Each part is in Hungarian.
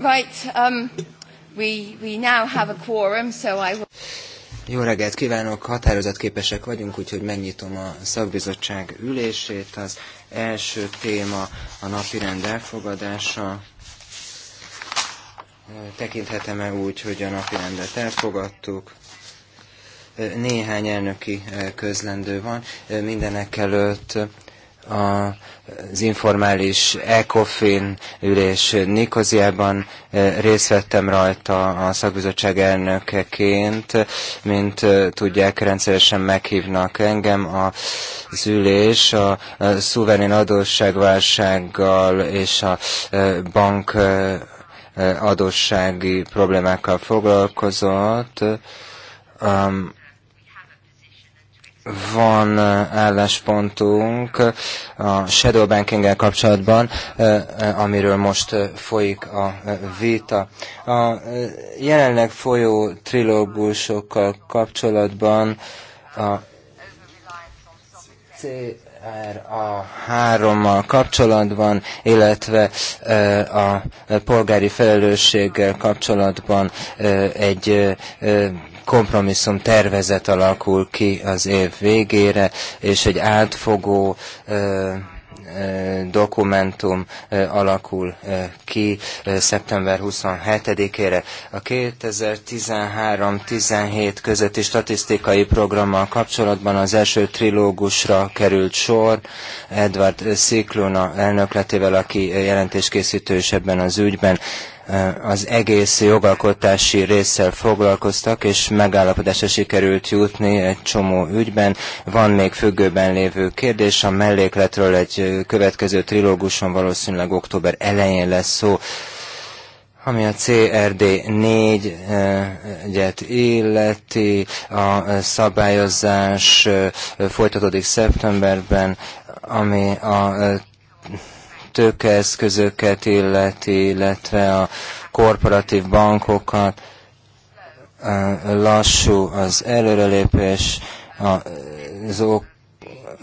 Right, um, we, we now have a quorum, so I will... Jó reggelt kívánok, határozatképesek vagyunk, úgyhogy megnyitom a szakbizottság ülését. Az első téma a rend elfogadása. Tekinthetem-e úgy, hogy a rendet elfogadtuk? Néhány elnöki közlendő van. Mindenek előtt az informális ECOFIN ülés Nikoziában eh, részt vettem rajta a szakbizottság elnökeként. Mint eh, tudják, rendszeresen meghívnak engem az ülés a szuverén adósságválsággal és a eh, bank adóssági problémákkal foglalkozott van álláspontunk a shadow banking kapcsolatban, amiről most folyik a vita. A jelenleg folyó trilógusokkal kapcsolatban a CRA 3-mal kapcsolatban, illetve a polgári felelősséggel kapcsolatban egy kompromisszum tervezet alakul ki az év végére, és egy átfogó dokumentum alakul ki szeptember 27-ére. A 2013-17 közötti statisztikai programmal kapcsolatban az első trilógusra került sor Edward Sziklona elnökletével, aki jelentéskészítő is ebben az ügyben az egész jogalkotási résszel foglalkoztak, és megállapodásra sikerült jutni egy csomó ügyben. Van még függőben lévő kérdés, a mellékletről egy következő trilóguson valószínűleg október elején lesz szó ami a CRD 4-et illeti, a szabályozás folytatódik szeptemberben, ami a tőkeeszközöket illeti, illetve a korporatív bankokat. Lassú az előrelépés, az ok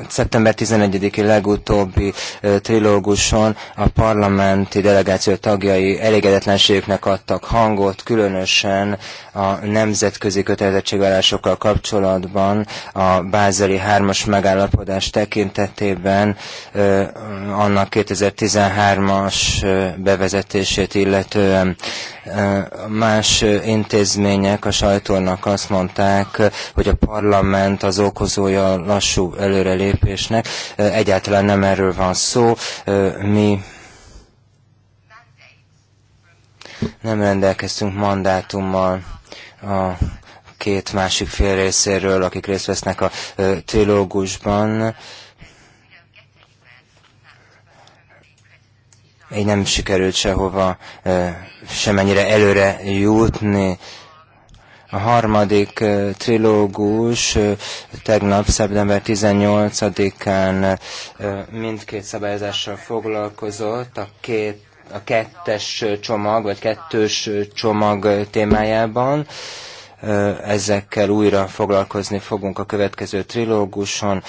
szeptember 11-i legutóbbi trilóguson a parlamenti delegáció tagjai elégedetlenségüknek adtak hangot, különösen a nemzetközi kötelezettségvállásokkal kapcsolatban a bázeli 3-as megállapodás tekintetében annak 2013-as bevezetését illetően más intézmények a sajtónak azt mondták, hogy a parlament az okozója lassú előrelépés lépésnek. Egyáltalán nem erről van szó. Mi nem rendelkeztünk mandátummal a két másik fél részéről, akik részt vesznek a trilógusban. Így nem sikerült sehova semennyire előre jutni. A harmadik trilógus tegnap, szeptember 18-án mindkét szabályozással foglalkozott, a két a kettes csomag, vagy kettős csomag témájában. Ezekkel újra foglalkozni fogunk a következő trilóguson,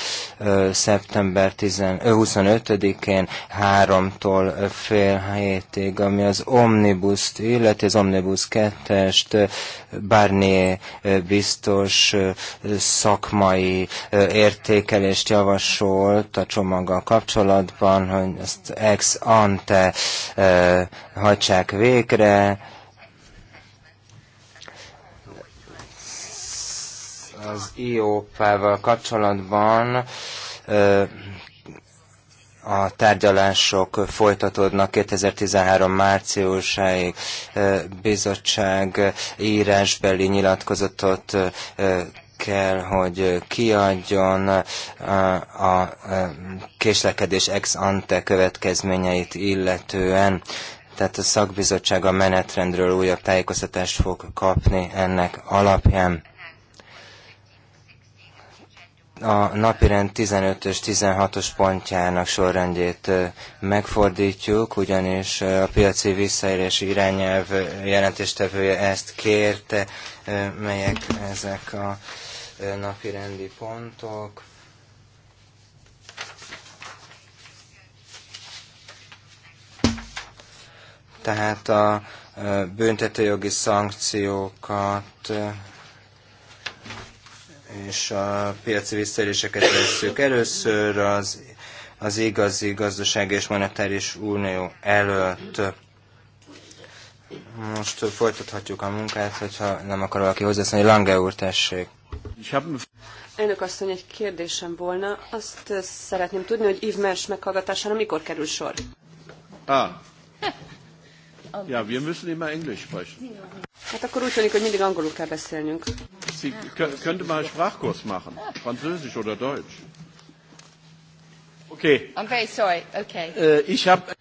szeptember 25-én, 3-tól fél hétig, ami az omnibus illetve illeti, az Omnibus 2-est Barnier biztos szakmai értékelést javasolt a csomaggal kapcsolatban, hogy ezt ex ante hagysák végre, az IOP-val kapcsolatban a tárgyalások folytatódnak 2013 márciusáig. Bizottság írásbeli nyilatkozatot kell, hogy kiadjon a késlekedés ex ante következményeit illetően. Tehát a szakbizottság a menetrendről újabb tájékoztatást fog kapni ennek alapján a napirend 15-ös, 16-os pontjának sorrendjét megfordítjuk, ugyanis a piaci visszaérési irányelv jelentéstevője ezt kérte, melyek ezek a napirendi pontok. Tehát a büntetőjogi szankciókat és a piaci visszaéléseket veszük Először az, az igazi gazdaság és monetáris unió előtt most folytathatjuk a munkát, hogyha nem akar valaki hozzászólni. Lange úr, tessék. Elnök asszony, egy kérdésem volna. Azt szeretném tudni, hogy Yves Mersh meghallgatására mikor kerül sor? Ah. Ja, wir müssen immer Englisch sprechen. Hát akkor úgy tűnik, hogy mindig angolul kell beszélnünk. Sie könnte mal Sprachkurs machen, Französisch oder Deutsch. Okay. I'm very sorry. Okay. Uh, ich hab...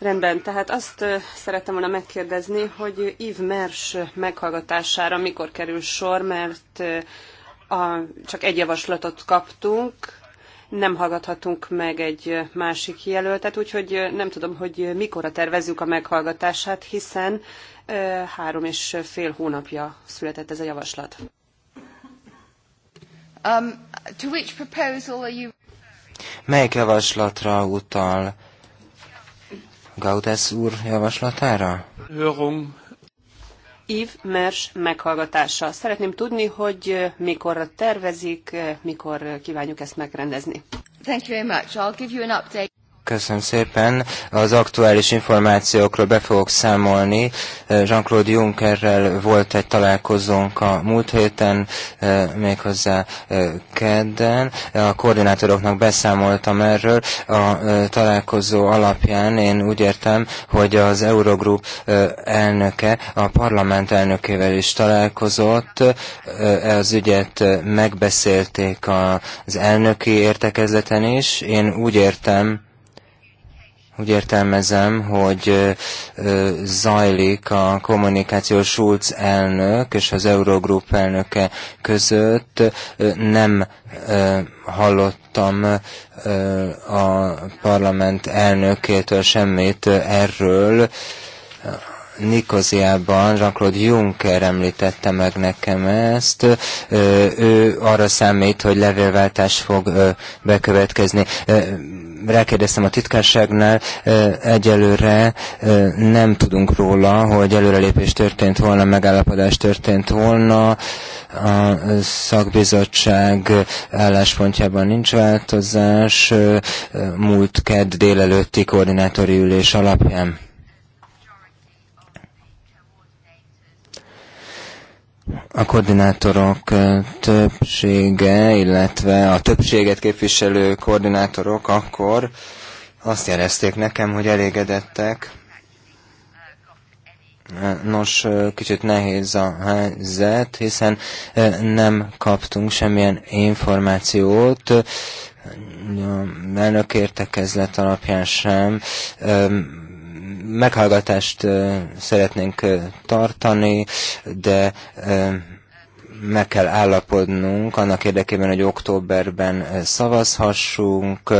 Rendben, tehát azt szerettem volna megkérdezni, hogy Yves Mers meghallgatására mikor kerül sor, mert a, csak egy javaslatot kaptunk, nem hallgathatunk meg egy másik jelöltet, úgyhogy nem tudom, hogy mikorra tervezzük a meghallgatását, hiszen három és fél hónapja született ez a javaslat. Um, to which proposal are you... Melyik javaslatra utal? Gaudesz úr javaslatára? Hörung Ív Mers meghallgatása. Szeretném tudni, hogy mikor tervezik, mikor kívánjuk ezt megrendezni. Thank you very much. I'll give you an update. Köszönöm szépen. Az aktuális információkról be fogok számolni. Jean-Claude Junckerrel volt egy találkozónk a múlt héten, méghozzá kedden. A koordinátoroknak beszámoltam erről. A találkozó alapján én úgy értem, hogy az Eurogroup elnöke a parlament elnökével is találkozott. Az ügyet megbeszélték az elnöki értekezleten is. Én úgy értem, úgy értelmezem, hogy zajlik a kommunikáció Schulz elnök és az Eurogroup elnöke között. Nem hallottam a parlament elnökétől semmit erről Nikoziában Jean-Claude Juncker említette meg nekem ezt. Ő arra számít, hogy levélváltás fog bekövetkezni. Rákérdeztem a titkárságnál, egyelőre nem tudunk róla, hogy előrelépés történt volna, megállapodás történt volna. A szakbizottság álláspontjában nincs változás. Múlt kedd délelőtti koordinátori ülés alapján. a koordinátorok többsége, illetve a többséget képviselő koordinátorok akkor azt jelezték nekem, hogy elégedettek. Nos, kicsit nehéz a helyzet, hiszen nem kaptunk semmilyen információt, a elnök értekezlet alapján sem meghallgatást szeretnénk tartani, de meg kell állapodnunk annak érdekében, hogy októberben szavazhassunk.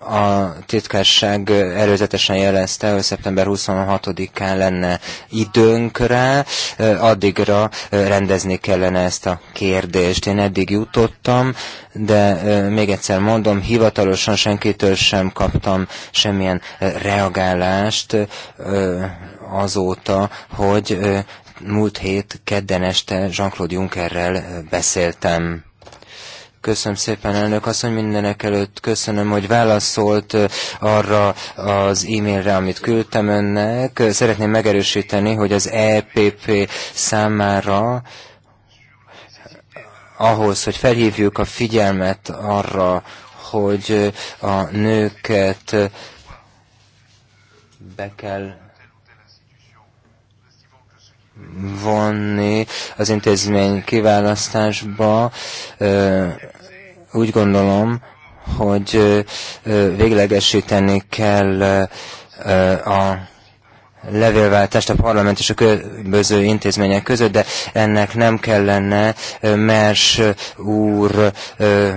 A titkárság előzetesen jelezte, hogy szeptember 26-án lenne időnk rá, addigra rendezni kellene ezt a kérdést. Én eddig jutottam, de még egyszer mondom, hivatalosan senkitől sem kaptam semmilyen reagálást azóta, hogy múlt hét kedden este Jean-Claude Junckerrel beszéltem. Köszönöm szépen, elnök asszony, mindenek előtt köszönöm, hogy válaszolt arra az e-mailre, amit küldtem önnek. Szeretném megerősíteni, hogy az EPP számára ahhoz, hogy felhívjuk a figyelmet arra, hogy a nőket be kell vonni az intézmény kiválasztásba. Úgy gondolom, hogy véglegesíteni kell a levélváltást a parlament és a különböző intézmények között, de ennek nem kellene Mers úr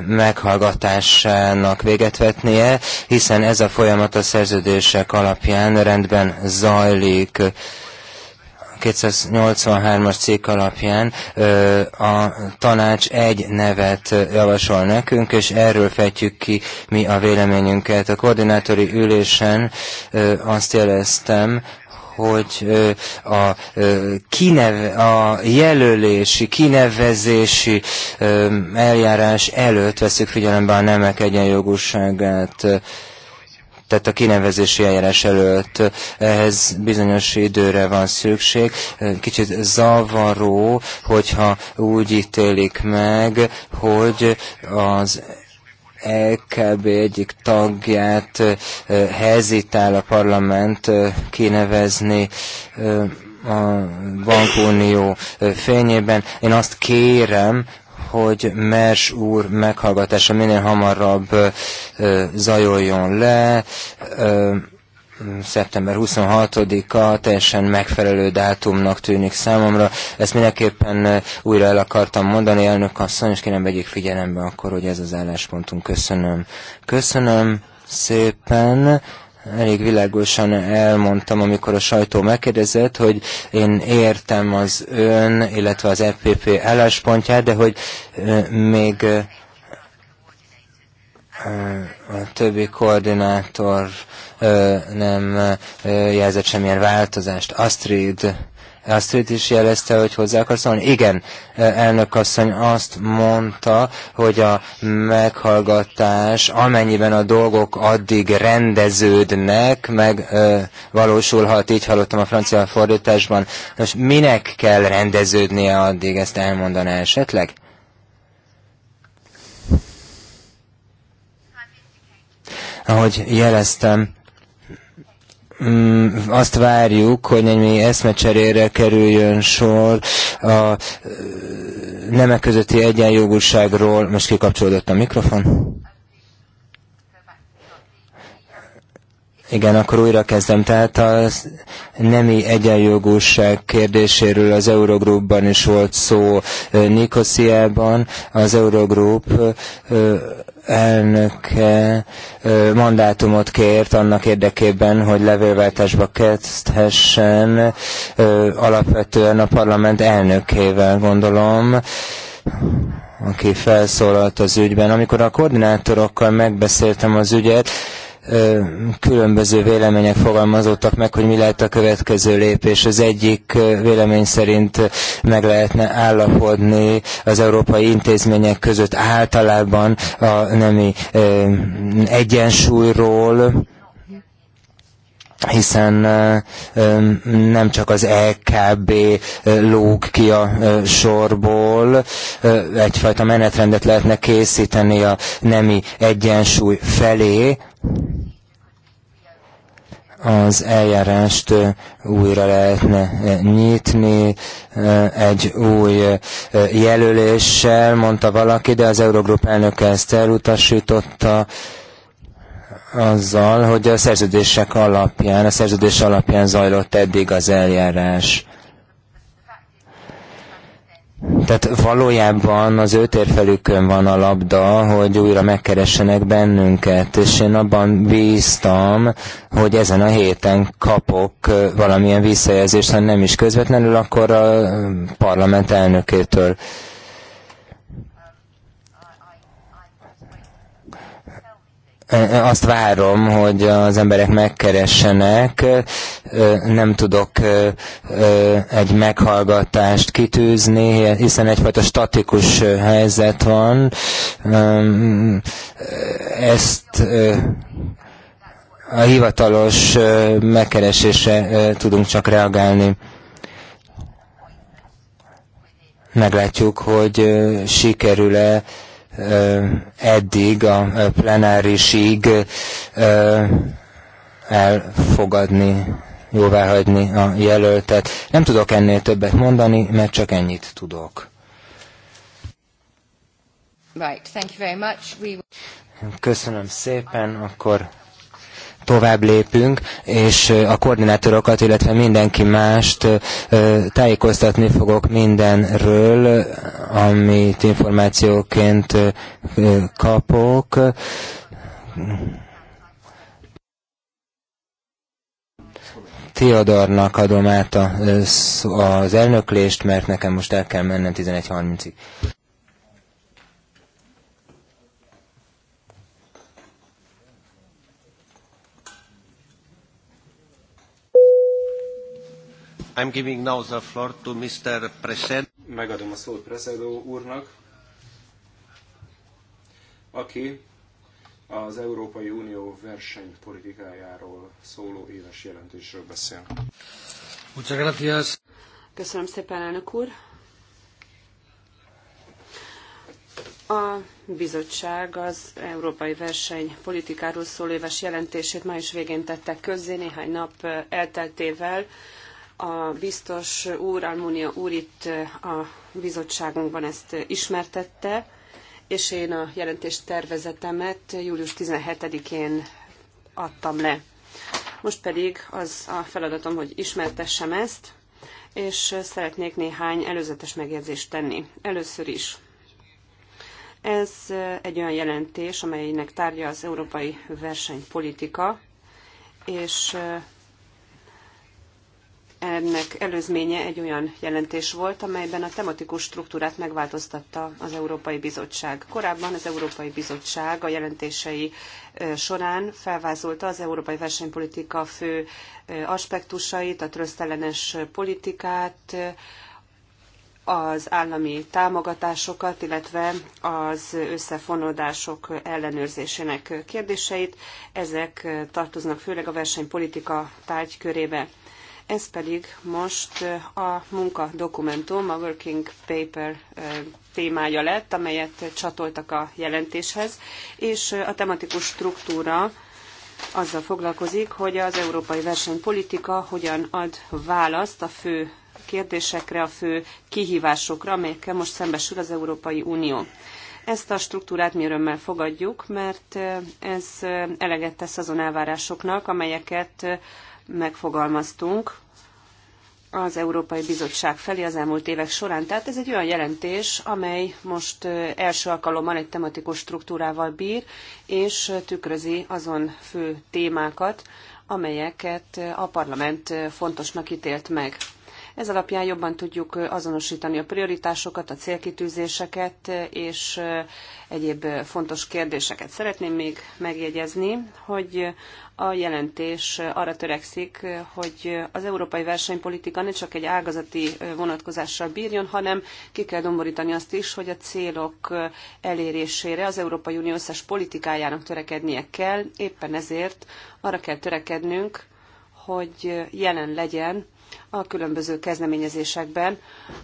meghallgatásának véget vetnie, hiszen ez a folyamat a szerződések alapján rendben zajlik. 283-as cikk alapján a tanács egy nevet javasol nekünk, és erről fejtjük ki mi a véleményünket. A koordinátori ülésen azt jeleztem, hogy a, kineve, a jelölési, kinevezési eljárás előtt veszük figyelembe a nemek egyenjogúságát tehát a kinevezési eljárás előtt eh, ehhez bizonyos időre van szükség. Eh, kicsit zavaró, hogyha úgy ítélik meg, hogy az LKB egyik tagját eh, hezitál a parlament kinevezni a bankunió fényében. Én azt kérem, hogy Mers úr meghallgatása minél hamarabb zajoljon le. Szeptember 26-a teljesen megfelelő dátumnak tűnik számomra. Ezt mindenképpen újra el akartam mondani, elnök asszony, és kérem vegyék figyelembe akkor, hogy ez az álláspontunk. Köszönöm. Köszönöm szépen elég világosan elmondtam, amikor a sajtó megkérdezett, hogy én értem az ön, illetve az FPP álláspontját, de hogy még a többi koordinátor nem jelzett semmilyen változást. Astrid azt őt is jelezte, hogy hozzá akarsz szólni. Igen, e, elnök asszony azt mondta, hogy a meghallgatás, amennyiben a dolgok addig rendeződnek, meg e, valósulhat. így hallottam a francia fordításban. Most minek kell rendeződnie addig, ezt elmondaná esetleg? Ahogy jeleztem, Mm, azt várjuk, hogy egy eszmecserére kerüljön sor a nemek közötti egyenjogúságról. Most kikapcsolódott a mikrofon. Igen, akkor újra kezdem. Tehát a nemi egyenjogúság kérdéséről az Eurogroupban is volt szó Nikosziában. Az Eurogroup elnöke mandátumot kért annak érdekében, hogy levélváltásba kezdhessen alapvetően a parlament elnökével, gondolom aki felszólalt az ügyben. Amikor a koordinátorokkal megbeszéltem az ügyet, különböző vélemények fogalmazottak meg, hogy mi lehet a következő lépés. Az egyik vélemény szerint meg lehetne állapodni az európai intézmények között általában a nemi egyensúlyról, hiszen nem csak az EKB lóg ki a sorból, egyfajta menetrendet lehetne készíteni a nemi egyensúly felé, az eljárást újra lehetne nyitni egy új jelöléssel, mondta valaki, de az Eurogrup elnöke ezt elutasította azzal, hogy a szerződések alapján, a szerződés alapján zajlott eddig az eljárás tehát valójában az ő térfelükön van a labda, hogy újra megkeressenek bennünket, és én abban bíztam, hogy ezen a héten kapok valamilyen visszajelzést, ha nem is közvetlenül, akkor a parlament elnökétől. azt várom, hogy az emberek megkeressenek, nem tudok egy meghallgatást kitűzni, hiszen egyfajta statikus helyzet van. Ezt a hivatalos megkeresésre tudunk csak reagálni meglátjuk, hogy sikerül-e eddig a plenárisig elfogadni, jóváhagyni a jelöltet. Nem tudok ennél többet mondani, mert csak ennyit tudok. Köszönöm szépen, akkor tovább lépünk, és a koordinátorokat, illetve mindenki mást tájékoztatni fogok mindenről, amit információként kapok. Tiodornak adom át az elnöklést, mert nekem most el kell mennem 11.30-ig. I'm giving now the floor to Mr. Presedo. Megadom a szót Presedo úrnak, aki az Európai Unió versenypolitikájáról szóló éves jelentésről beszél. Köszönöm szépen, elnök úr! A bizottság az európai versenypolitikáról szóló éves jelentését május végén tette közzé néhány nap elteltével a biztos úr, Almunia úr itt eh, a bizottságunkban ezt ismertette, és én a jelentés tervezetemet július 17-én adtam le. Most pedig az a feladatom, hogy ismertessem ezt, és szeretnék néhány előzetes megjegyzést tenni. Először is. Ez egy olyan jelentés, amelynek tárgya az európai versenypolitika, és eh, ennek előzménye egy olyan jelentés volt, amelyben a tematikus struktúrát megváltoztatta az Európai Bizottság. Korábban az Európai Bizottság a jelentései során felvázolta az európai versenypolitika fő aspektusait, a trösztellenes politikát, az állami támogatásokat, illetve az összefonódások ellenőrzésének kérdéseit. Ezek tartoznak főleg a versenypolitika tárgykörébe. Ez pedig most a munka dokumentum, a Working Paper témája lett, amelyet csatoltak a jelentéshez, és a tematikus struktúra azzal foglalkozik, hogy az európai versenypolitika hogyan ad választ a fő kérdésekre, a fő kihívásokra, amelyekkel most szembesül az Európai Unió. Ezt a struktúrát mi örömmel fogadjuk, mert ez eleget tesz azon elvárásoknak, amelyeket megfogalmaztunk az Európai Bizottság felé az elmúlt évek során. Tehát ez egy olyan jelentés, amely most első alkalommal egy tematikus struktúrával bír, és tükrözi azon fő témákat, amelyeket a parlament fontosnak ítélt meg. Ez alapján jobban tudjuk azonosítani a prioritásokat, a célkitűzéseket és egyéb fontos kérdéseket. Szeretném még megjegyezni, hogy a jelentés arra törekszik, hogy az európai versenypolitika ne csak egy ágazati vonatkozással bírjon, hanem ki kell domborítani azt is, hogy a célok elérésére az Európai Unió összes politikájának törekednie kell. Éppen ezért arra kell törekednünk, hogy jelen legyen a különböző kezdeményezésekben,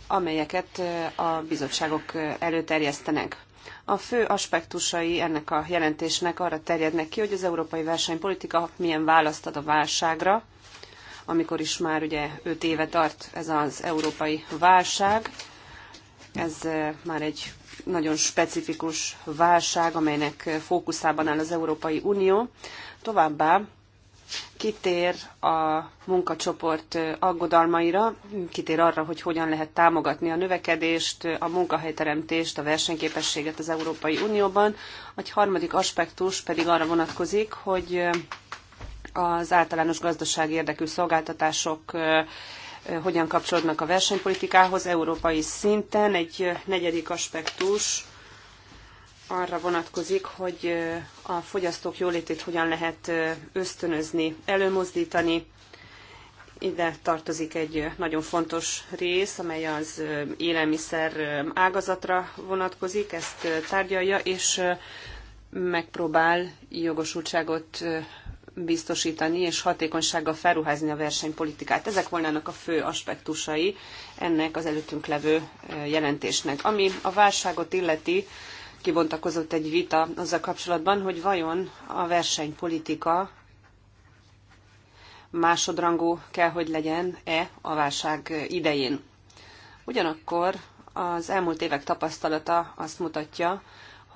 amelyeket eh, a bizottságok eh, előterjesztenek. A fő aspektusai ennek a jelentésnek arra terjednek ki, hogy az európai versenypolitika milyen választ ad a válságra, amikor is már ugye 5 éve tart ez az európai válság. Ez eh, már egy nagyon specifikus válság, amelynek fókuszában áll az Európai Unió. Továbbá kitér a munkacsoport aggodalmaira, kitér arra, hogy hogyan lehet támogatni a növekedést, a munkahelyteremtést, a versenyképességet az Európai Unióban. Egy harmadik aspektus pedig arra vonatkozik, hogy az általános gazdaság érdekű szolgáltatások hogyan kapcsolódnak a versenypolitikához európai szinten. Egy negyedik aspektus arra vonatkozik, hogy a fogyasztók jólétét hogyan lehet ösztönözni, előmozdítani. Ide tartozik egy nagyon fontos rész, amely az élelmiszer ágazatra vonatkozik, ezt tárgyalja, és megpróbál jogosultságot biztosítani és hatékonysággal felruházni a versenypolitikát. Ezek volnának a fő aspektusai ennek az előttünk levő jelentésnek. Ami a válságot illeti, kibontakozott egy vita azzal kapcsolatban, hogy vajon a versenypolitika másodrangú kell, hogy legyen-e a válság idején. Ugyanakkor az elmúlt évek tapasztalata azt mutatja,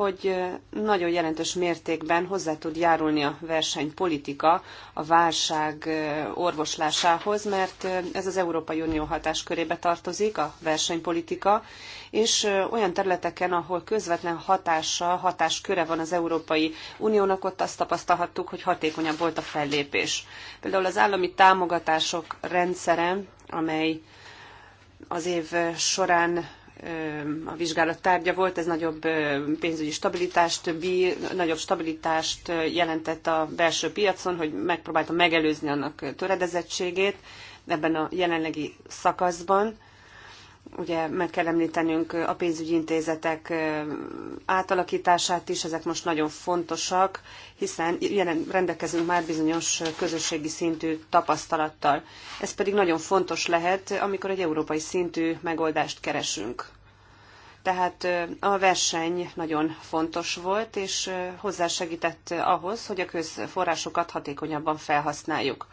hogy nagyon jelentős mértékben hozzá tud járulni a versenypolitika a válság orvoslásához, mert ez az Európai Unió hatáskörébe tartozik, a versenypolitika, és olyan területeken, ahol közvetlen hatása, hatásköre van az Európai Uniónak, ott azt tapasztalhattuk, hogy hatékonyabb volt a fellépés. Például az állami támogatások rendszere, amely az év során a vizsgálat tárgya volt, ez nagyobb pénzügyi stabilitást, bír, nagyobb stabilitást jelentett a belső piacon, hogy megpróbálta megelőzni annak töredezettségét ebben a jelenlegi szakaszban Ugye meg kell említenünk a pénzügyi intézetek átalakítását is, ezek most nagyon fontosak, hiszen jelen rendelkezünk már bizonyos közösségi szintű tapasztalattal. Ez pedig nagyon fontos lehet, amikor egy európai szintű megoldást keresünk. Tehát a verseny nagyon fontos volt, és hozzásegített ahhoz, hogy a közforrásokat hatékonyabban felhasználjuk.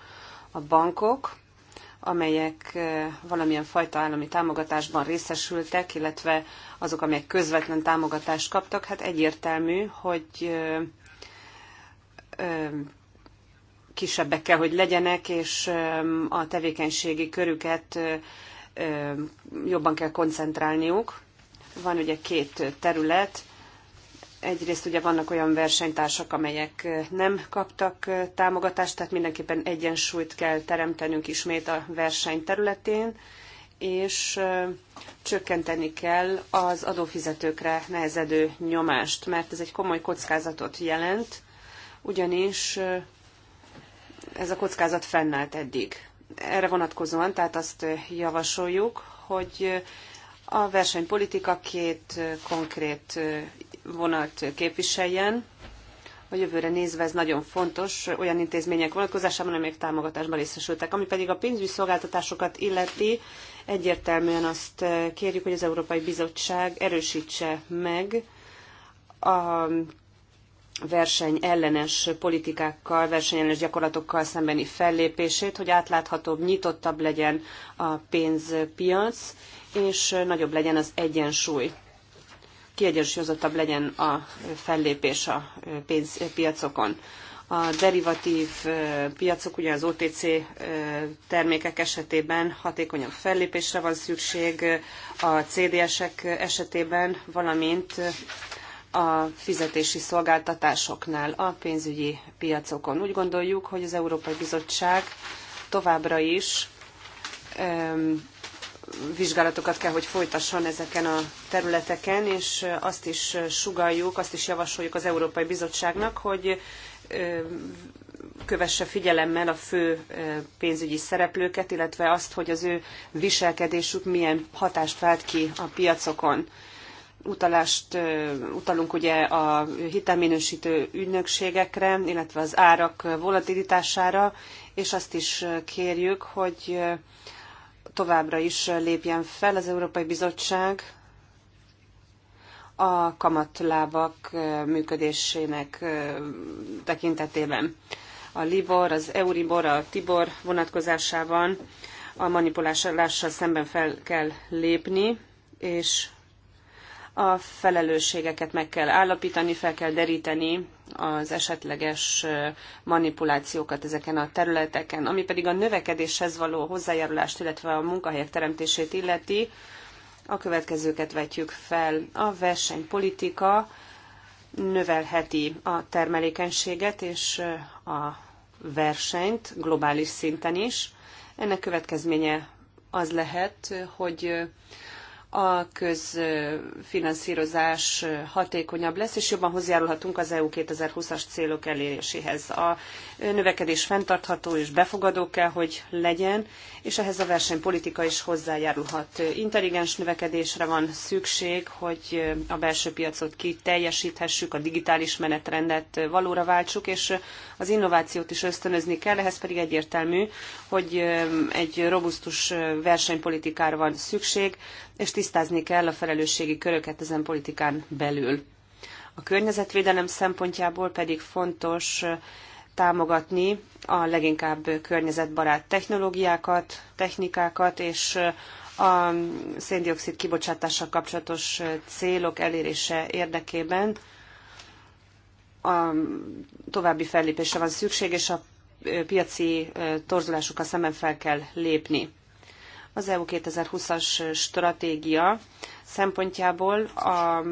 A bankok amelyek valamilyen fajta állami támogatásban részesültek, illetve azok, amelyek közvetlen támogatást kaptak, hát egyértelmű, hogy kisebbek kell, hogy legyenek, és a tevékenységi körüket jobban kell koncentrálniuk. Van ugye két terület, Egyrészt ugye vannak olyan versenytársak, amelyek nem kaptak támogatást, tehát mindenképpen egyensúlyt kell teremtenünk ismét a verseny területén, és csökkenteni kell az adófizetőkre nehezedő nyomást, mert ez egy komoly kockázatot jelent, ugyanis ez a kockázat fennállt eddig. Erre vonatkozóan, tehát azt javasoljuk, hogy a versenypolitika két konkrét vonalt képviseljen. A jövőre nézve ez nagyon fontos olyan intézmények vonatkozásában, amelyek támogatásban részesültek. Ami pedig a pénzügyi szolgáltatásokat illeti, egyértelműen azt kérjük, hogy az Európai Bizottság erősítse meg a versenyellenes politikákkal, versenyellenes gyakorlatokkal szembeni fellépését, hogy átláthatóbb, nyitottabb legyen a pénzpiac, és nagyobb legyen az egyensúly kiegyensúlyozottabb legyen a fellépés a pénzpiacokon. A derivatív piacok, ugye az OTC termékek esetében hatékonyabb fellépésre van szükség, a CDS-ek esetében, valamint a fizetési szolgáltatásoknál, a pénzügyi piacokon. Úgy gondoljuk, hogy az Európai Bizottság továbbra is vizsgálatokat kell, hogy folytasson ezeken a területeken, és azt is sugaljuk, azt is javasoljuk az Európai Bizottságnak, hogy kövesse figyelemmel a fő pénzügyi szereplőket, illetve azt, hogy az ő viselkedésük milyen hatást vált ki a piacokon. Utalást utalunk ugye a hitelminősítő ügynökségekre, illetve az árak volatilitására, és azt is kérjük, hogy továbbra is lépjen fel az Európai Bizottság a kamatlábak működésének tekintetében. A Libor, az Euribor, a Tibor vonatkozásában a manipulálással szemben fel kell lépni, és a felelősségeket meg kell állapítani, fel kell deríteni az esetleges manipulációkat ezeken a területeken. Ami pedig a növekedéshez való hozzájárulást, illetve a munkahelyek teremtését illeti, a következőket vetjük fel. A versenypolitika növelheti a termelékenységet és a versenyt globális szinten is. Ennek következménye az lehet, hogy a közfinanszírozás hatékonyabb lesz, és jobban hozzájárulhatunk az EU 2020-as célok eléréséhez. A növekedés fenntartható és befogadó kell, hogy legyen, és ehhez a versenypolitika is hozzájárulhat. Intelligens növekedésre van szükség, hogy a belső piacot kiteljesíthessük, a digitális menetrendet valóra váltsuk, és az innovációt is ösztönözni kell, ehhez pedig egyértelmű, hogy um, egy robusztus uh, versenypolitikára van szükség, és tisztázni kell a felelősségi köröket ezen politikán belül. A környezetvédelem szempontjából pedig fontos uh, támogatni a leginkább környezetbarát technológiákat, technikákat és a széndiokszid kibocsátással kapcsolatos célok elérése érdekében a további fellépésre van szükség, és a piaci torzulásokkal szemben fel kell lépni. Az EU 2020-as stratégia szempontjából a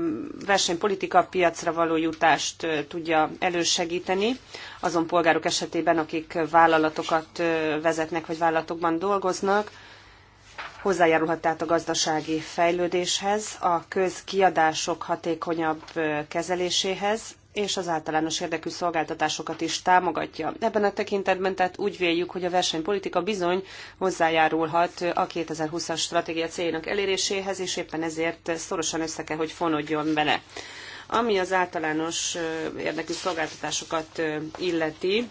versenypolitika piacra való jutást tudja elősegíteni azon polgárok esetében, akik vállalatokat vezetnek vagy vállalatokban dolgoznak, hozzájárulhat tehát a gazdasági fejlődéshez, a közkiadások hatékonyabb kezeléséhez, és az általános érdekű szolgáltatásokat is támogatja. Ebben a tekintetben tehát úgy véljük, hogy a versenypolitika bizony hozzájárulhat a 2020-as stratégia céljának eléréséhez, és éppen ezért szorosan össze kell, hogy fonodjon bele. Ami az általános érdekű szolgáltatásokat illeti,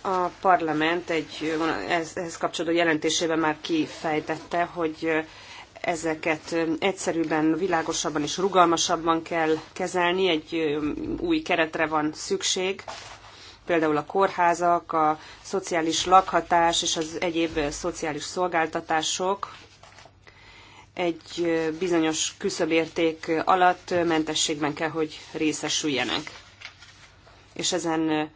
a parlament egy ehhez kapcsolódó jelentésében már kifejtette, hogy ezeket egyszerűbben, világosabban és rugalmasabban kell kezelni, egy új keretre van szükség, például a kórházak, a szociális lakhatás és az egyéb szociális szolgáltatások egy bizonyos küszöbérték alatt mentességben kell, hogy részesüljenek. És ezen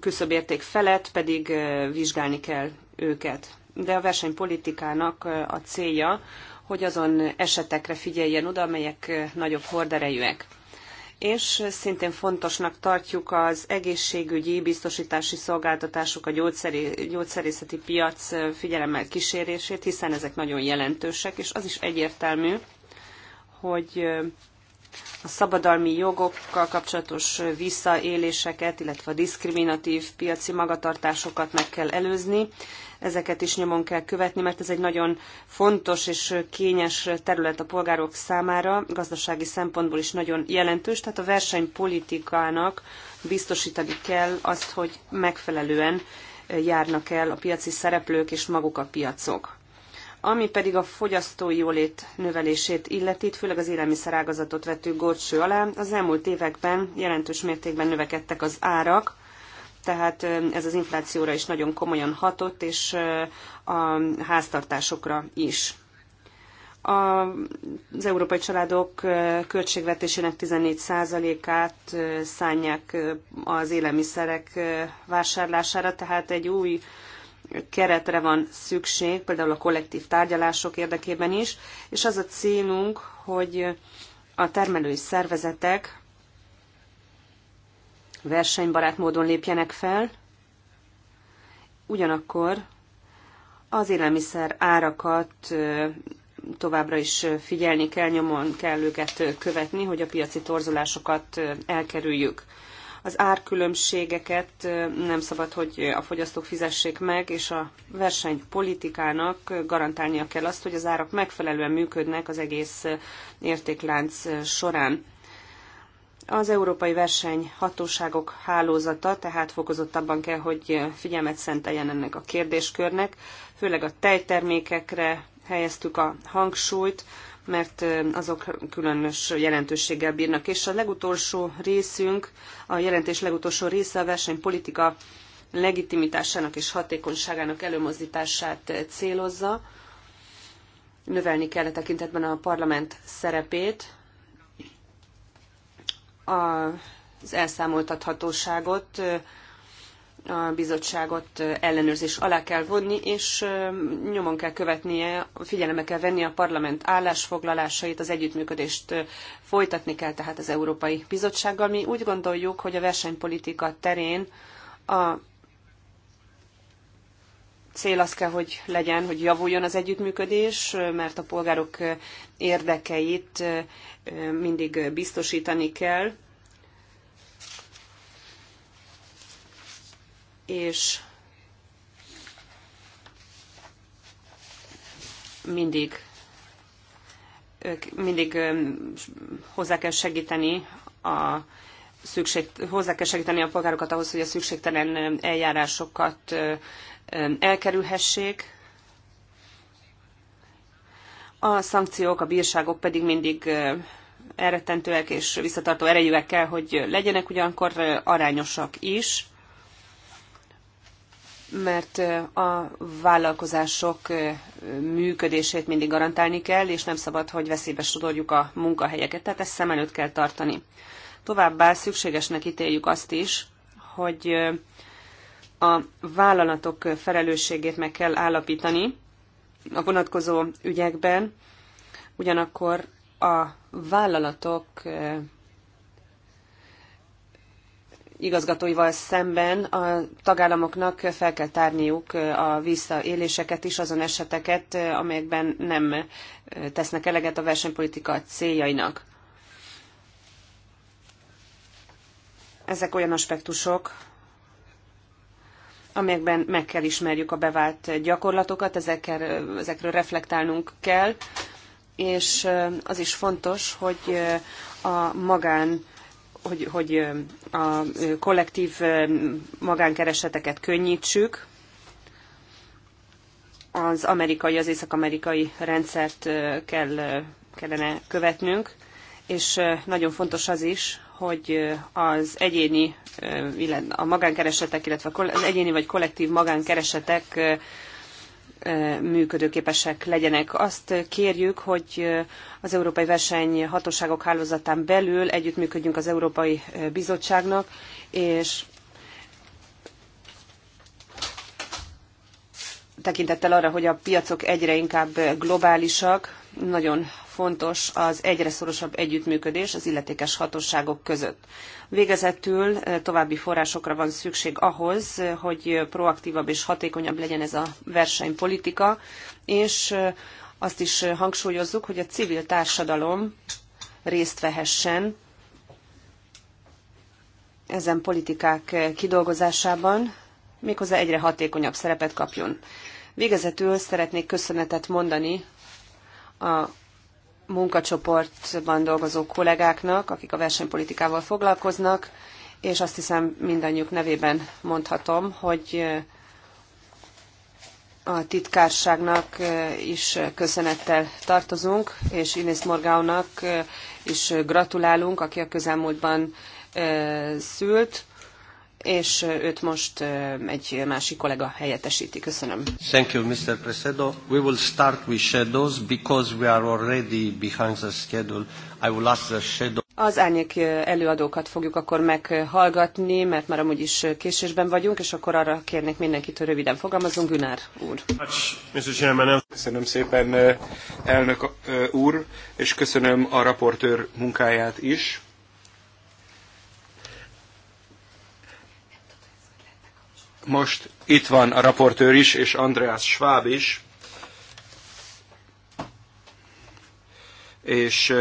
küszöbérték felett pedig vizsgálni kell őket de a versenypolitikának a célja, hogy azon esetekre figyeljen oda, amelyek nagyobb horderejűek. És szintén fontosnak tartjuk az egészségügyi biztosítási szolgáltatások, a gyógyszeri, gyógyszerészeti piac figyelemmel kísérését, hiszen ezek nagyon jelentősek, és az is egyértelmű, hogy a szabadalmi jogokkal kapcsolatos visszaéléseket, illetve a diszkriminatív piaci magatartásokat meg kell előzni, ezeket is nyomon kell követni, mert ez egy nagyon fontos és kényes terület a polgárok számára, gazdasági szempontból is nagyon jelentős, tehát a versenypolitikának biztosítani kell azt, hogy megfelelően járnak el a piaci szereplők és maguk a piacok. Ami pedig a fogyasztói jólét növelését illeti, főleg az élelmiszerágazatot vettük górcső alá, az elmúlt években jelentős mértékben növekedtek az árak, tehát ez az inflációra is nagyon komolyan hatott, és a háztartásokra is. Az európai családok költségvetésének 14%-át szánják az élelmiszerek vásárlására, tehát egy új keretre van szükség, például a kollektív tárgyalások érdekében is, és az a célunk, hogy a termelői szervezetek versenybarát módon lépjenek fel, ugyanakkor az élelmiszer árakat továbbra is figyelni kell, nyomon kell őket követni, hogy a piaci torzulásokat elkerüljük. Az árkülönbségeket nem szabad, hogy a fogyasztók fizessék meg, és a versenypolitikának garantálnia kell azt, hogy az árak megfelelően működnek az egész értéklánc során. Az Európai Verseny Hatóságok Hálózata tehát fokozottabban kell, hogy figyelmet szenteljen ennek a kérdéskörnek, főleg a tejtermékekre helyeztük a hangsúlyt, mert azok különös jelentőséggel bírnak. És a legutolsó részünk, a jelentés legutolsó része a versenypolitika legitimitásának és hatékonyságának előmozdítását célozza. Növelni kell a tekintetben a parlament szerepét, az elszámoltathatóságot, a bizottságot ellenőrzés alá kell vonni, és nyomon kell követnie, figyelembe kell venni a parlament állásfoglalásait, az együttműködést folytatni kell tehát az Európai Bizottsággal. Mi úgy gondoljuk, hogy a versenypolitika terén a cél az kell, hogy legyen, hogy javuljon az együttműködés, mert a polgárok érdekeit mindig biztosítani kell. És mindig mindig hozzá kell segíteni a szükség, hozzá kell segíteni a polgárokat ahhoz, hogy a szükségtelen eljárásokat elkerülhessék. A szankciók, a bírságok pedig mindig elrettentőek és visszatartó erejűek kell, hogy legyenek, ugyanakkor arányosak is, mert a vállalkozások működését mindig garantálni kell, és nem szabad, hogy veszélybe sodorjuk a munkahelyeket, tehát ezt szem előtt kell tartani. Továbbá szükségesnek ítéljük azt is, hogy a vállalatok felelősségét meg kell állapítani a vonatkozó ügyekben, ugyanakkor a vállalatok eh, igazgatóival szemben a tagállamoknak fel kell tárniuk eh, a visszaéléseket is, azon eseteket, eh, amelyekben nem tesznek eleget a versenypolitika céljainak. Ezek olyan aspektusok, amelyekben meg kell ismerjük a bevált gyakorlatokat, ezekkel, ezekről reflektálnunk kell, és az is fontos, hogy a magán hogy, hogy a kollektív magánkereseteket könnyítsük, az amerikai, az észak-amerikai rendszert kell, kellene követnünk, és nagyon fontos az is, hogy az egyéni, a magánkeresetek, illetve az egyéni vagy kollektív magánkeresetek működőképesek legyenek. Azt kérjük, hogy az Európai Verseny Hatóságok Hálózatán belül együttműködjünk az Európai Bizottságnak, és tekintettel arra, hogy a piacok egyre inkább globálisak, nagyon fontos az egyre szorosabb együttműködés az illetékes hatóságok között. Végezetül további forrásokra van szükség ahhoz, hogy proaktívabb és hatékonyabb legyen ez a versenypolitika, és azt is hangsúlyozzuk, hogy a civil társadalom részt vehessen ezen politikák kidolgozásában, méghozzá egyre hatékonyabb szerepet kapjon. Végezetül szeretnék köszönetet mondani a munkacsoportban dolgozó kollégáknak, akik a versenypolitikával foglalkoznak, és azt hiszem mindannyiuk nevében mondhatom, hogy eh, a titkárságnak eh, is köszönettel tartozunk, és Inés Morgáunak eh, is gratulálunk, aki a közelmúltban szült és őt most egy másik kollega helyettesíti. Köszönöm. Thank you, Mr. Presedo. We will start with shadows because we are already behind the schedule. I will ask the shadow. Az árnyék előadókat fogjuk akkor meghallgatni, mert már amúgy is késésben vagyunk, és akkor arra kérnék mindenkit, hogy röviden fogalmazunk. Günár úr. Köszönöm szépen, elnök úr, és köszönöm a raportőr munkáját is most itt van a raportőr is, és Andreas Schwab is, és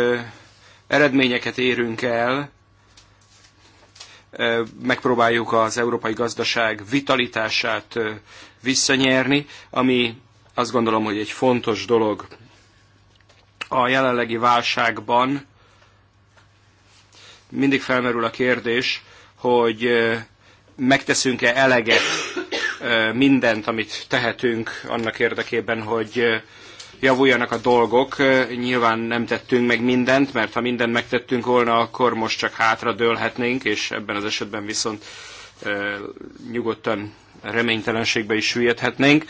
eredményeket érünk el, megpróbáljuk az európai gazdaság vitalitását visszanyerni, ami azt gondolom, hogy egy fontos dolog a jelenlegi válságban. Mindig felmerül a kérdés, hogy megteszünk-e eleget mindent, amit tehetünk annak érdekében, hogy javuljanak a dolgok. Nyilván nem tettünk meg mindent, mert ha mindent megtettünk volna, akkor most csak hátra dőlhetnénk, és ebben az esetben viszont nyugodtan reménytelenségbe is süllyedhetnénk.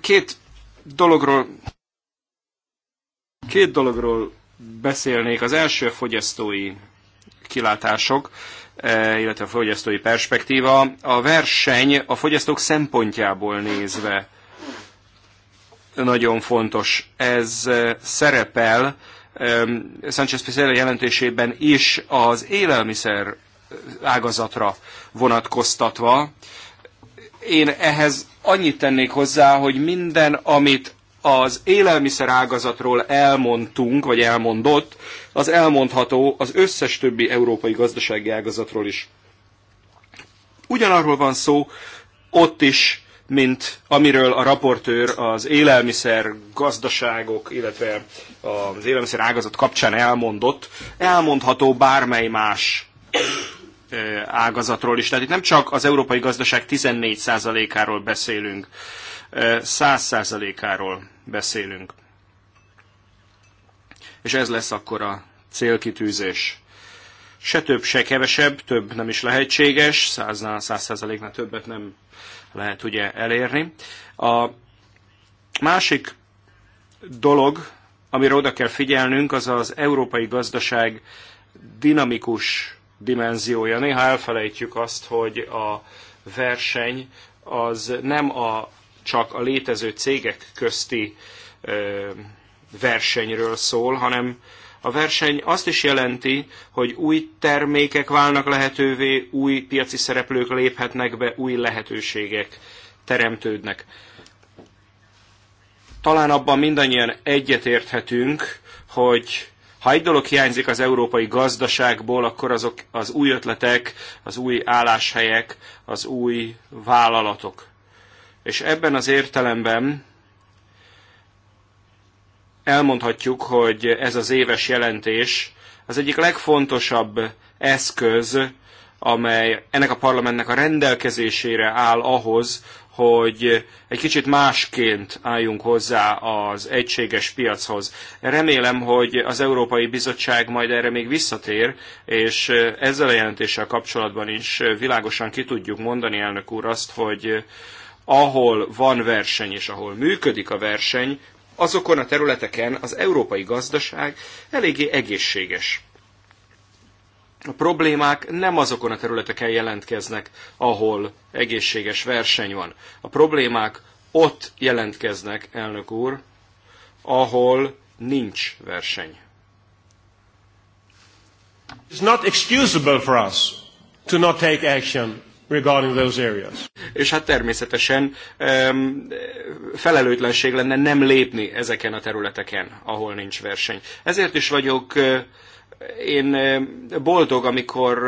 Két dologról két dologról beszélnék. Az első a fogyasztói kilátások, eh, illetve a fogyasztói perspektíva. A verseny a fogyasztók szempontjából nézve nagyon fontos. Ez eh, szerepel Sanchez Pizella jelentésében is az élelmiszer eh, ágazatra vonatkoztatva. Én ehhez annyit tennék hozzá, hogy minden, amit az élelmiszer ágazatról elmondtunk, vagy elmondott, az elmondható az összes többi európai gazdasági ágazatról is. Ugyanarról van szó ott is, mint amiről a raportőr az élelmiszer gazdaságok, illetve az élelmiszer ágazat kapcsán elmondott, elmondható bármely más ágazatról is. Tehát itt nem csak az európai gazdaság 14%-áról beszélünk, 100%-áról beszélünk. És ez lesz akkor a célkitűzés. Se több, se kevesebb, több nem is lehetséges, száz százaléknál többet nem lehet ugye elérni. A másik dolog, amire oda kell figyelnünk, az az európai gazdaság dinamikus dimenziója. Néha elfelejtjük azt, hogy a verseny az nem a csak a létező cégek közti versenyről szól, hanem a verseny azt is jelenti, hogy új termékek válnak lehetővé, új piaci szereplők léphetnek be, új lehetőségek teremtődnek. Talán abban mindannyian egyetérthetünk, hogy ha egy dolog hiányzik az európai gazdaságból, akkor azok az új ötletek, az új álláshelyek, az új vállalatok. És ebben az értelemben elmondhatjuk, hogy ez az éves jelentés az egyik legfontosabb eszköz, amely ennek a parlamentnek a rendelkezésére áll ahhoz, hogy egy kicsit másként álljunk hozzá az egységes piachoz. Remélem, hogy az Európai Bizottság majd erre még visszatér, és ezzel a jelentéssel kapcsolatban is világosan ki tudjuk mondani, elnök úr, azt, hogy ahol van verseny és ahol működik a verseny, azokon a területeken az európai gazdaság eléggé egészséges. A problémák nem azokon a területeken jelentkeznek, ahol egészséges verseny van. A problémák ott jelentkeznek, elnök úr, ahol nincs verseny. It's not excusable for us to not take action regarding those areas. És hát természetesen um, felelőtlenség lenne nem lépni ezeken a területeken, ahol nincs verseny. Ezért is vagyok én boldog, amikor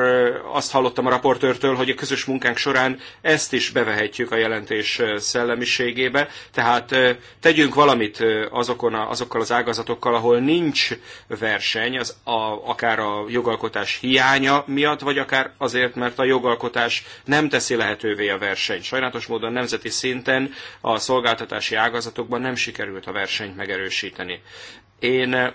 azt hallottam a raportőrtől, hogy a közös munkánk során ezt is bevehetjük a jelentés szellemiségébe. Tehát tegyünk valamit azokon a, azokkal az ágazatokkal, ahol nincs verseny, az a, akár a jogalkotás hiánya miatt, vagy akár azért, mert a jogalkotás nem teszi lehetővé a versenyt. Sajnálatos módon nemzeti szinten a szolgáltatási ágazatokban nem sikerült a versenyt megerősíteni. Én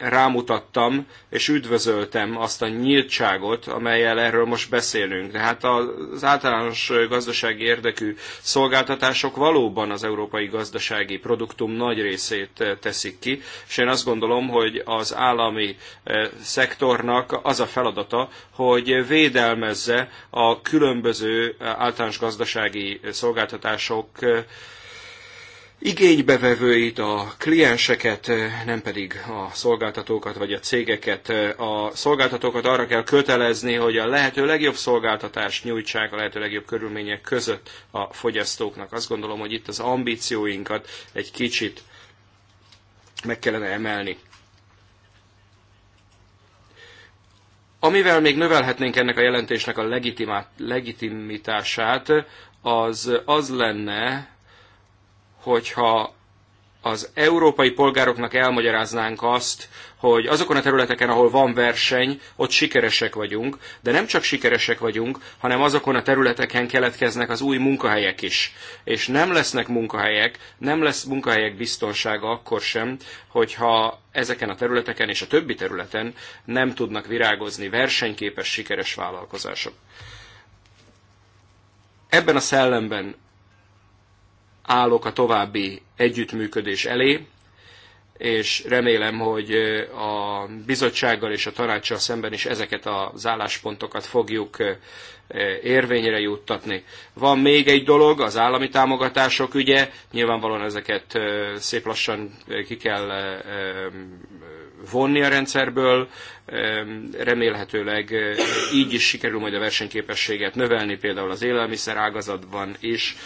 rámutattam és üdvözöltem azt a nyíltságot, amelyel erről most beszélünk. Tehát az általános gazdasági érdekű szolgáltatások valóban az európai gazdasági produktum nagy részét teszik ki, és én azt gondolom, hogy az állami eh, szektornak az a feladata, hogy védelmezze a különböző eh, általános gazdasági szolgáltatások eh, igénybevevőit, a klienseket, nem pedig a szolgáltatókat vagy a cégeket. A szolgáltatókat arra kell kötelezni, hogy a lehető legjobb szolgáltatást nyújtsák a lehető legjobb körülmények között a fogyasztóknak. Azt gondolom, hogy itt az ambícióinkat egy kicsit meg kellene emelni. Amivel még növelhetnénk ennek a jelentésnek a legitimitását, az az lenne, hogyha az európai polgároknak elmagyaráznánk azt, hogy azokon a területeken, ahol van verseny, ott sikeresek vagyunk, de nem csak sikeresek vagyunk, hanem azokon a területeken keletkeznek az új munkahelyek is. És nem lesznek munkahelyek, nem lesz munkahelyek biztonsága akkor sem, hogyha ezeken a területeken és a többi területen nem tudnak virágozni versenyképes, sikeres vállalkozások. Ebben a szellemben állok a további együttműködés elé, és remélem, hogy a bizottsággal és a tanácssal szemben is ezeket az álláspontokat fogjuk érvényre juttatni. Van még egy dolog, az állami támogatások ügye, nyilvánvalóan ezeket szép lassan ki kell vonni a rendszerből, remélhetőleg eh, így is sikerül majd a versenyképességet növelni, például az élelmiszer ágazatban is,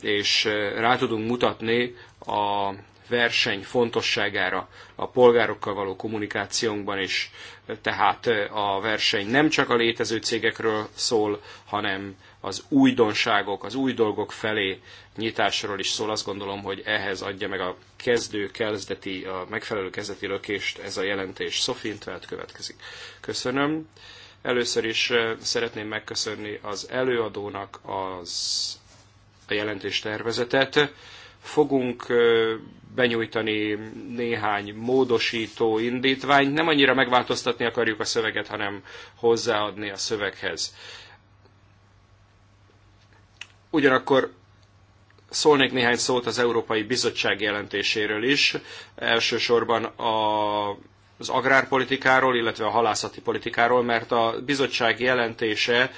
és eh, rá tudunk mutatni a verseny fontosságára a polgárokkal való kommunikációnkban is. Tehát eh, a verseny nem csak a létező cégekről szól, hanem az újdonságok, az új dolgok felé nyitásról is szól. Azt gondolom, hogy ehhez adja meg a kezdő, kezdeti, a megfelelő kezdeti lökést ez a jelentés. Sophie Intvelt következik. Köszönöm. Először is eh, szeretném megköszönni az előadónak az, a jelentés tervezetet. Fogunk eh, benyújtani néhány módosító indítványt. Nem annyira megváltoztatni akarjuk a szöveget, hanem hozzáadni a szöveghez. Ugyanakkor szólnék néhány szót az Európai Bizottság jelentéséről is, elsősorban a, az agrárpolitikáról, illetve a halászati politikáról, mert a bizottság jelentése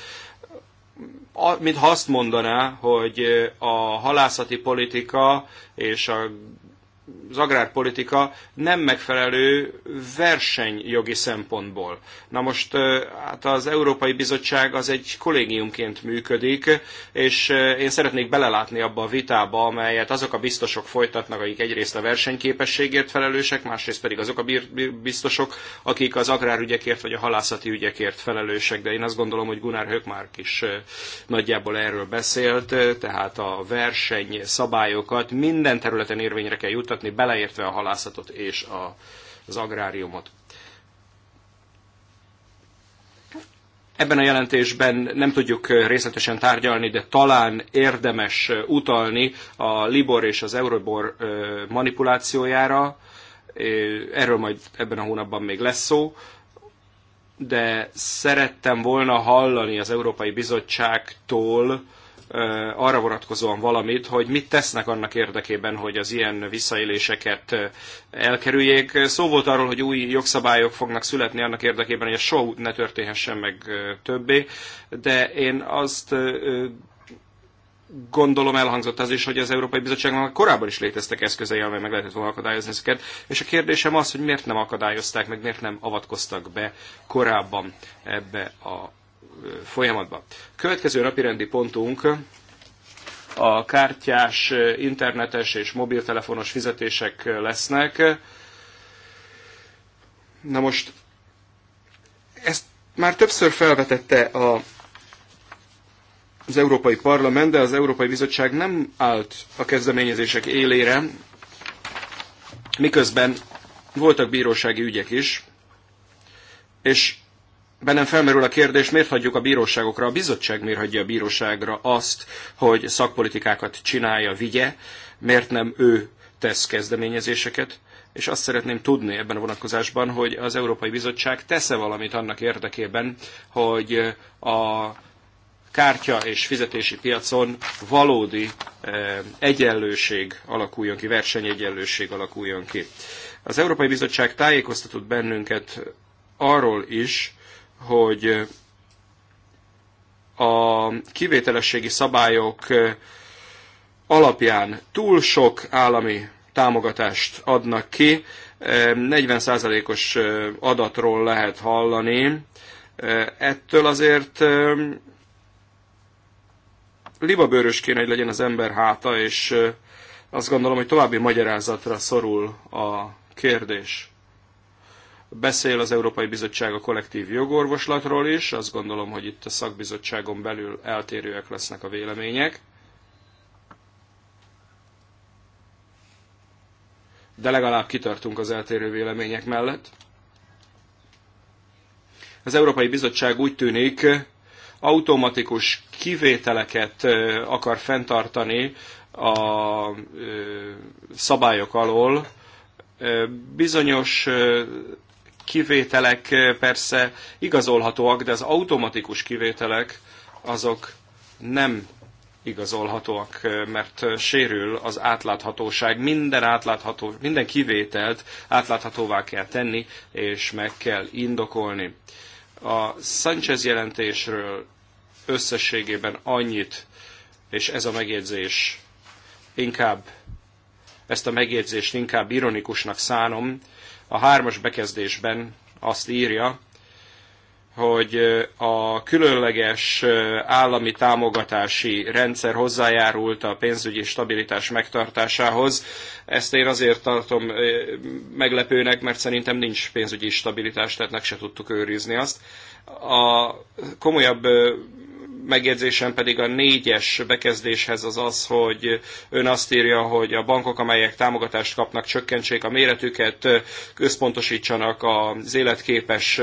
mintha azt mondaná, hogy a halászati politika és a az agrárpolitika nem megfelelő versenyjogi szempontból. Na most hát az Európai Bizottság az egy kollégiumként működik, és én szeretnék belelátni abba a vitába, amelyet azok a biztosok folytatnak, akik egyrészt a versenyképességért felelősek, másrészt pedig azok a biztosok, akik az agrárügyekért vagy a halászati ügyekért felelősek. De én azt gondolom, hogy Gunnar Hökmark is nagyjából erről beszélt, tehát a verseny szabályokat minden területen érvényre kell juttatni, folytatni, beleértve a halászatot és a, az agráriumot. Ebben a jelentésben nem tudjuk részletesen tárgyalni, de talán érdemes utalni a Libor és az Euribor manipulációjára. Erről majd ebben a hónapban még lesz szó. De szerettem volna hallani az Európai Bizottságtól, arra vonatkozóan valamit, hogy mit tesznek annak érdekében, hogy az ilyen visszaéléseket elkerüljék. Szó volt arról, hogy új jogszabályok fognak születni annak érdekében, hogy a show ne történhessen meg többé, de én azt gondolom elhangzott az is, hogy az Európai Bizottságnak korábban is léteztek eszközei, amely meg lehetett volna akadályozni ezeket, és a kérdésem az, hogy miért nem akadályozták, meg miért nem avatkoztak be korábban ebbe a folyamatba. Következő napirendi pontunk a kártyás, internetes és mobiltelefonos fizetések lesznek. Na most ezt már többször felvetette a, az Európai Parlament, de az Európai Bizottság nem állt a kezdeményezések élére, miközben voltak bírósági ügyek is, és bennem felmerül a kérdés, miért hagyjuk a bíróságokra, a bizottság miért hagyja a bíróságra azt, hogy szakpolitikákat csinálja, vigye, miért nem ő tesz kezdeményezéseket, és azt szeretném tudni ebben a vonatkozásban, hogy az Európai Bizottság tesz-e valamit annak érdekében, hogy a kártya és fizetési piacon valódi eh, egyenlőség alakuljon ki, versenyegyenlőség alakuljon ki. Az Európai Bizottság tájékoztatott bennünket arról is, hogy a kivételességi szabályok alapján túl sok állami támogatást adnak ki. 40%-os adatról lehet hallani. Ettől azért libabőrös kéne, hogy legyen az ember háta, és azt gondolom, hogy további magyarázatra szorul a kérdés. Beszél az Európai Bizottság a kollektív jogorvoslatról is, azt gondolom, hogy itt a szakbizottságon belül eltérőek lesznek a vélemények. De legalább kitartunk az eltérő vélemények mellett. Az Európai Bizottság úgy tűnik, automatikus kivételeket akar fenntartani a szabályok alól, bizonyos kivételek eh, persze igazolhatóak, de az automatikus kivételek azok nem igazolhatóak, eh, mert eh, sérül az átláthatóság. Minden, átlátható, minden kivételt átláthatóvá kell tenni, és meg kell indokolni. A Sanchez jelentésről összességében annyit, és ez a megjegyzés inkább, ezt a megjegyzést inkább ironikusnak szánom, a hármas bekezdésben azt írja, hogy a különleges állami támogatási rendszer hozzájárult a pénzügyi stabilitás megtartásához. Ezt én azért tartom meglepőnek, mert szerintem nincs pénzügyi stabilitás, tehát meg se tudtuk őrizni azt. A komolyabb megjegyzésem pedig a négyes bekezdéshez az az, hogy ön azt írja, hogy a bankok, amelyek támogatást kapnak, csökkentsék a méretüket, központosítsanak az életképes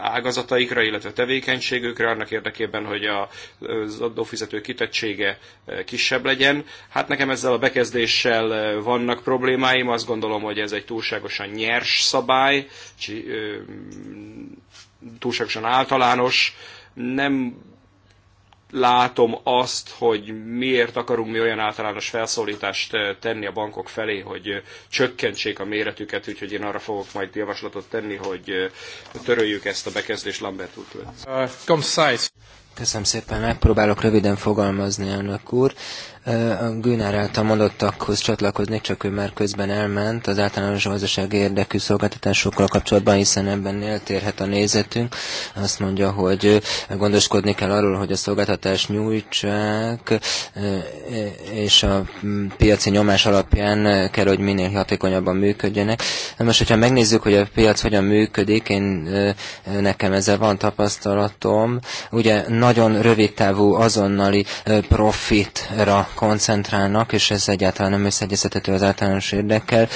ágazataikra, illetve tevékenységükre, annak érdekében, hogy az adófizető kitettsége kisebb legyen. Hát nekem ezzel a bekezdéssel vannak problémáim, azt gondolom, hogy ez egy túlságosan nyers szabály, túlságosan általános, nem látom azt, hogy miért akarunk mi olyan általános felszólítást eh, tenni a bankok felé, hogy eh, csökkentsék a méretüket, úgyhogy én arra fogok majd javaslatot tenni, hogy eh, töröljük ezt a bekezdést Lambert úrtól. Uh, Köszönöm szépen, megpróbálok röviden fogalmazni, elnök úr. Günár által mondottakhoz csatlakoznék, csak ő már közben elment az általános gazdasági érdekű szolgáltatásokkal kapcsolatban, hiszen ebben eltérhet a nézetünk. Azt mondja, hogy gondoskodni kell arról, hogy a szolgáltatást nyújtsák, és a mm, piaci nyomás alapján kell, hogy minél hatékonyabban működjenek. Na most, hogyha megnézzük, hogy a piac hogyan működik, én nekem ezzel van tapasztalatom, ugye nagyon rövid távú azonnali profitra koncentrálnak, és ez egyáltalán nem összeegyeztethető az általános érdekkel.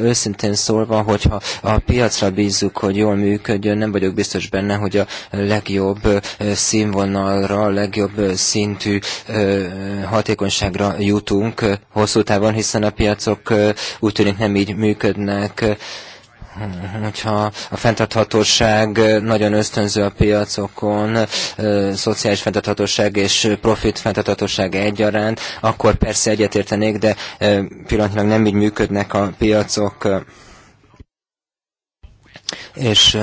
Őszintén szólva, hogyha a piacra bízzuk, hogy jól működjön, nem vagyok biztos benne, hogy a legjobb színvonalra, a legjobb szintű hatékonyságra jutunk hosszú távon, hiszen a piacok úgy tűnik nem így működnek, hogyha a fenntarthatóság nagyon ösztönző a piacokon, szociális fenntarthatóság és profit fenntarthatóság egyaránt, akkor persze egyetértenék, de pillanatnyilag nem így működnek a piacok. És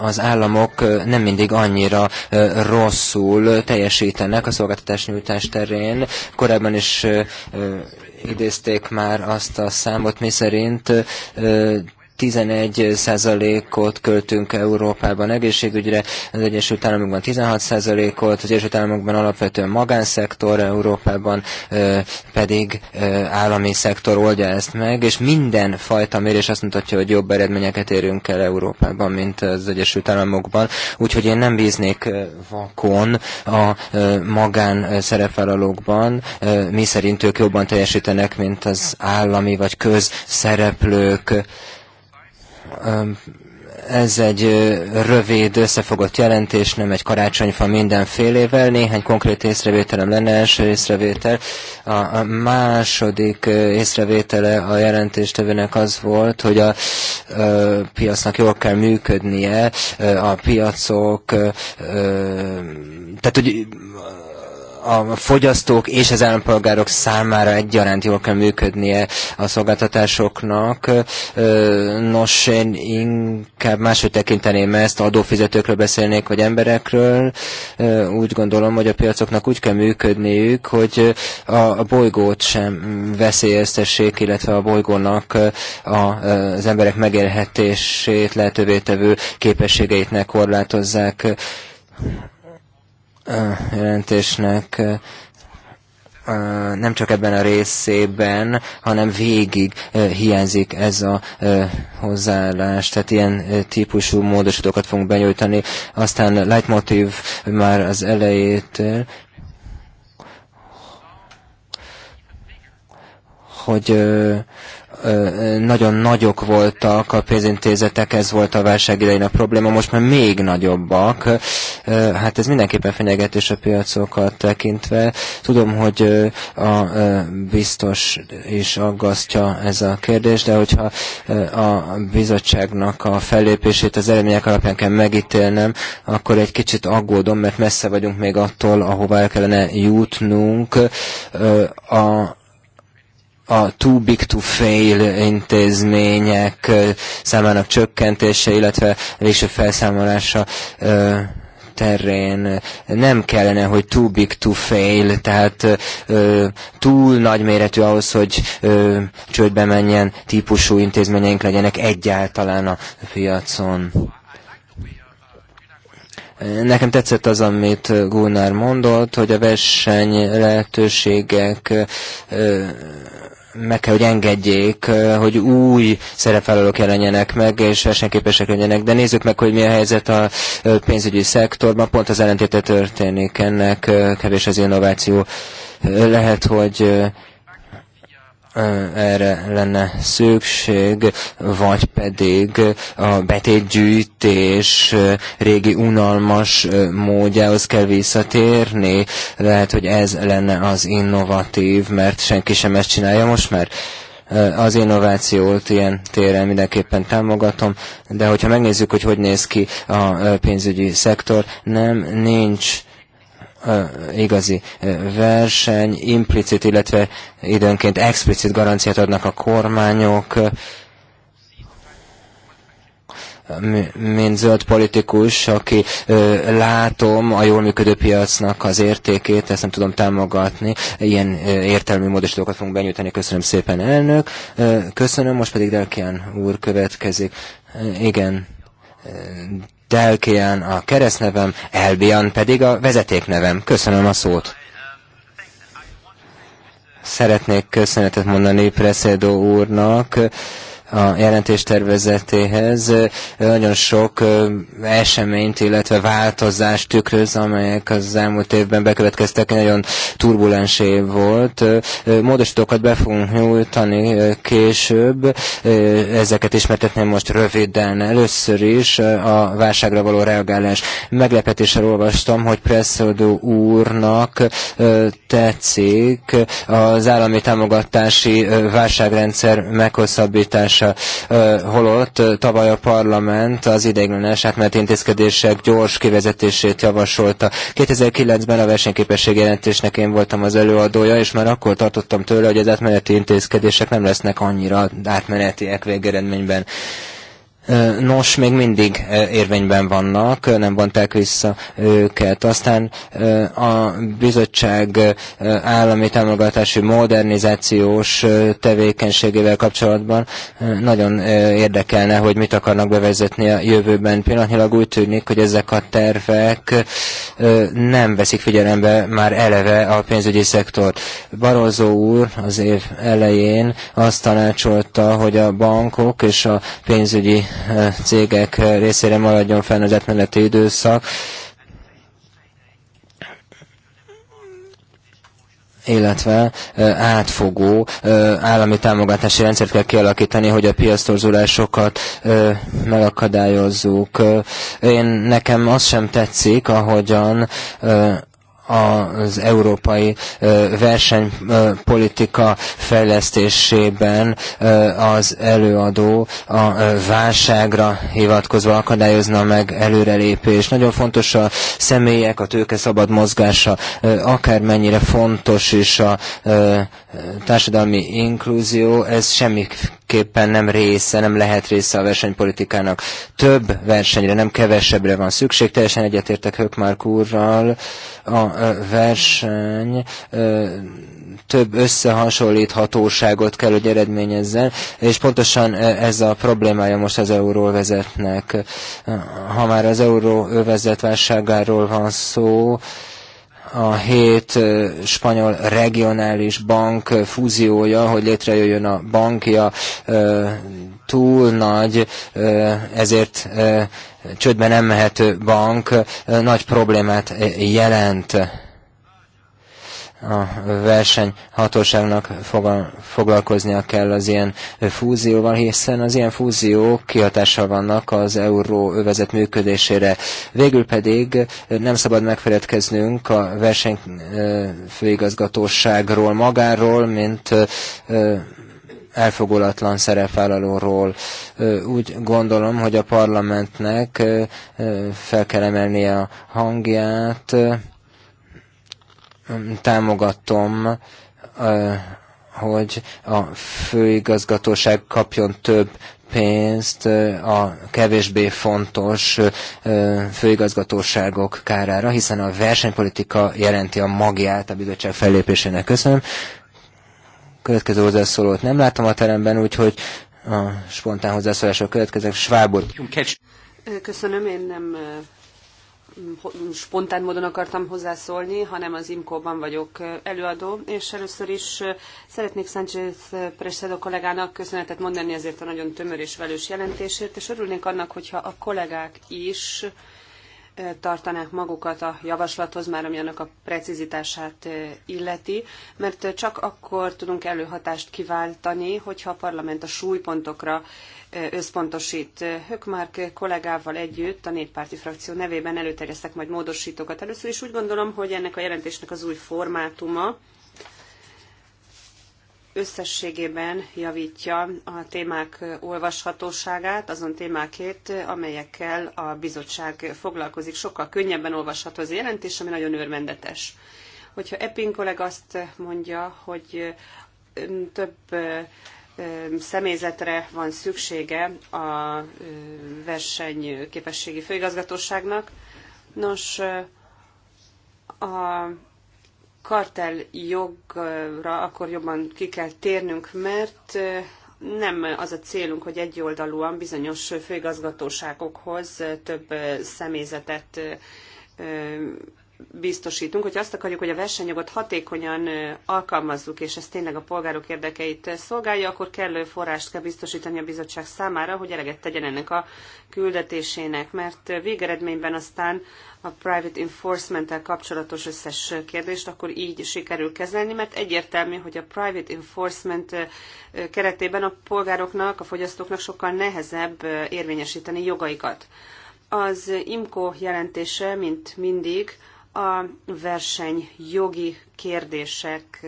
az államok nem mindig annyira rosszul teljesítenek a szolgáltatás nyújtás terén. Korábban is idézték már azt a számot, mi szerint 11%-ot költünk Európában egészségügyre, az Egyesült Államokban 16%-ot, az Egyesült Államokban alapvetően magánszektor, Európában pedig állami szektor oldja ezt meg, és minden fajta mérés azt mutatja, hogy jobb eredményeket érünk el Európában, mint az Egyesült Államokban, úgyhogy én nem bíznék vakon a magán szerepvállalókban, mi szerint ők jobban teljesítenek, mint az állami vagy közszereplők. Ez egy rövid, összefogott jelentés, nem egy karácsonyfa mindenfélével. Néhány konkrét észrevételem lenne, első észrevétel. A második észrevétele a jelentéstevőnek az volt, hogy a piacnak jól kell működnie, a piacok, tehát hogy a fogyasztók és az állampolgárok számára egyaránt jól kell működnie a szolgáltatásoknak. Nos, én inkább máshogy tekinteném ezt, adófizetőkről beszélnék, vagy emberekről. Úgy gondolom, hogy a piacoknak úgy kell működniük, hogy a bolygót sem veszélyeztessék, illetve a bolygónak az emberek megélhetését lehetővé tevő képességeit ne korlátozzák jelentésnek nem csak ebben a részében, hanem végig hiányzik ez a hozzáállás, tehát ilyen típusú módosítókat fogunk benyújtani. Aztán leitmotiv már az elejétől, hogy nagyon nagyok voltak a pénzintézetek, ez volt a válság idején a probléma, most már még nagyobbak. Hát ez mindenképpen fenyegetés a piacokat tekintve. Tudom, hogy a biztos is aggasztja ez a kérdés, de hogyha a bizottságnak a fellépését az eredmények alapján kell megítélnem, akkor egy kicsit aggódom, mert messze vagyunk még attól, ahová el kellene jutnunk. A a too big to fail intézmények számának csökkentése, illetve végső felszámolása terén nem kellene, hogy too big to fail, tehát ö, túl nagyméretű ahhoz, hogy ö, csődbe menjen típusú intézményeink legyenek egyáltalán a piacon. Nekem tetszett az, amit Gunnar mondott, hogy a verseny lehetőségek ö, meg kell, hogy engedjék, hogy új szerepvállalók jelenjenek meg, és versenyképesek legyenek. De nézzük meg, hogy mi a helyzet a pénzügyi szektorban. Pont az ellentéte történik ennek, kevés az innováció. Lehet, hogy erre lenne szükség, vagy pedig a betétgyűjtés régi unalmas módjához kell visszatérni. Lehet, hogy ez lenne az innovatív, mert senki sem ezt csinálja most már az innovációt ilyen téren mindenképpen támogatom, de hogyha megnézzük, hogy hogy néz ki a pénzügyi szektor, nem, nincs igazi verseny, implicit, illetve időnként explicit garanciát adnak a kormányok, mint zöld politikus, aki látom a jól működő piacnak az értékét, ezt nem tudom támogatni. Ilyen értelmi módosítókat fogunk benyújtani. Köszönöm szépen, elnök. köszönöm, most pedig Delkian úr következik. igen Delkian a keresztnevem, Elbian pedig a vezetéknevem. Köszönöm a szót. Szeretnék köszönetet mondani Preszédó úrnak a jelentés tervezetéhez nagyon sok eseményt, illetve változást tükröz, amelyek az elmúlt évben bekövetkeztek, nagyon turbulens év volt. Módosítókat be fogunk nyújtani később, ezeket ismertetném most röviden. Először is a válságra való reagálás. Meglepetéssel olvastam, hogy Pressodó úrnak tetszik az állami támogatási válságrendszer meghosszabbítása megoldása, holott tavaly a parlament az ideiglenes átmeneti intézkedések gyors kivezetését javasolta. 2009-ben a versenyképesség jelentésnek én voltam az előadója, és már akkor tartottam tőle, hogy az átmeneti intézkedések nem lesznek annyira átmenetiek végeredményben. Nos, még mindig érvényben vannak, nem vonták vissza őket. Aztán a bizottság állami támogatási modernizációs tevékenységével kapcsolatban nagyon érdekelne, hogy mit akarnak bevezetni a jövőben. Pillanatnyilag úgy tűnik, hogy ezek a tervek nem veszik figyelembe már eleve a pénzügyi szektort. Barozó úr az év elején azt tanácsolta, hogy a bankok és a pénzügyi cégek részére maradjon fenn az átmeneti időszak, illetve átfogó állami támogatási rendszert kell kialakítani, hogy a piasztorzulásokat megakadályozzuk. Én nekem az sem tetszik, ahogyan az európai versenypolitika fejlesztésében az előadó a válságra hivatkozva akadályozna meg előrelépés. Nagyon fontos a személyek, a tőke szabad mozgása, akármennyire fontos is a társadalmi inkluzió, ez semmiképpen nem része, nem lehet része a versenypolitikának. Több versenyre, nem kevesebbre van szükség. Teljesen egyetértek Hökmark úrral. A verseny több összehasonlíthatóságot kell, hogy eredményezzen, és pontosan ez a problémája most az euróvezetnek. Ha már az euró válságáról van szó, a hét spanyol regionális bank fúziója, hogy létrejöjjön a bankja, túl nagy, ezért csődben nem mehető bank nagy problémát jelent a versenyhatóságnak foglalkoznia kell az ilyen fúzióval, hiszen az ilyen fúziók kihatással vannak az euróövezet működésére. Végül pedig nem szabad megfeledkeznünk a versenyfőigazgatóságról magáról, mint elfogulatlan szerepvállalóról. Úgy gondolom, hogy a parlamentnek fel kell emelnie a hangját, támogatom, hogy a főigazgatóság kapjon több pénzt a kevésbé fontos főigazgatóságok kárára, hiszen a versenypolitika jelenti a magját a bizottság fellépésének. Köszönöm. Következő hozzászólót nem látom a teremben, úgyhogy a spontán hozzászólások következnek. Schwabot. Köszönöm, én nem spontán módon akartam hozzászólni, hanem az imco ban vagyok előadó, és először is szeretnék Sánchez Presedo kollégának köszönetet mondani ezért a nagyon tömör és velős jelentésért, és örülnék annak, hogyha a kollégák is tartanák magukat a javaslathoz, már ami annak a precizitását illeti, mert csak akkor tudunk előhatást kiváltani, hogyha a parlament a súlypontokra összpontosít. Hökmark kollégával együtt a néppárti frakció nevében előterjesztek majd módosítókat. Először is úgy gondolom, hogy ennek a jelentésnek az új formátuma, összességében javítja a témák olvashatóságát, azon témákét, amelyekkel a bizottság foglalkozik. Sokkal könnyebben olvasható az jelentés, ami nagyon örvendetes. Hogyha Epping kollega azt mondja, hogy több személyzetre van szüksége a versenyképességi főigazgatóságnak. Nos, a kartel jogra akkor jobban ki kell térnünk, mert nem az a célunk, hogy egyoldalúan bizonyos főigazgatóságokhoz több személyzetet biztosítunk, hogy azt akarjuk, hogy a versenyjogot hatékonyan alkalmazzuk, és ez tényleg a polgárok érdekeit szolgálja, akkor kellő forrást kell biztosítani a bizottság számára, hogy eleget tegyen ennek a küldetésének, mert végeredményben aztán a private enforcement-tel kapcsolatos összes kérdést akkor így sikerül kezelni, mert egyértelmű, hogy a private enforcement keretében a polgároknak, a fogyasztóknak sokkal nehezebb érvényesíteni jogaikat. Az IMCO jelentése, mint mindig, a versenyjogi kérdések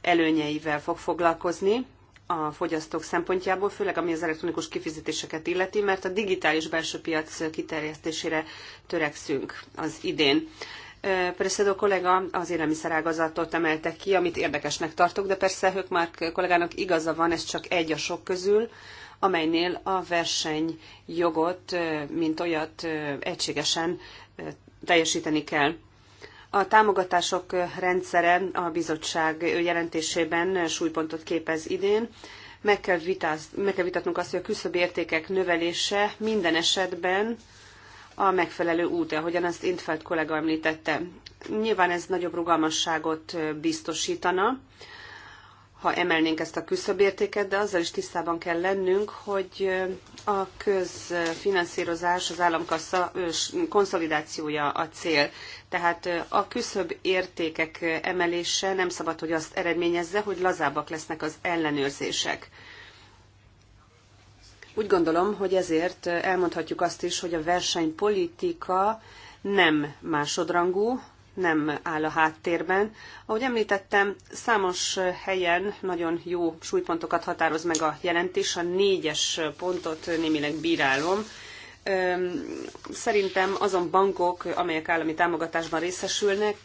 előnyeivel fog foglalkozni a fogyasztók szempontjából, főleg ami az elektronikus kifizetéseket illeti, mert a digitális belső piac kiterjesztésére törekszünk az idén. Preszedó kollega az élelmiszerágazatot emelte ki, amit érdekesnek tartok, de persze már kollégának igaza van, ez csak egy a sok közül, amelynél a verseny jogot, mint olyat egységesen teljesíteni kell. A támogatások rendszere a bizottság jelentésében súlypontot képez idén. Meg kell, vitáz, meg kell vitatnunk azt, hogy a küszöbb értékek növelése minden esetben a megfelelő út, ahogyan azt Intfeld kollega említette. Nyilván ez nagyobb rugalmasságot biztosítana, ha emelnénk ezt a küszöbértéket, de azzal is tisztában kell lennünk, hogy a közfinanszírozás, az államkassa konszolidációja a cél. Tehát a küszöb értékek emelése nem szabad, hogy azt eredményezze, hogy lazábbak lesznek az ellenőrzések. Úgy gondolom, hogy ezért elmondhatjuk azt is, hogy a versenypolitika nem másodrangú, nem áll a háttérben. Ahogy említettem, számos helyen nagyon jó súlypontokat határoz meg a jelentés, a négyes pontot némileg bírálom. Szerintem azon bankok, amelyek állami támogatásban részesülnek,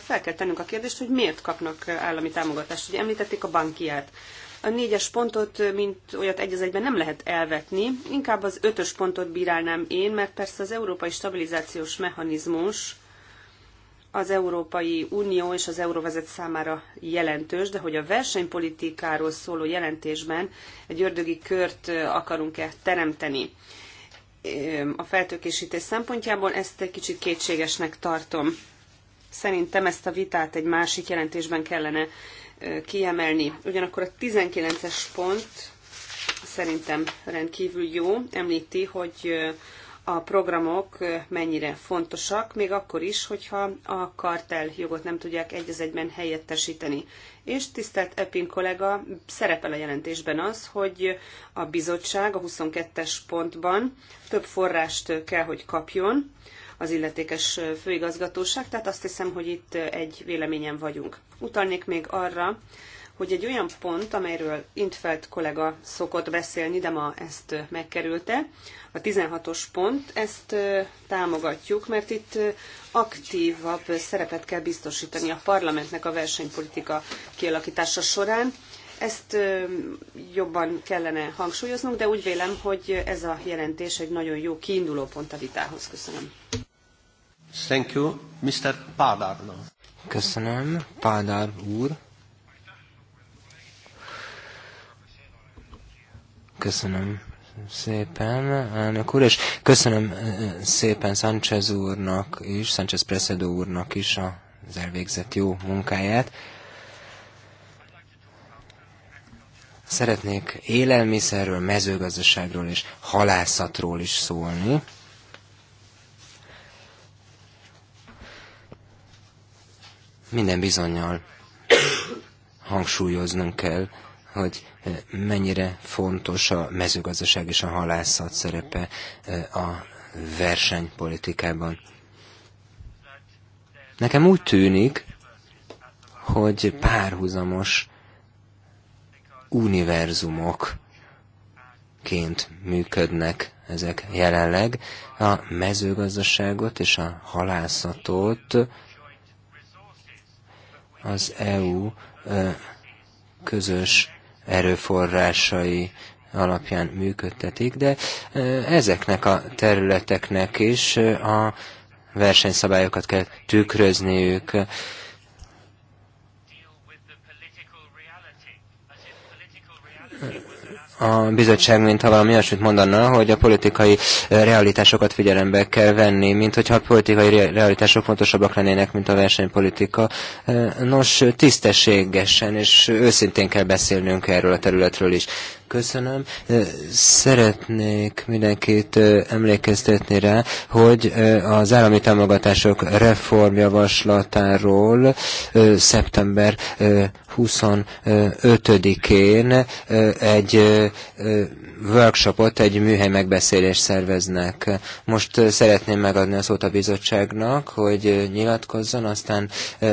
fel kell tennünk a kérdést, hogy miért kapnak állami támogatást. Ugye említették a bankiát. A négyes pontot, mint olyat egy az egyben nem lehet elvetni, inkább az ötös pontot bírálnám én, mert persze az európai stabilizációs mechanizmus az Európai Unió és az Euróvezet számára jelentős, de hogy a versenypolitikáról szóló jelentésben egy ördögi kört akarunk-e teremteni a feltőkésítés szempontjából, ezt egy kicsit kétségesnek tartom. Szerintem ezt a vitát egy másik jelentésben kellene kiemelni. Ugyanakkor a 19-es pont szerintem rendkívül jó, említi, hogy a programok mennyire fontosak, még akkor is, hogyha a kartel jogot nem tudják egy az egyben helyettesíteni. És tisztelt Epin kollega, szerepel a jelentésben az, hogy a bizottság a 22-es pontban több forrást kell, hogy kapjon az illetékes főigazgatóság, tehát azt hiszem, hogy itt egy véleményen vagyunk. Utalnék még arra, hogy egy olyan pont, amelyről Intfeld kollega szokott beszélni, de ma ezt megkerülte, a 16-os pont, ezt támogatjuk, mert itt aktívabb szerepet kell biztosítani a parlamentnek a versenypolitika kialakítása során. Ezt jobban kellene hangsúlyoznunk, de úgy vélem, hogy ez a jelentés egy nagyon jó kiinduló pont a vitához. Köszönöm. Thank you, Mr. Padarna. Köszönöm, Pádár úr. Köszönöm, szépen, elnök úr, és köszönöm szépen Sánchez úrnak is, Sánchez Presedo úrnak is az elvégzett jó munkáját. Szeretnék élelmiszerről, mezőgazdaságról és halászatról is szólni. Minden bizonyal hangsúlyoznunk kell, hogy mennyire fontos a mezőgazdaság és a halászat szerepe eh, a versenypolitikában. Nekem úgy tűnik, hogy párhuzamos univerzumok ként működnek ezek jelenleg. A mezőgazdaságot és a halászatot az EU eh, közös erőforrásai alapján működtetik, de ezeknek a területeknek is a versenyszabályokat kell tükrözniük. ők a bizottság, mint ha valami olyasmit mondana, hogy a politikai realitásokat figyelembe kell venni, mint hogyha a politikai realitások fontosabbak lennének, mint a versenypolitika. Nos, tisztességesen és őszintén kell beszélnünk erről a területről is. Köszönöm. Szeretnék mindenkit emlékeztetni rá, hogy az állami támogatások reformjavaslatáról szeptember 25-én egy workshopot, egy műhely megbeszélést szerveznek. Most szeretném megadni a szót a bizottságnak, hogy nyilatkozzon, aztán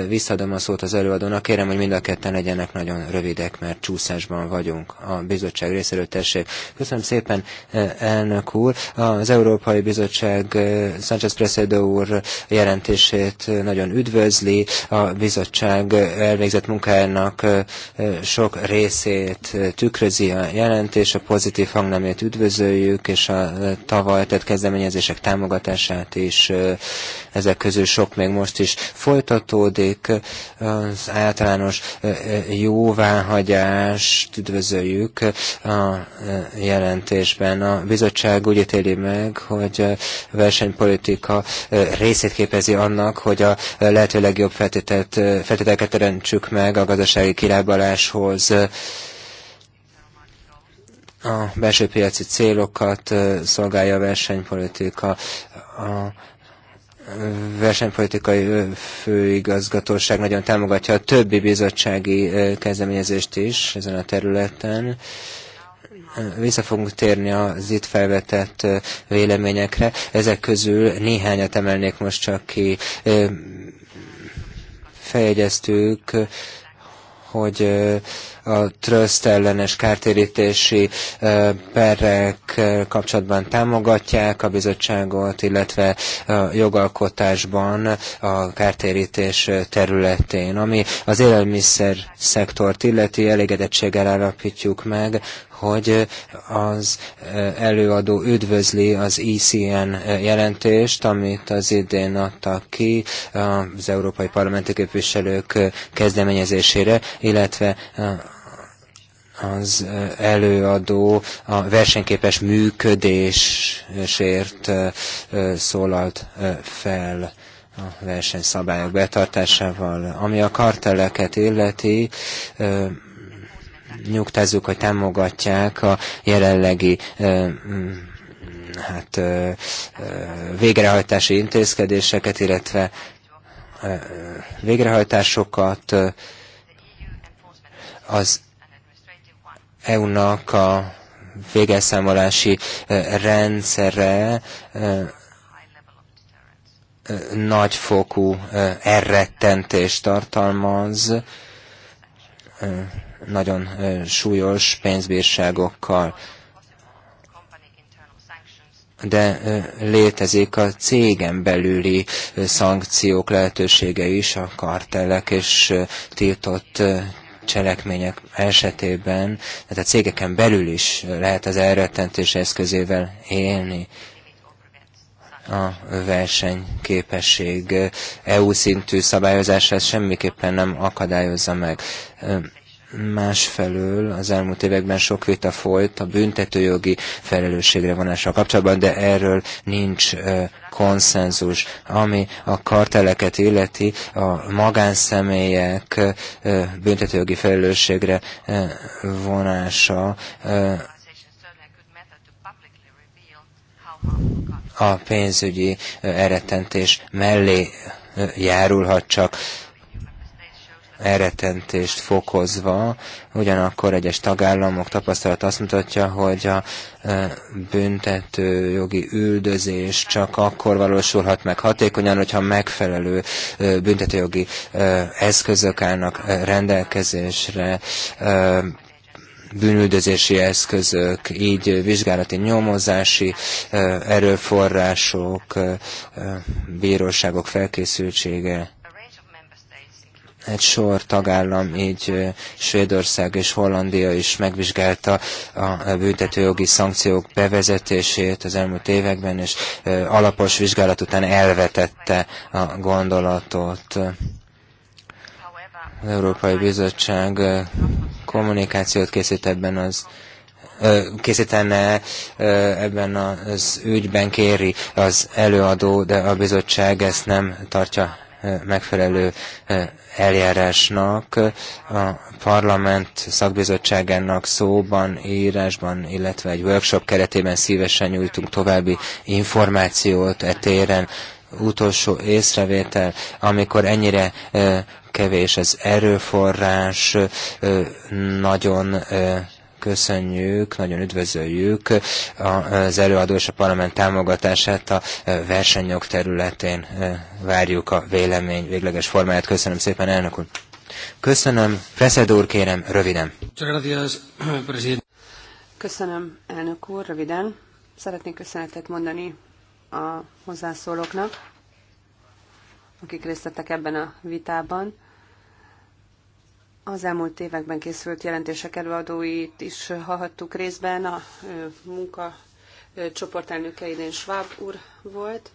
visszadom a szót az előadónak. Kérem, hogy mind a ketten legyenek nagyon rövidek, mert csúszásban vagyunk a bizottság bizottság részéről tessék. Köszönöm szépen, eh, elnök úr. Az Európai Bizottság eh, Sánchez Presedo úr jelentését nagyon üdvözli. A bizottság elvégzett munkájának eh, sok részét tükrözi a jelentés, a pozitív hangnemét üdvözöljük, és a tavaly tett kezdeményezések támogatását is ezek közül sok még most is folytatódik. Az általános jóváhagyást üdvözöljük a e, jelentésben. A bizottság úgy ítéli meg, hogy a versenypolitika e, részét képezi annak, hogy a lehető legjobb e, feltételeket teremtsük meg a gazdasági kirábaláshoz. a belső piaci célokat szolgálja a versenypolitika. A versenypolitikai főigazgatóság nagyon támogatja a többi bizottsági kezdeményezést is ezen a területen. Vissza fogunk térni az itt felvetett véleményekre. Ezek közül néhányat emelnék most csak ki. Feljegyeztük, hogy a tröszt ellenes kártérítési perrek kapcsolatban támogatják a bizottságot, illetve a jogalkotásban a kártérítés területén. Ami az élelmiszer szektort illeti, elégedettséggel állapítjuk meg, hogy az előadó üdvözli az ICN e jelentést, amit az idén adtak ki az európai parlamenti képviselők kezdeményezésére, illetve az előadó a versenyképes működésért szólalt fel a versenyszabályok betartásával. Ami a karteleket illeti, nyugtázzuk, hogy támogatják a jelenlegi hát, végrehajtási intézkedéseket, illetve végrehajtásokat az EU-nak a végelszámolási e, rendszere e, e, nagyfokú errettentést tartalmaz, nagyon súlyos pénzbírságokkal. De létezik a cégen belüli szankciók lehetősége is, a kartellek és tiltott cselekmények esetében, tehát a cégeken belül is lehet az elrettentés eszközével élni a versenyképesség EU szintű szabályozás ez semmiképpen nem akadályozza meg. Másfelől az elmúlt években sok vita folyt a büntetőjogi felelősségre vonással kapcsolatban, de erről nincs konszenzus. Ami a karteleket illeti, a magánszemélyek büntetőjogi felelősségre vonása a pénzügyi eretentés mellé járulhat csak elretentést fokozva, ugyanakkor egyes tagállamok tapasztalat azt mutatja, hogy a e, büntető jogi üldözés csak akkor valósulhat meg hatékonyan, hogyha megfelelő e, büntetőjogi e, eszközök állnak rendelkezésre, bűnüldözési eszközök, így vizsgálati nyomozási erőforrások, bíróságok felkészültsége egy sor tagállam, így Svédország és Hollandia is megvizsgálta a büntetőjogi szankciók bevezetését az elmúlt években, és alapos vizsgálat után elvetette a gondolatot. Az Európai Bizottság kommunikációt készít ebben az készítene ebben az ügyben kéri az előadó, de a bizottság ezt nem tartja megfelelő eljárásnak a parlament szakbizottságának szóban, írásban, illetve egy workshop keretében szívesen nyújtunk további információt e téren. Utolsó észrevétel, amikor ennyire kevés az erőforrás, nagyon köszönjük, nagyon üdvözöljük az előadó és a parlament támogatását a versenyok területén. Várjuk a vélemény végleges formáját. Köszönöm szépen, elnök úr. Köszönöm. Preszed úr, kérem, röviden. Köszönöm, elnök úr, röviden. Szeretnék köszönetet mondani a hozzászólóknak, akik részt vettek ebben a vitában. Az elmúlt években készült jelentések előadóit is hallhattuk részben. A munka csoportelnöke idén Schwab úr volt,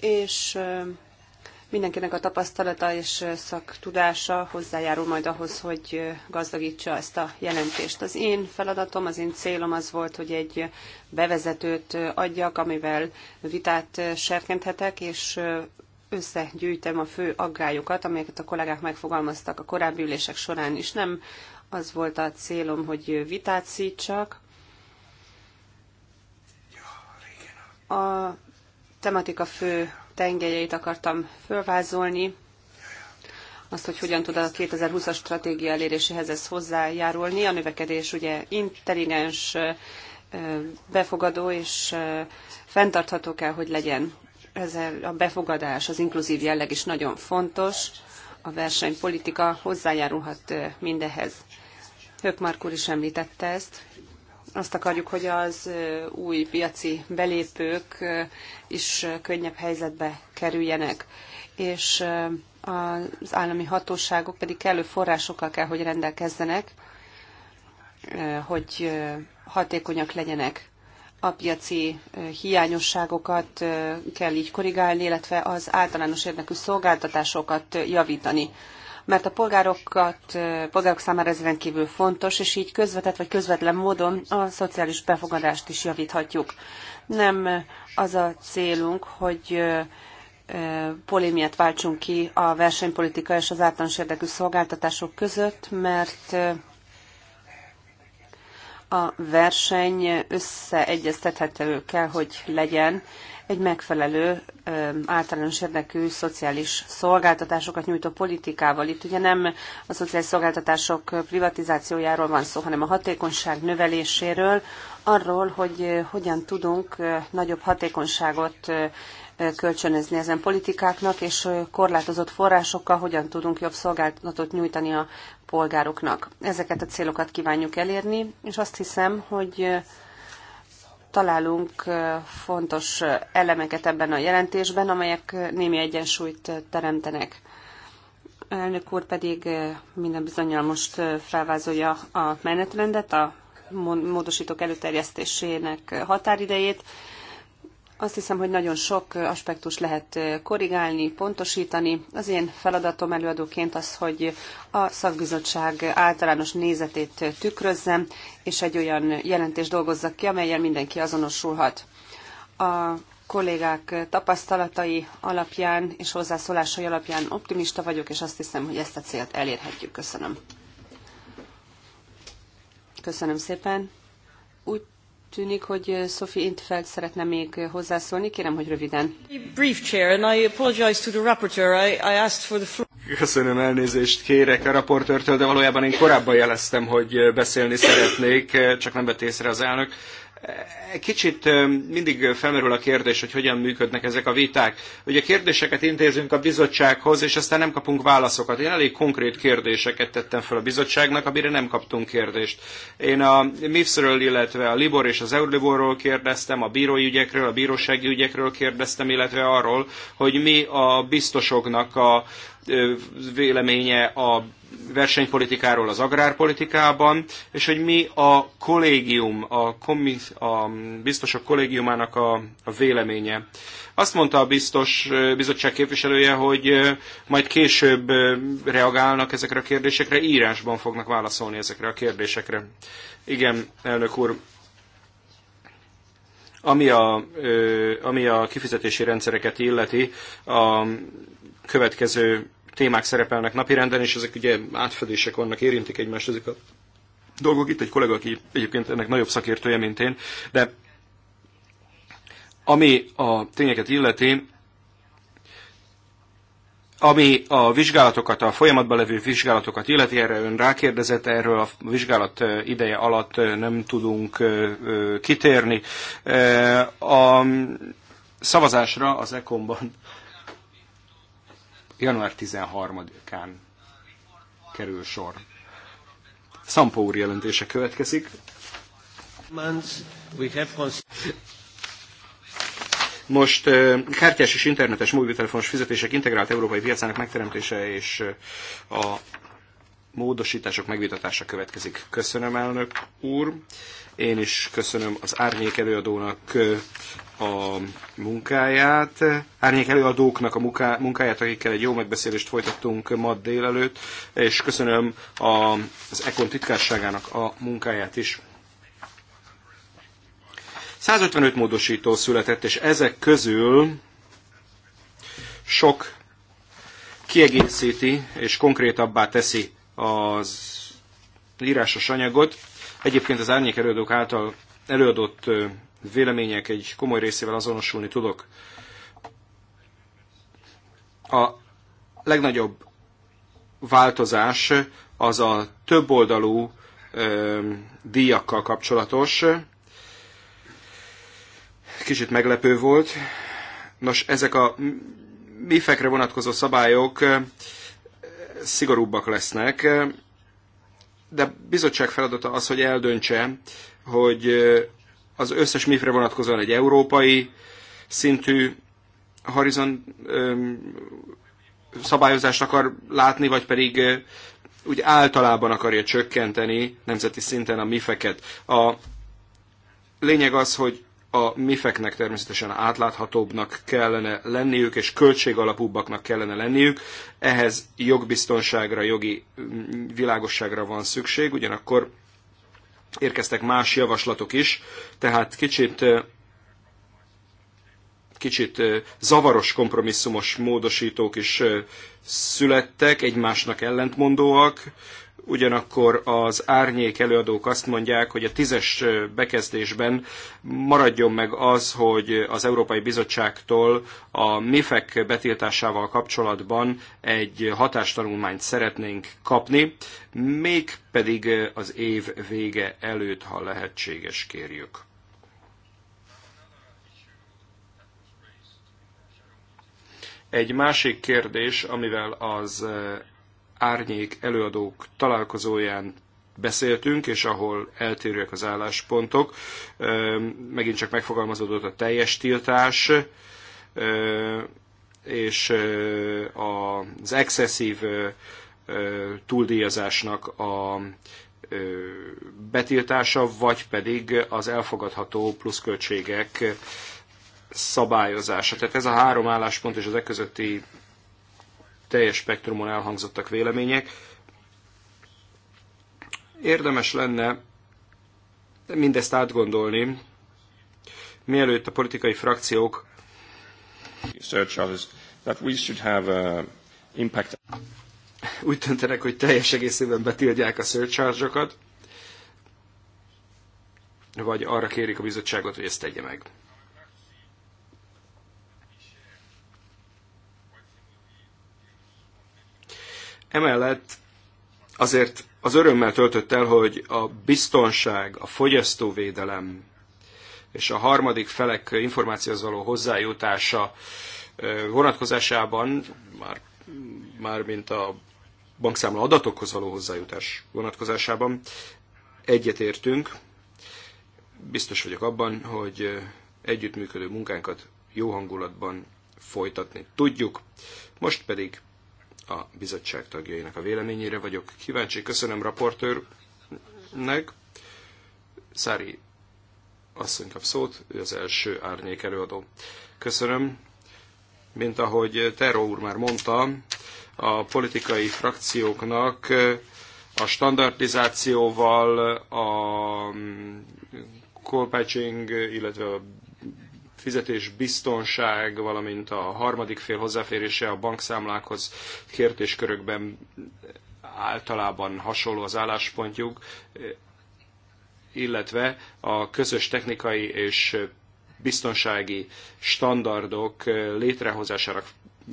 és mindenkinek a tapasztalata és szaktudása hozzájárul majd ahhoz, hogy gazdagítsa ezt a jelentést. Az én feladatom, az én célom az volt, hogy egy bevezetőt adjak, amivel vitát serkenthetek, és összegyűjtem a fő aggályokat, amelyeket a kollégák megfogalmaztak a korábbi ülések során is. Nem az volt a célom, hogy vitát szítsak. A tematika fő tengelyeit akartam fölvázolni, azt, hogy hogyan tud a 2020-as stratégia eléréséhez ez hozzájárulni. A növekedés ugye intelligens, befogadó és fenntartható kell, hogy legyen ezzel a befogadás, az inkluzív jelleg is nagyon fontos. A versenypolitika hozzájárulhat mindehez. Hökmark úr is említette ezt. Azt akarjuk, hogy az új piaci belépők is könnyebb helyzetbe kerüljenek, és az állami hatóságok pedig kellő forrásokkal kell, hogy rendelkezzenek, hogy hatékonyak legyenek a piaci hiányosságokat kell így korrigálni, illetve az általános érdekű szolgáltatásokat javítani. Mert a polgárokat, polgárok számára ez rendkívül fontos, és így közvetett vagy közvetlen módon a szociális befogadást is javíthatjuk. Nem az a célunk, hogy polémiát váltsunk ki a versenypolitika és az általános érdekű szolgáltatások között, mert a verseny összeegyeztethető kell, hogy legyen egy megfelelő általános érdekű szociális szolgáltatásokat nyújtó politikával. Itt ugye nem a szociális szolgáltatások privatizációjáról van szó, hanem a hatékonyság növeléséről, arról, hogy hogyan tudunk nagyobb hatékonyságot kölcsönözni ezen politikáknak, és korlátozott forrásokkal hogyan tudunk jobb szolgáltatot nyújtani a polgároknak. Ezeket a célokat kívánjuk elérni, és azt hiszem, hogy találunk fontos elemeket ebben a jelentésben, amelyek némi egyensúlyt teremtenek. Elnök úr pedig minden bizonyal most felvázolja a menetrendet, a módosítók előterjesztésének határidejét, azt hiszem, hogy nagyon sok aspektus lehet korrigálni, pontosítani. Az én feladatom előadóként az, hogy a szakbizottság általános nézetét tükrözzem, és egy olyan jelentést dolgozzak ki, amelyen mindenki azonosulhat. A kollégák tapasztalatai alapján és hozzászólásai alapján optimista vagyok, és azt hiszem, hogy ezt a célt elérhetjük. Köszönöm. Köszönöm szépen. Úgy tűnik, hogy eh, Sophie Intfeld szeretne még hozzászólni. Kérem, hogy röviden. Brief Köszönöm elnézést kérek a raportőrtől, de valójában én korábban jeleztem, hogy eh, beszélni szeretnék, eh, csak nem vett észre az elnök. Kicsit mindig felmerül a kérdés, hogy hogyan működnek ezek a viták. Ugye kérdéseket intézünk a bizottsághoz, és aztán nem kapunk válaszokat. Én elég konkrét kérdéseket tettem fel a bizottságnak, amire nem kaptunk kérdést. Én a MIFS-ről, illetve a Libor és az Eurliborról kérdeztem, a bírói ügyekről, a bírósági ügyekről kérdeztem, illetve arról, hogy mi a biztosoknak a, véleménye a versenypolitikáról az agrárpolitikában, és hogy mi a kollégium, a, komis, a biztosok kollégiumának a, a véleménye. Azt mondta a biztos bizottság képviselője, hogy majd később reagálnak ezekre a kérdésekre, írásban fognak válaszolni ezekre a kérdésekre. Igen, elnök úr, ami a, ami a kifizetési rendszereket illeti, a következő témák szerepelnek napirenden, és ezek ugye átfedések vannak, érintik egymást ezek a dolgok. Itt egy kollega, aki egyébként ennek nagyobb szakértője, mint én, de ami a tényeket illeti, ami a vizsgálatokat, a folyamatban levő vizsgálatokat illeti, erre ön rákérdezett, erről a vizsgálat ideje alatt nem tudunk kitérni. A szavazásra az ECOM-ban január 13-án kerül sor. Szampó úr jelentése következik. Most kártyás és internetes mobiltelefonos fizetések integrált európai piacának megteremtése és a módosítások megvitatása következik. Köszönöm, elnök úr. Én is köszönöm az árnyék előadónak a munkáját, árnyék előadóknak a munká, munkáját, akikkel egy jó megbeszélést folytattunk ma délelőtt, és köszönöm a, az Ekon titkárságának a munkáját is. 155 módosító született, és ezek közül sok kiegészíti és konkrétabbá teszi az írásos anyagot. Egyébként az árnyék előadók által előadott vélemények egy komoly részével azonosulni tudok. A legnagyobb változás az a többoldalú díjakkal kapcsolatos. Kicsit meglepő volt. Nos, ezek a mifekre vonatkozó szabályok szigorúbbak lesznek, de bizottság feladata az, hogy eldöntse, hogy az összes mifre vonatkozóan egy európai szintű horizon szabályozást akar látni, vagy pedig úgy általában akarja csökkenteni nemzeti szinten a mifeket. A lényeg az, hogy a mifeknek természetesen átláthatóbbnak kellene lenniük, és költségalapúbbaknak kellene lenniük. Ehhez jogbiztonságra, jogi mm, világosságra van szükség, ugyanakkor érkeztek más javaslatok is, tehát kicsit kicsit zavaros kompromisszumos módosítók is születtek, egymásnak ellentmondóak, ugyanakkor az árnyék előadók azt mondják, hogy a tízes bekezdésben maradjon meg az, hogy az Európai Bizottságtól a MIFEK betiltásával kapcsolatban egy hatástanulmányt szeretnénk kapni, mégpedig az év vége előtt, ha lehetséges, kérjük. Egy másik kérdés, amivel az árnyék előadók találkozóján beszéltünk, és ahol eltérőek az álláspontok. Megint csak megfogalmazódott a teljes tiltás, és az excessív túldíjazásnak a betiltása, vagy pedig az elfogadható pluszköltségek szabályozása. Tehát ez a három álláspont és az e közötti teljes spektrumon elhangzottak vélemények. Érdemes lenne mindezt átgondolni, mielőtt a politikai frakciók uh, úgy döntenek, hogy teljes egészében betiltják a surcharge vagy arra kérik a bizottságot, hogy ezt tegye meg. Emellett azért az örömmel töltött el, hogy a biztonság, a fogyasztóvédelem és a harmadik felek információhoz való hozzájutása vonatkozásában, már, már mint a bankszámla adatokhoz való hozzájutás vonatkozásában egyetértünk. Biztos vagyok abban, hogy együttműködő munkánkat jó hangulatban folytatni tudjuk. Most pedig a bizottság tagjainak a véleményére vagyok kíváncsi. Köszönöm raportőrnek. Szári asszony kap szót, ő az első árnyék előadó. Köszönöm. Mint ahogy Teró úr már mondta, a politikai frakcióknak a standardizációval, a mm, call patching, illetve a fizetésbiztonság, valamint a harmadik fél hozzáférése a bankszámlákhoz kérdéskörökben általában hasonló az álláspontjuk, illetve a közös technikai és biztonsági standardok létrehozására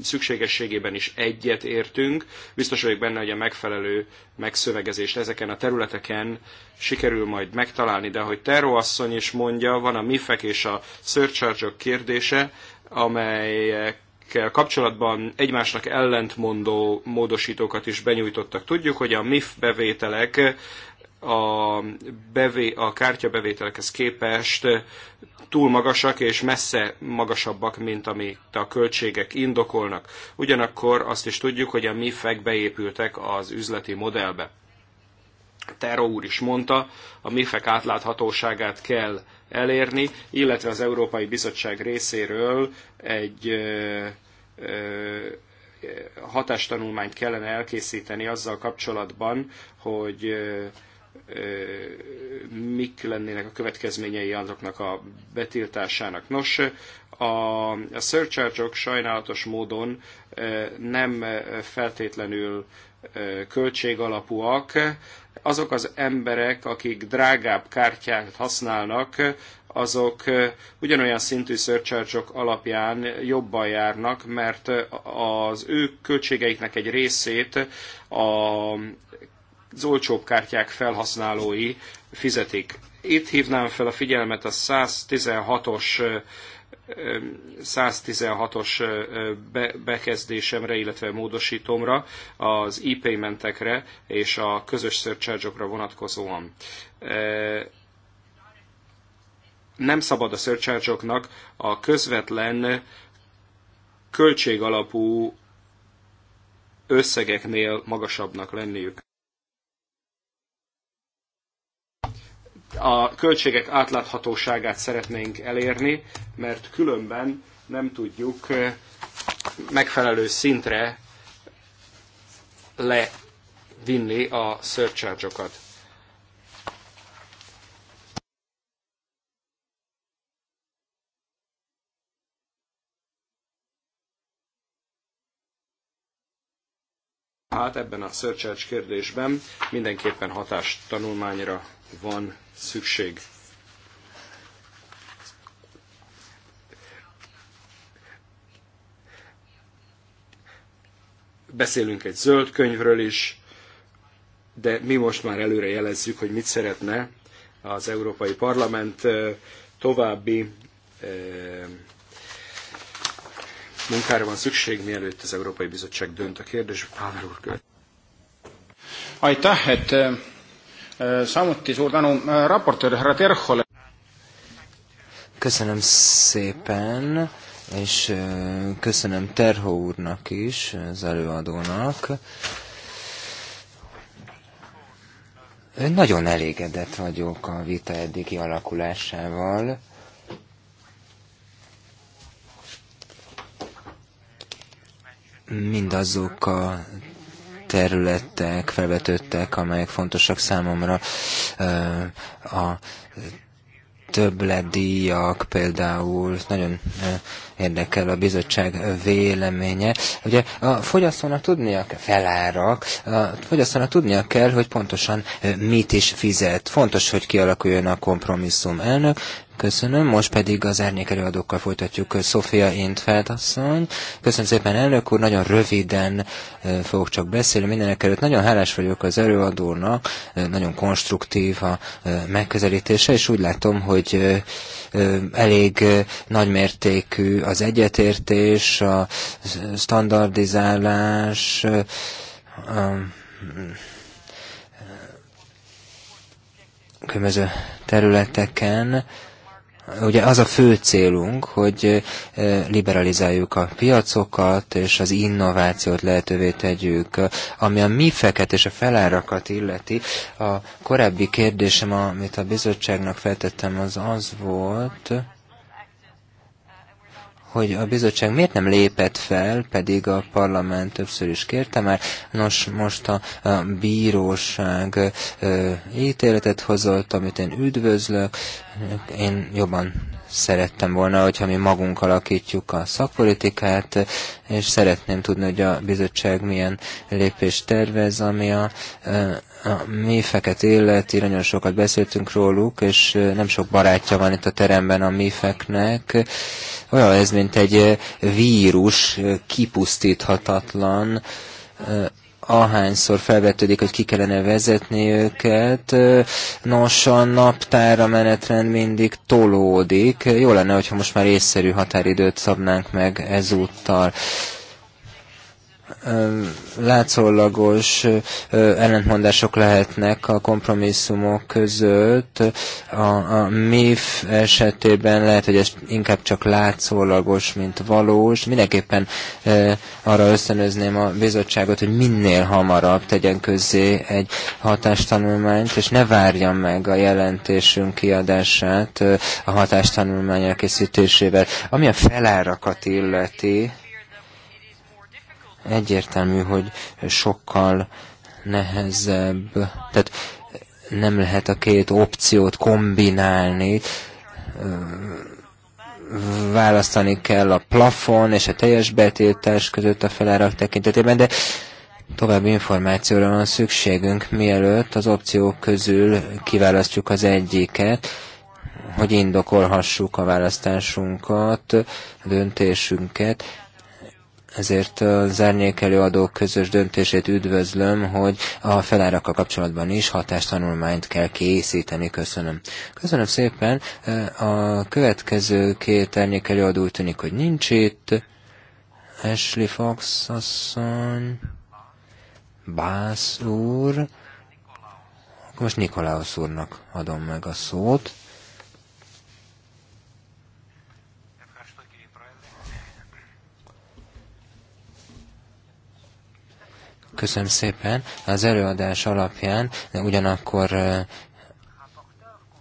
szükségességében is egyet értünk. Biztos vagyok benne, hogy a megfelelő megszövegezést ezeken a területeken sikerül majd megtalálni, de hogy Teró asszony is mondja, van a MIFEK és a surcharge -ok kérdése, amelyek kapcsolatban egymásnak ellentmondó módosítókat is benyújtottak. Tudjuk, hogy a MIF bevételek a, bevé, a kártyabevételekhez képest túl magasak és messze magasabbak, mint amit a költségek indokolnak. Ugyanakkor azt is tudjuk, hogy a MIFEK beépültek az üzleti modellbe. Teró úr is mondta, a MIFEK átláthatóságát kell elérni, illetve az Európai Bizottság részéről egy ö, ö, hatástanulmányt kellene elkészíteni azzal kapcsolatban, hogy mik lennének a következményei azoknak a betiltásának. Nos, a, a surcharge -ok sajnálatos módon nem feltétlenül költségalapúak. Azok az emberek, akik drágább kártyát használnak, azok ugyanolyan szintű surcharge -ok alapján jobban járnak, mert az ő költségeiknek egy részét a az olcsóbb kártyák felhasználói fizetik. Itt hívnám fel a figyelmet a 116-os 116-os bekezdésemre, illetve módosítomra, az e-paymentekre és a közös surcharge vonatkozóan. Nem szabad a surcharge a közvetlen költségalapú összegeknél magasabbnak lenniük. a költségek átláthatóságát szeretnénk elérni, mert különben nem tudjuk eh, megfelelő szintre levinni a surcharge -okat. Hát ebben a surcharge kérdésben mindenképpen hatást tanulmányra van szükség. Beszélünk egy zöld könyvről is, de mi most már előre jelezzük, hogy mit szeretne az Európai Parlament további munkára van szükség, mielőtt az Európai Bizottság dönt a kérdésbe. Pálmár úr követ. Aitäh, et Eh, samuti suur tänu eh, raportöör härra Terhole. köszönöm szépen, és eh, köszönöm Terho úrnak is, az előadónak. Nagyon elégedett vagyok a vita eddigi alakulásával. Mindazok a területek felvetődtek, amelyek fontosak számomra. A többledíjak például, nagyon érdekel a bizottság véleménye. Ugye a fogyasztónak tudnia kell, felárak, a fogyasztónak tudnia kell, hogy pontosan mit is fizet. Fontos, hogy kialakuljon a kompromisszum elnök. Köszönöm, most pedig az árnyék előadókkal folytatjuk. Sofia Intfeld asszony. Köszönöm szépen, elnök úr, nagyon röviden fogok csak beszélni mindenek előtt. Nagyon hálás vagyok az előadónak, nagyon konstruktív a megközelítése, és úgy látom, hogy elég nagymértékű az egyetértés, a standardizálás, a különböző területeken Ugye az a fő célunk, hogy liberalizáljuk a piacokat, és az innovációt lehetővé tegyük. Ami a mi feket és a felárakat illeti, a korábbi kérdésem, amit a bizottságnak feltettem, az az volt, hogy a bizottság miért nem lépett fel, pedig a parlament többször is kérte már. Nos, most a, a bíróság ö, ítéletet hozott, amit én üdvözlök. Én jobban szerettem volna, hogyha mi magunk alakítjuk a szakpolitikát, és szeretném tudni, hogy a bizottság milyen lépést tervez, ami a a mi feket illeti, nagyon sokat beszéltünk róluk, és nem sok barátja van itt a teremben a mifeknek. Olyan ez, mint egy vírus, kipusztíthatatlan, ahányszor felvetődik, hogy ki kellene vezetni őket, nos, a naptára menetrend mindig tolódik. Jó lenne, hogyha most már észszerű határidőt szabnánk meg ezúttal látszólagos ellentmondások lehetnek a kompromisszumok között. A, a MIF esetében lehet, hogy ez inkább csak látszólagos, mint valós. Mindenképpen arra ösztönözném a bizottságot, hogy minél hamarabb tegyen közzé egy hatástanulmányt, és ne várja meg a jelentésünk kiadását a hatástanulmány elkészítésével. Ami a felárakat illeti, egyértelmű, hogy sokkal nehezebb, tehát nem lehet a két opciót kombinálni, választani kell a plafon és a teljes betiltás között a felárak tekintetében, de további információra van szükségünk, mielőtt az opciók közül kiválasztjuk az egyiket, hogy indokolhassuk a választásunkat, a döntésünket, ezért az előadók közös döntését üdvözlöm, hogy a felárakkal kapcsolatban is hatástanulmányt kell készíteni. Köszönöm. Köszönöm szépen. A következő két előadó úgy tűnik, hogy nincs itt. Ashley Fox asszony, Bász úr, most Nikolaus úrnak adom meg a szót. Köszönöm szépen. Az előadás alapján ugyanakkor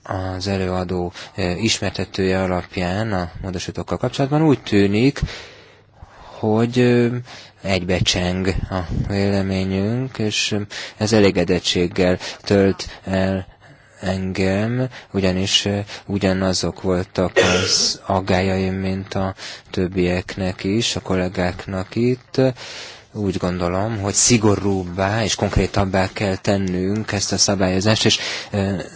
az előadó ismertetője alapján a módosítókkal kapcsolatban úgy tűnik, hogy egybecseng a véleményünk, és ez elégedettséggel tölt el engem, ugyanis ugyanazok voltak az aggájaim, mint a többieknek is, a kollégáknak itt úgy gondolom, hogy szigorúbbá és konkrétabbá kell tennünk ezt a szabályozást, és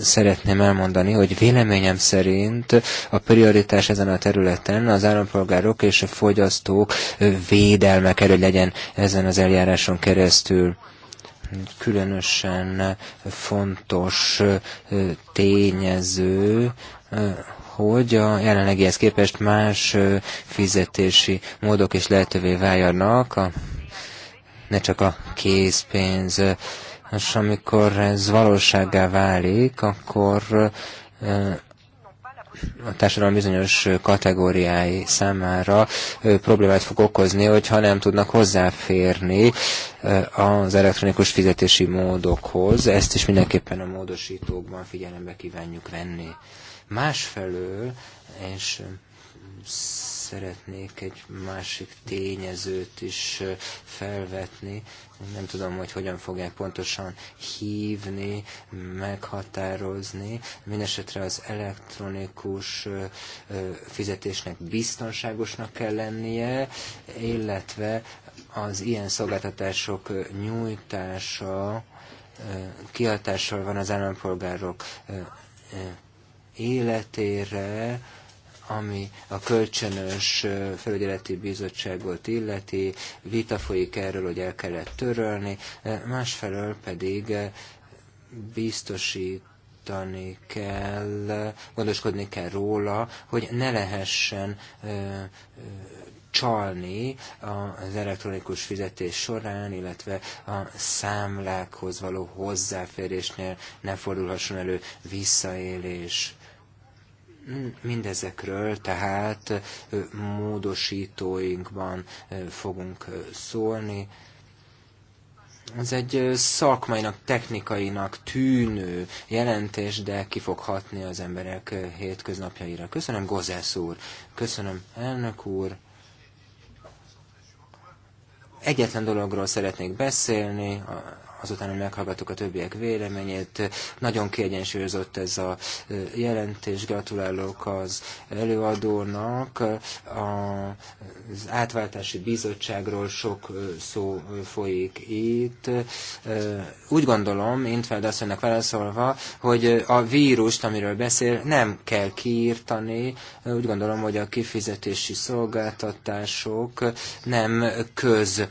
szeretném elmondani, hogy véleményem szerint a prioritás ezen a területen az állampolgárok és a fogyasztók védelme kell, hogy legyen ezen az eljáráson keresztül különösen fontos tényező, hogy a jelenlegihez képest más fizetési módok is lehetővé váljanak a ne csak a készpénz. És amikor ez valóságá válik, akkor eh, a társadalom bizonyos kategóriái számára eh, problémát fog okozni, hogyha nem tudnak hozzáférni eh, az elektronikus fizetési módokhoz. Ezt is mindenképpen a módosítókban figyelembe kívánjuk venni. Másfelől, és szeretnék egy másik tényezőt is felvetni. Nem tudom, hogy hogyan fogják pontosan hívni, meghatározni. Mindenesetre az elektronikus fizetésnek biztonságosnak kell lennie, illetve az ilyen szolgáltatások nyújtása kihatással van az állampolgárok életére, ami a kölcsönös felügyeleti bizottságot illeti, vita folyik erről, hogy el kellett törölni, másfelől pedig biztosít tani kell, gondoskodni kell róla, hogy ne lehessen ö, ö, csalni az elektronikus fizetés során, illetve a számlákhoz való hozzáférésnél ne fordulhasson elő visszaélés. Mindezekről tehát módosítóinkban fogunk szólni. Ez egy szakmainak, technikainak tűnő jelentés, de ki fog hatni az emberek hétköznapjaira. Köszönöm, Gozesz úr. Köszönöm, elnök úr. Egyetlen dologról szeretnék beszélni, azután, hogy meghallgattuk a többiek véleményét. Nagyon kiegyensúlyozott ez a jelentés. Gratulálok az előadónak. Az átváltási bizottságról sok szó folyik itt. Úgy gondolom, Intfeld asszonynak válaszolva, hogy a vírust, amiről beszél, nem kell kiírtani. Úgy gondolom, hogy a kifizetési szolgáltatások nem köz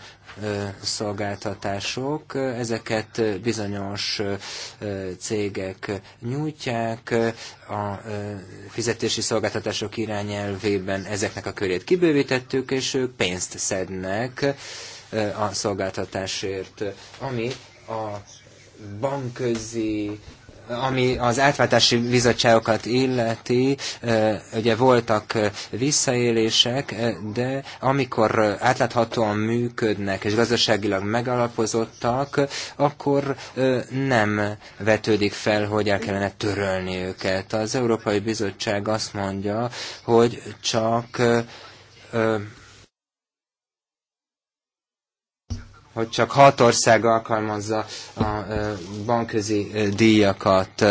szolgáltatások, ezeket bizonyos cégek nyújtják, a fizetési szolgáltatások irányelvében ezeknek a körét kibővítettük, és ők pénzt szednek a szolgáltatásért, ami a bankközi ami az átváltási bizottságokat illeti, ugye voltak visszaélések, de amikor átláthatóan működnek és gazdaságilag megalapozottak, akkor nem vetődik fel, hogy el kellene törölni őket. Az Európai Bizottság azt mondja, hogy csak hogy csak hat ország alkalmazza a bankközi díjakat.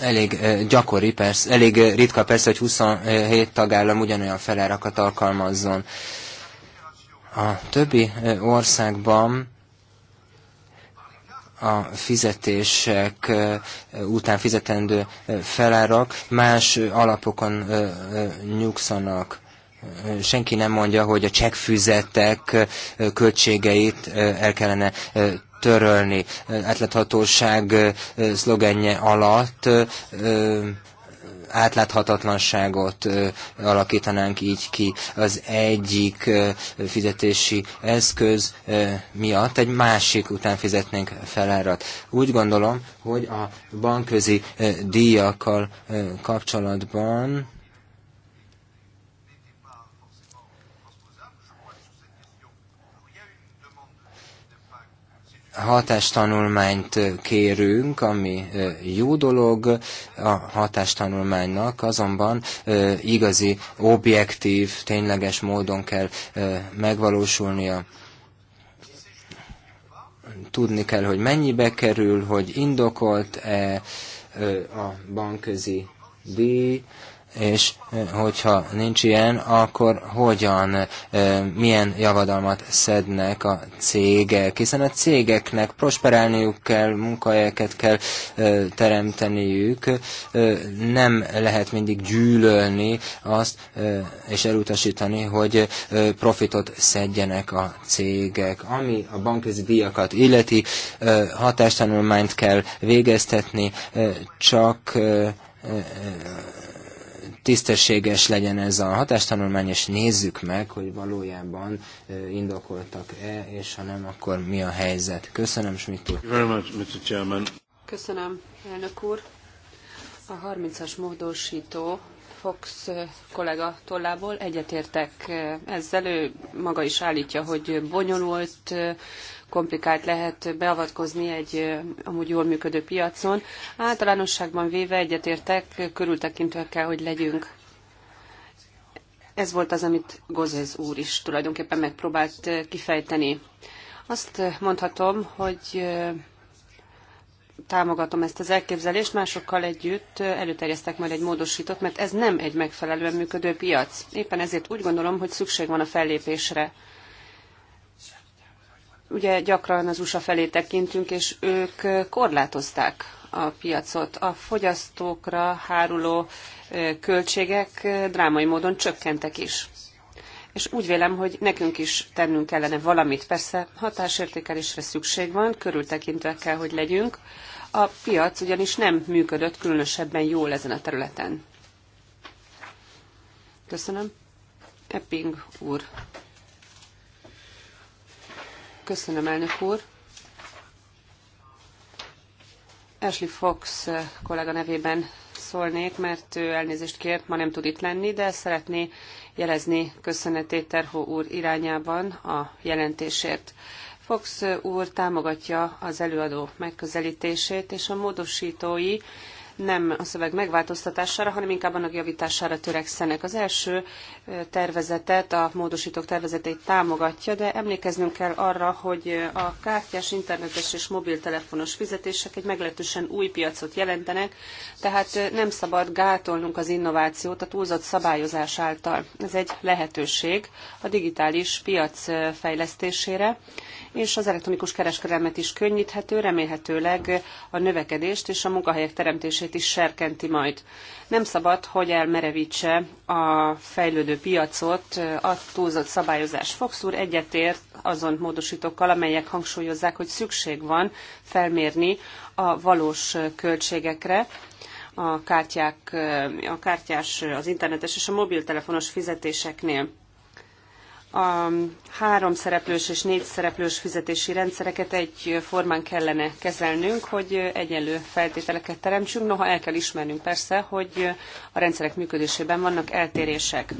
Elég gyakori, persze, elég ritka persze, hogy 27 tagállam ugyanolyan felárakat alkalmazzon. A többi országban a fizetések után fizetendő felárak más alapokon nyugszanak senki nem mondja, hogy a csekkfüzetek költségeit el kellene törölni. Átláthatóság szlogenje alatt átláthatatlanságot alakítanánk így ki az egyik fizetési eszköz miatt, egy másik után fizetnénk felárat. Úgy gondolom, hogy a bankközi díjakkal kapcsolatban hatástanulmányt kérünk, ami jó dolog, a hatástanulmánynak azonban igazi, objektív, tényleges módon kell megvalósulnia tudni kell, hogy mennyibe kerül, hogy indokolt-e a bankközi díj, és eh, hogyha nincs ilyen, akkor hogyan, eh, milyen javadalmat szednek a cégek, hiszen a cégeknek prosperálniuk kell, munkahelyeket kell eh, teremteniük, nem lehet mindig gyűlölni azt, és elutasítani, hogy profitot szedjenek a cégek. Ami a bankközi díjakat illeti, hatástanulmányt kell végeztetni, csak tisztességes legyen ez a hatástanulmány, és nézzük meg, hogy valójában indokoltak-e, és ha nem, akkor mi a helyzet. Köszönöm, Schmidt úr. Köszönöm, elnök úr. A 30-as módosító Fox kollega tollából egyetértek ezzel. Ő maga is állítja, hogy bonyolult komplikált lehet beavatkozni egy amúgy jól működő piacon. Általánosságban véve egyetértek, körültekintőek kell, hogy legyünk. Ez volt az, amit Gozez úr is tulajdonképpen megpróbált kifejteni. Azt mondhatom, hogy támogatom ezt az elképzelést, másokkal együtt előterjesztek majd egy módosítót, mert ez nem egy megfelelően működő piac. Éppen ezért úgy gondolom, hogy szükség van a fellépésre ugye gyakran az USA felé tekintünk, és ők korlátozták a piacot. A fogyasztókra háruló költségek drámai módon csökkentek is. És úgy vélem, hogy nekünk is tennünk kellene valamit. Persze hatásértékelésre szükség van, körültekintve kell, hogy legyünk. A piac ugyanis nem működött különösebben jól ezen a területen. Köszönöm. Epping úr. Köszönöm, elnök úr. Ashley Fox kollega nevében szólnék, mert ő elnézést kért, ma nem tud itt lenni, de szeretné jelezni köszönetét Terhó úr irányában a jelentésért. Fox úr támogatja az előadó megközelítését, és a módosítói nem a szöveg megváltoztatására, hanem inkább annak javítására törekszenek. Az első tervezetet, a módosítók tervezetét támogatja, de emlékeznünk kell arra, hogy a kártyás, internetes és mobiltelefonos fizetések egy meglehetősen új piacot jelentenek, tehát nem szabad gátolnunk az innovációt a túlzott szabályozás által. Ez egy lehetőség a digitális piac fejlesztésére, és az elektronikus kereskedelmet is könnyíthető, remélhetőleg a növekedést és a munkahelyek teremtését működését is serkenti majd. Nem szabad, hogy elmerevítse a fejlődő piacot a túlzott szabályozás. Fox úr egyetért azon módosítókkal, amelyek hangsúlyozzák, hogy szükség van felmérni a valós költségekre, a, kártyák, a kártyás, az internetes és a mobiltelefonos fizetéseknél a három szereplős és négy szereplős fizetési rendszereket egyformán kellene kezelnünk, hogy egyenlő feltételeket teremtsünk. Noha el kell ismernünk persze, hogy a rendszerek működésében vannak eltérések.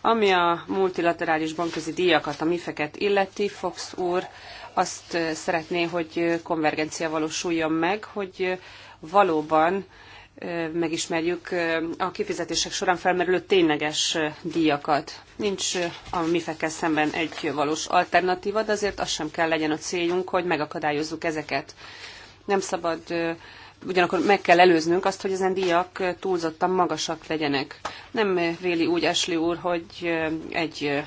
Ami a multilaterális bankközi díjakat, a mifek illeti, Fox úr azt szeretné, hogy konvergencia valósuljon meg, hogy valóban megismerjük a kifizetések során felmerülő tényleges díjakat. Nincs a mifek szemben egy valós alternatíva, de azért az sem kell legyen a céljunk, hogy megakadályozzuk ezeket. Nem szabad, ugyanakkor meg kell előznünk azt, hogy ezen díjak túlzottan magasak legyenek. Nem véli úgy Esli úr, hogy egy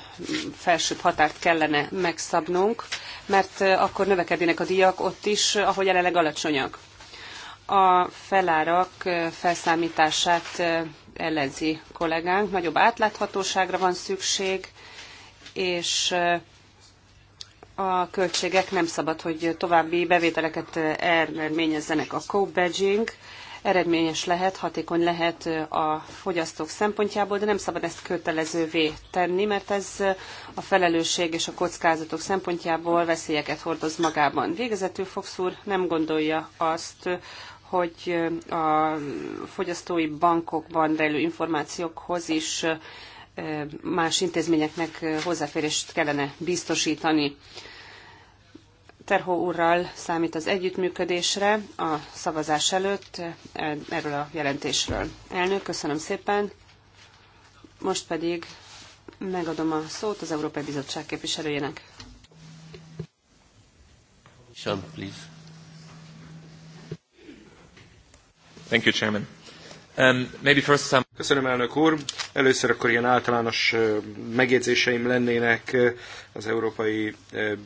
felsőbb határt kellene megszabnunk, mert akkor növekednének a díjak ott is, ahol jelenleg alacsonyak a felárak felszámítását ellenzi kollégánk. Nagyobb átláthatóságra van szükség, és a költségek nem szabad, hogy további bevételeket eredményezzenek. A co-badging eredményes lehet, hatékony lehet a fogyasztók szempontjából, de nem szabad ezt kötelezővé tenni, mert ez a felelősség és a kockázatok szempontjából veszélyeket hordoz magában. Végezetül Fox úr nem gondolja azt, hogy a fogyasztói bankokban rejlő információkhoz is más intézményeknek hozzáférést kellene biztosítani. Terho úrral számít az együttműködésre a szavazás előtt erről a jelentésről. Elnök, köszönöm szépen. Most pedig megadom a szót az Európai Bizottság képviselőjének. Sean, please. Thank you, Chairman. Um, maybe first some... Köszönöm, elnök úr. Először akkor ilyen általános megjegyzéseim lennének az Európai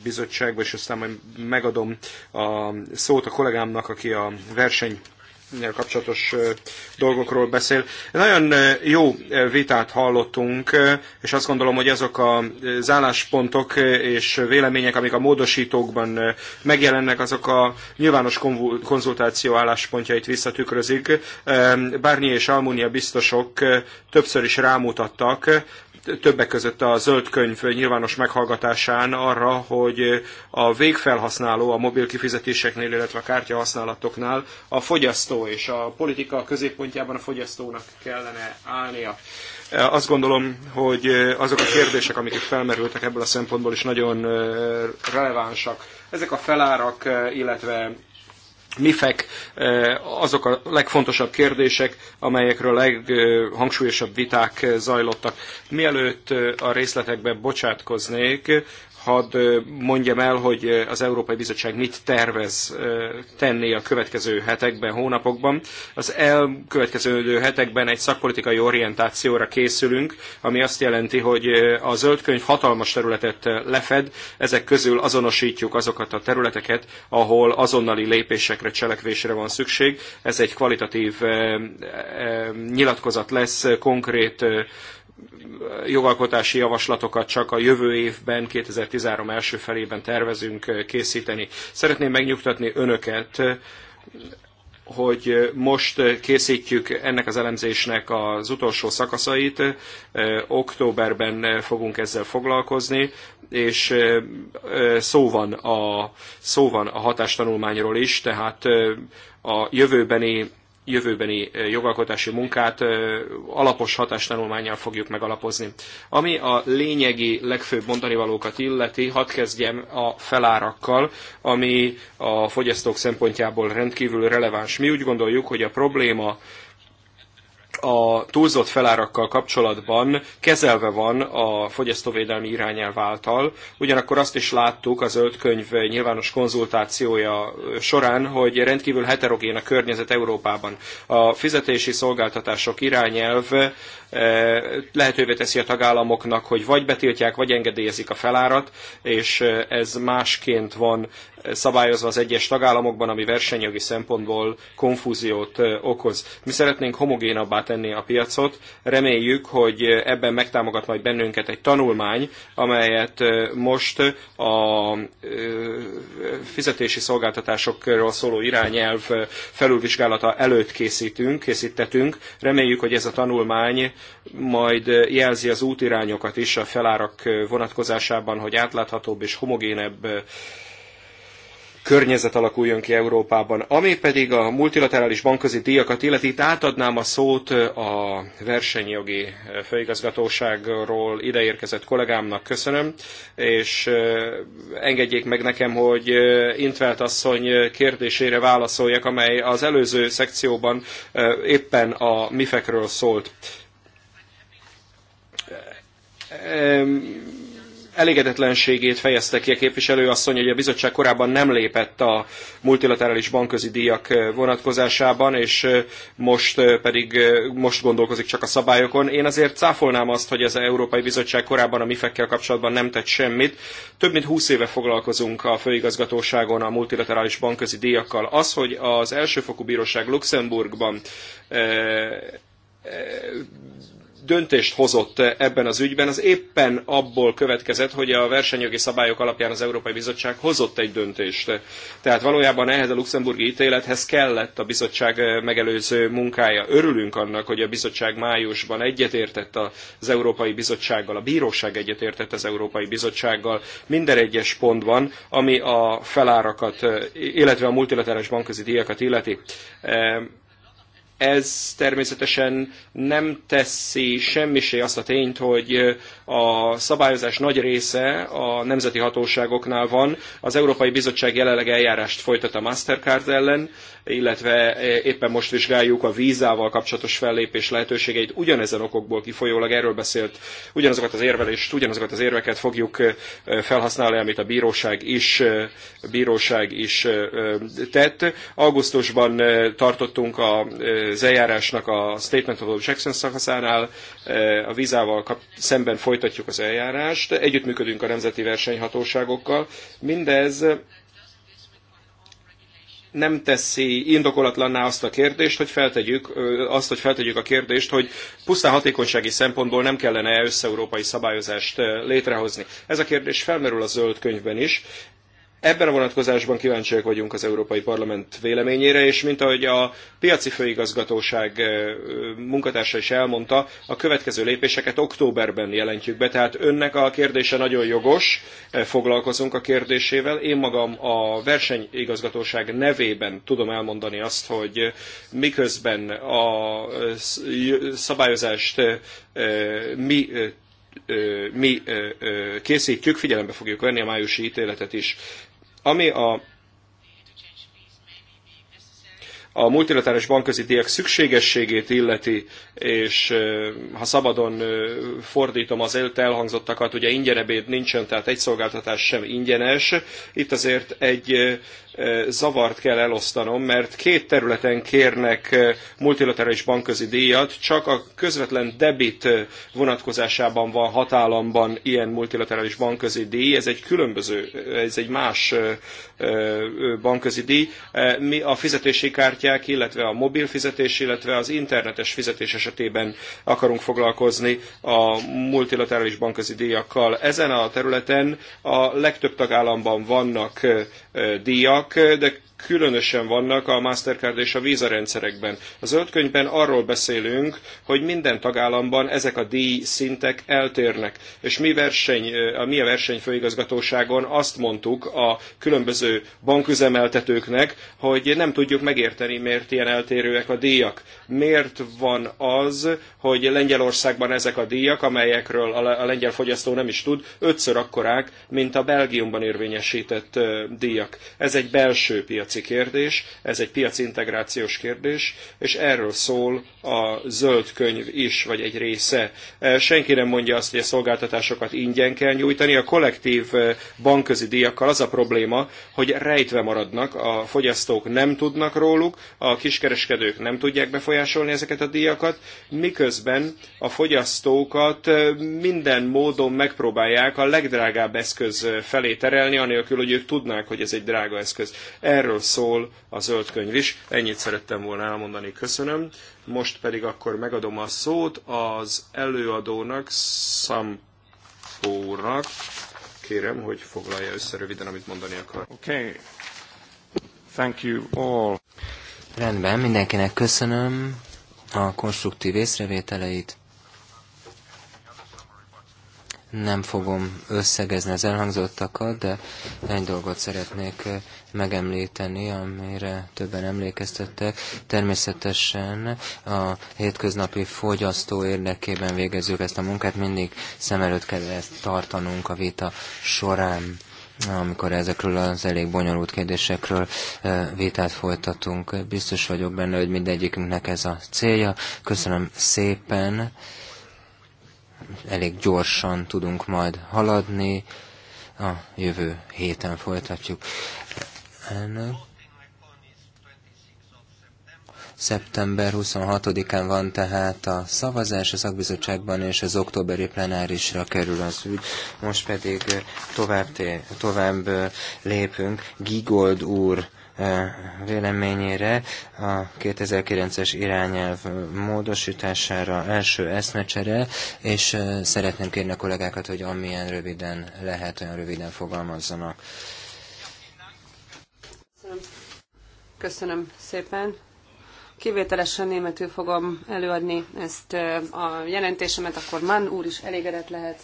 Bizottságba, és aztán majd megadom a szót a kollégámnak, aki a verseny kapcsolatos dolgokról beszél. Nagyon jó vitát hallottunk, és azt gondolom, hogy azok az álláspontok és vélemények, amik a módosítókban megjelennek, azok a nyilvános konzultáció álláspontjait visszatükrözik. Bárnyi és Almunia biztosok többször is rámutattak többek között a zöld könyv nyilvános meghallgatásán arra, hogy a végfelhasználó a mobil kifizetéseknél, illetve a kártya használatoknál a fogyasztó és a politika középpontjában a fogyasztónak kellene állnia. Azt gondolom, hogy azok a kérdések, amik felmerültek ebből a szempontból is nagyon relevánsak. Ezek a felárak, illetve mifek azok a legfontosabb kérdések, amelyekről leghangsúlyosabb viták zajlottak. Mielőtt a részletekbe bocsátkoznék, hadd mondjam el, hogy az Európai Bizottság mit tervez tenni a következő hetekben, hónapokban. Az elkövetkező hetekben egy szakpolitikai orientációra készülünk, ami azt jelenti, hogy a zöldkönyv hatalmas területet lefed, ezek közül azonosítjuk azokat a területeket, ahol azonnali lépésekre, cselekvésre van szükség. Ez egy kvalitatív nyilatkozat lesz konkrét jogalkotási javaslatokat csak a jövő évben, 2013 első felében tervezünk eh, készíteni. Szeretném megnyugtatni önöket, hogy eh, most eh, készítjük ennek az elemzésnek az utolsó szakaszait, októberben fogunk ezzel foglalkozni, és szó van a, szó van a hatástanulmányról is, tehát a jövőbeni jövőbeni jogalkotási munkát alapos hatástanulmányjal fogjuk megalapozni. Ami a lényegi, legfőbb mondani valókat illeti, hadd kezdjem a felárakkal, ami a fogyasztók szempontjából rendkívül releváns. Mi úgy gondoljuk, hogy a probléma a túlzott felárakkal kapcsolatban kezelve van a fogyasztóvédelmi irányelv által. Ugyanakkor azt is láttuk a zöld könyv nyilvános konzultációja során, hogy rendkívül heterogén a környezet Európában. A fizetési szolgáltatások irányelv eh, lehetővé teszi a tagállamoknak, hogy vagy betiltják, vagy engedélyezik a felárat, és eh, ez másként van szabályozva az egyes tagállamokban, ami versenyjogi szempontból konfúziót eh, okoz. Mi szeretnénk homogénabbá tenni tenni a piacot. Reméljük, hogy ebben megtámogat majd bennünket egy tanulmány, amelyet most a fizetési szolgáltatásokról szóló irányelv felülvizsgálata előtt készítünk, készítetünk. Reméljük, hogy ez a tanulmány majd jelzi az útirányokat is a felárak vonatkozásában, hogy átláthatóbb és homogénebb környezet alakuljon ki Európában. Ami pedig a multilaterális bankközi díjakat illeti, itt átadnám a szót a versenyjogi főigazgatóságról ideérkezett kollégámnak, köszönöm, és engedjék meg nekem, hogy Intvelt asszony kérdésére válaszoljak, amely az előző szekcióban éppen a MIFEK-ről szólt elégedetlenségét fejezte ki a asszony, hogy a bizottság korábban nem lépett a multilaterális bankközi díjak vonatkozásában, és most pedig most gondolkozik csak a szabályokon. Én azért cáfolnám azt, hogy az Európai Bizottság korábban a MIFEK-kel kapcsolatban nem tett semmit. Több mint 20 éve foglalkozunk a főigazgatóságon a multilaterális bankközi díjakkal. Az, hogy az elsőfokú bíróság Luxemburgban döntést hozott ebben az ügyben, az éppen abból következett, hogy a versenyjogi szabályok alapján az Európai Bizottság hozott egy döntést. Tehát valójában ehhez a luxemburgi ítélethez kellett a bizottság eh, megelőző munkája. Örülünk annak, hogy a bizottság májusban egyetértett az Európai Bizottsággal, a bíróság egyetértett az Európai Bizottsággal minden egyes pontban, ami a felárakat, eh, illetve a multilaterális bankközi díjakat illeti eh, ez természetesen nem teszi semmisé azt a tényt, hogy a szabályozás nagy része a nemzeti hatóságoknál van. Az Európai Bizottság jelenleg eljárást folytat a Mastercard ellen, illetve e, éppen most vizsgáljuk a vízával kapcsolatos fellépés lehetőségeit. Ugyanezen okokból kifolyólag erről beszélt, ugyanazokat az érvelést, ugyanazokat az érveket fogjuk e, felhasználni, amit a bíróság is, e, bíróság is tett. Augusztusban tartottunk az eljárásnak a Statement of Objection szakaszánál, a vízával szemben folytatott folytatjuk az eljárást, együttműködünk a nemzeti versenyhatóságokkal. Mindez nem teszi indokolatlanná azt a kérdést, hogy feltegyük, azt, hogy feltegyük a kérdést, hogy pusztán hatékonysági szempontból nem kellene összeurópai szabályozást létrehozni. Ez a kérdés felmerül a zöld könyvben is, Ebben a vonatkozásban kíváncsiak vagyunk az Európai Parlament véleményére, és mint ahogy a piaci főigazgatóság munkatársa is elmondta, a következő lépéseket októberben jelentjük be, tehát önnek a kérdése nagyon jogos, foglalkozunk a kérdésével. Én magam a versenyigazgatóság nevében tudom elmondani azt, hogy miközben a szabályozást mi mi készítjük, figyelembe fogjuk venni a májusi ítéletet is. Ami a a multilaterális bankközi diák szükségességét illeti, és ha szabadon fordítom az elhangzottakat, ugye ingyenebéd nincsen, tehát egy szolgáltatás sem ingyenes. Itt azért egy zavart kell elosztanom, mert két területen kérnek multilaterális bankközi díjat, csak a közvetlen debit vonatkozásában van hatállamban ilyen multilaterális bankközi díj, ez egy különböző, ez egy más bankközi díj. Mi a fizetési kártyák, illetve a mobil fizetés, illetve az internetes fizetés esetében akarunk foglalkozni a multilaterális bankközi díjakkal. Ezen a területen a legtöbb tagállamban vannak díjak, csak, de különösen vannak a Mastercard és a Visa rendszerekben. A zöld könyvben arról beszélünk, hogy minden tagállamban ezek a D-szintek eltérnek, és mi, verseny, a, mi a versenyfőigazgatóságon azt mondtuk a különböző banküzemeltetőknek, hogy nem tudjuk megérteni, miért ilyen eltérőek a díjak. Miért van az, hogy Lengyelországban ezek a díjak, amelyekről a lengyel fogyasztó nem is tud, ötször akkorák, mint a Belgiumban érvényesített díjak. Ez egy belső piac piaci kérdés, ez egy piaci integrációs kérdés, és erről szól a zöld könyv is, vagy egy része. E, senki nem mondja azt, hogy a szolgáltatásokat ingyen kell nyújtani. A kollektív e, bankközi díjakkal az a probléma, hogy rejtve maradnak, a fogyasztók nem tudnak róluk, a kiskereskedők nem tudják befolyásolni ezeket a díjakat, miközben a fogyasztókat e, minden módon megpróbálják a legdrágább eszköz felé terelni, anélkül, hogy ők tudnák, hogy ez egy drága eszköz. Erről szól a zöld könyv is. Ennyit szerettem volna elmondani, köszönöm. Most pedig akkor megadom a szót az előadónak, Szampónak. Kérem, hogy foglalja össze röviden, amit mondani akar. Okay. Thank you all. Rendben, mindenkinek köszönöm a konstruktív észrevételeit. Nem fogom összegezni az elhangzottakat, de egy dolgot szeretnék megemlíteni, amire többen emlékeztettek. Természetesen a hétköznapi fogyasztó érdekében végezzük ezt a munkát, mindig szem előtt kell ezt tartanunk a vita során amikor ezekről az elég bonyolult kérdésekről vitát folytatunk. Biztos vagyok benne, hogy mindegyikünknek ez a célja. Köszönöm szépen, elég gyorsan tudunk majd haladni. A jövő héten folytatjuk elnök. Szeptember 26-án van tehát a szavazás a szakbizottságban, és az októberi plenárisra kerül az ügy. Most pedig eh, tovább, tovább eh, lépünk Gigold úr eh, véleményére a 2009-es irányelv módosítására első eszmecsere, és szeretném kérni a kollégákat, hogy amilyen röviden lehet, olyan röviden fogalmazzanak. Köszönöm szépen. Kivételesen németül fogom előadni ezt a jelentésemet, akkor Mann úr is elégedett lehet.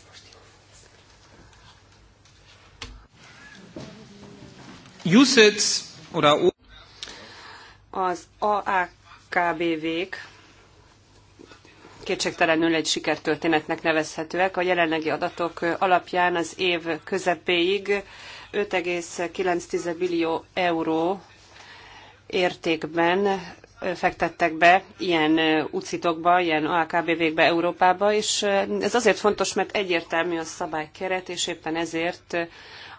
az AAKBV-k kétségtelenül egy sikertörténetnek nevezhetőek. A jelenlegi adatok alapján az év közepéig 5,9 billió euró értékben fektettek be ilyen ucitokba, ilyen AKBV-kbe Európába, és ez azért fontos, mert egyértelmű a szabálykeret, és éppen ezért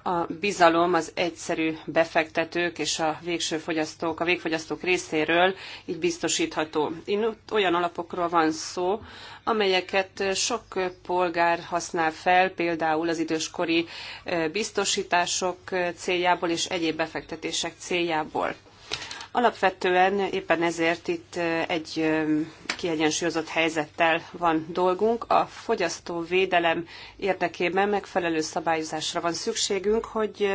a bizalom az egyszerű befektetők és a végső fogyasztók, a végfogyasztók részéről így biztosítható. Itt olyan alapokról van szó, amelyeket sok polgár használ fel, például az időskori biztosítások céljából és egyéb befektetések céljából. Alapvetően éppen ezért itt egy kiegyensúlyozott helyzettel van dolgunk. A fogyasztóvédelem érdekében megfelelő szabályozásra van szükségünk, hogy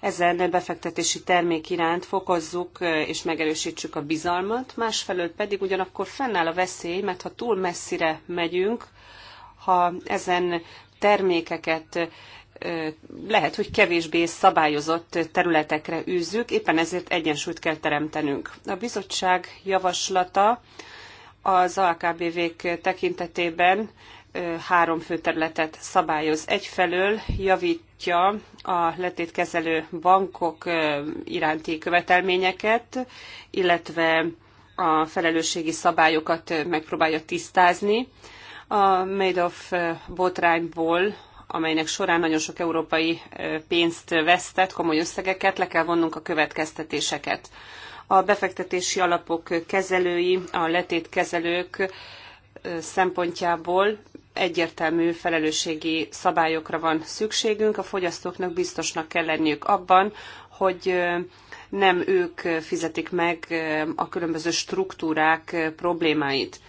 ezen befektetési termék iránt fokozzuk és megerősítsük a bizalmat, másfelől pedig ugyanakkor fennáll a veszély, mert ha túl messzire megyünk, ha ezen termékeket lehet, hogy kevésbé szabályozott területekre űzzük, éppen ezért egyensúlyt kell teremtenünk. A bizottság javaslata az AKBV-k tekintetében három fő területet szabályoz. Egyfelől javítja a letétkezelő bankok iránti követelményeket, illetve a felelősségi szabályokat megpróbálja tisztázni. A Madoff botrányból amelynek során nagyon sok európai pénzt vesztett, komoly összegeket, le kell vonnunk a következtetéseket. A befektetési alapok kezelői, a letétkezelők szempontjából egyértelmű felelősségi szabályokra van szükségünk, a fogyasztóknak biztosnak kell lenniük abban, hogy nem ők fizetik meg a különböző struktúrák problémáit.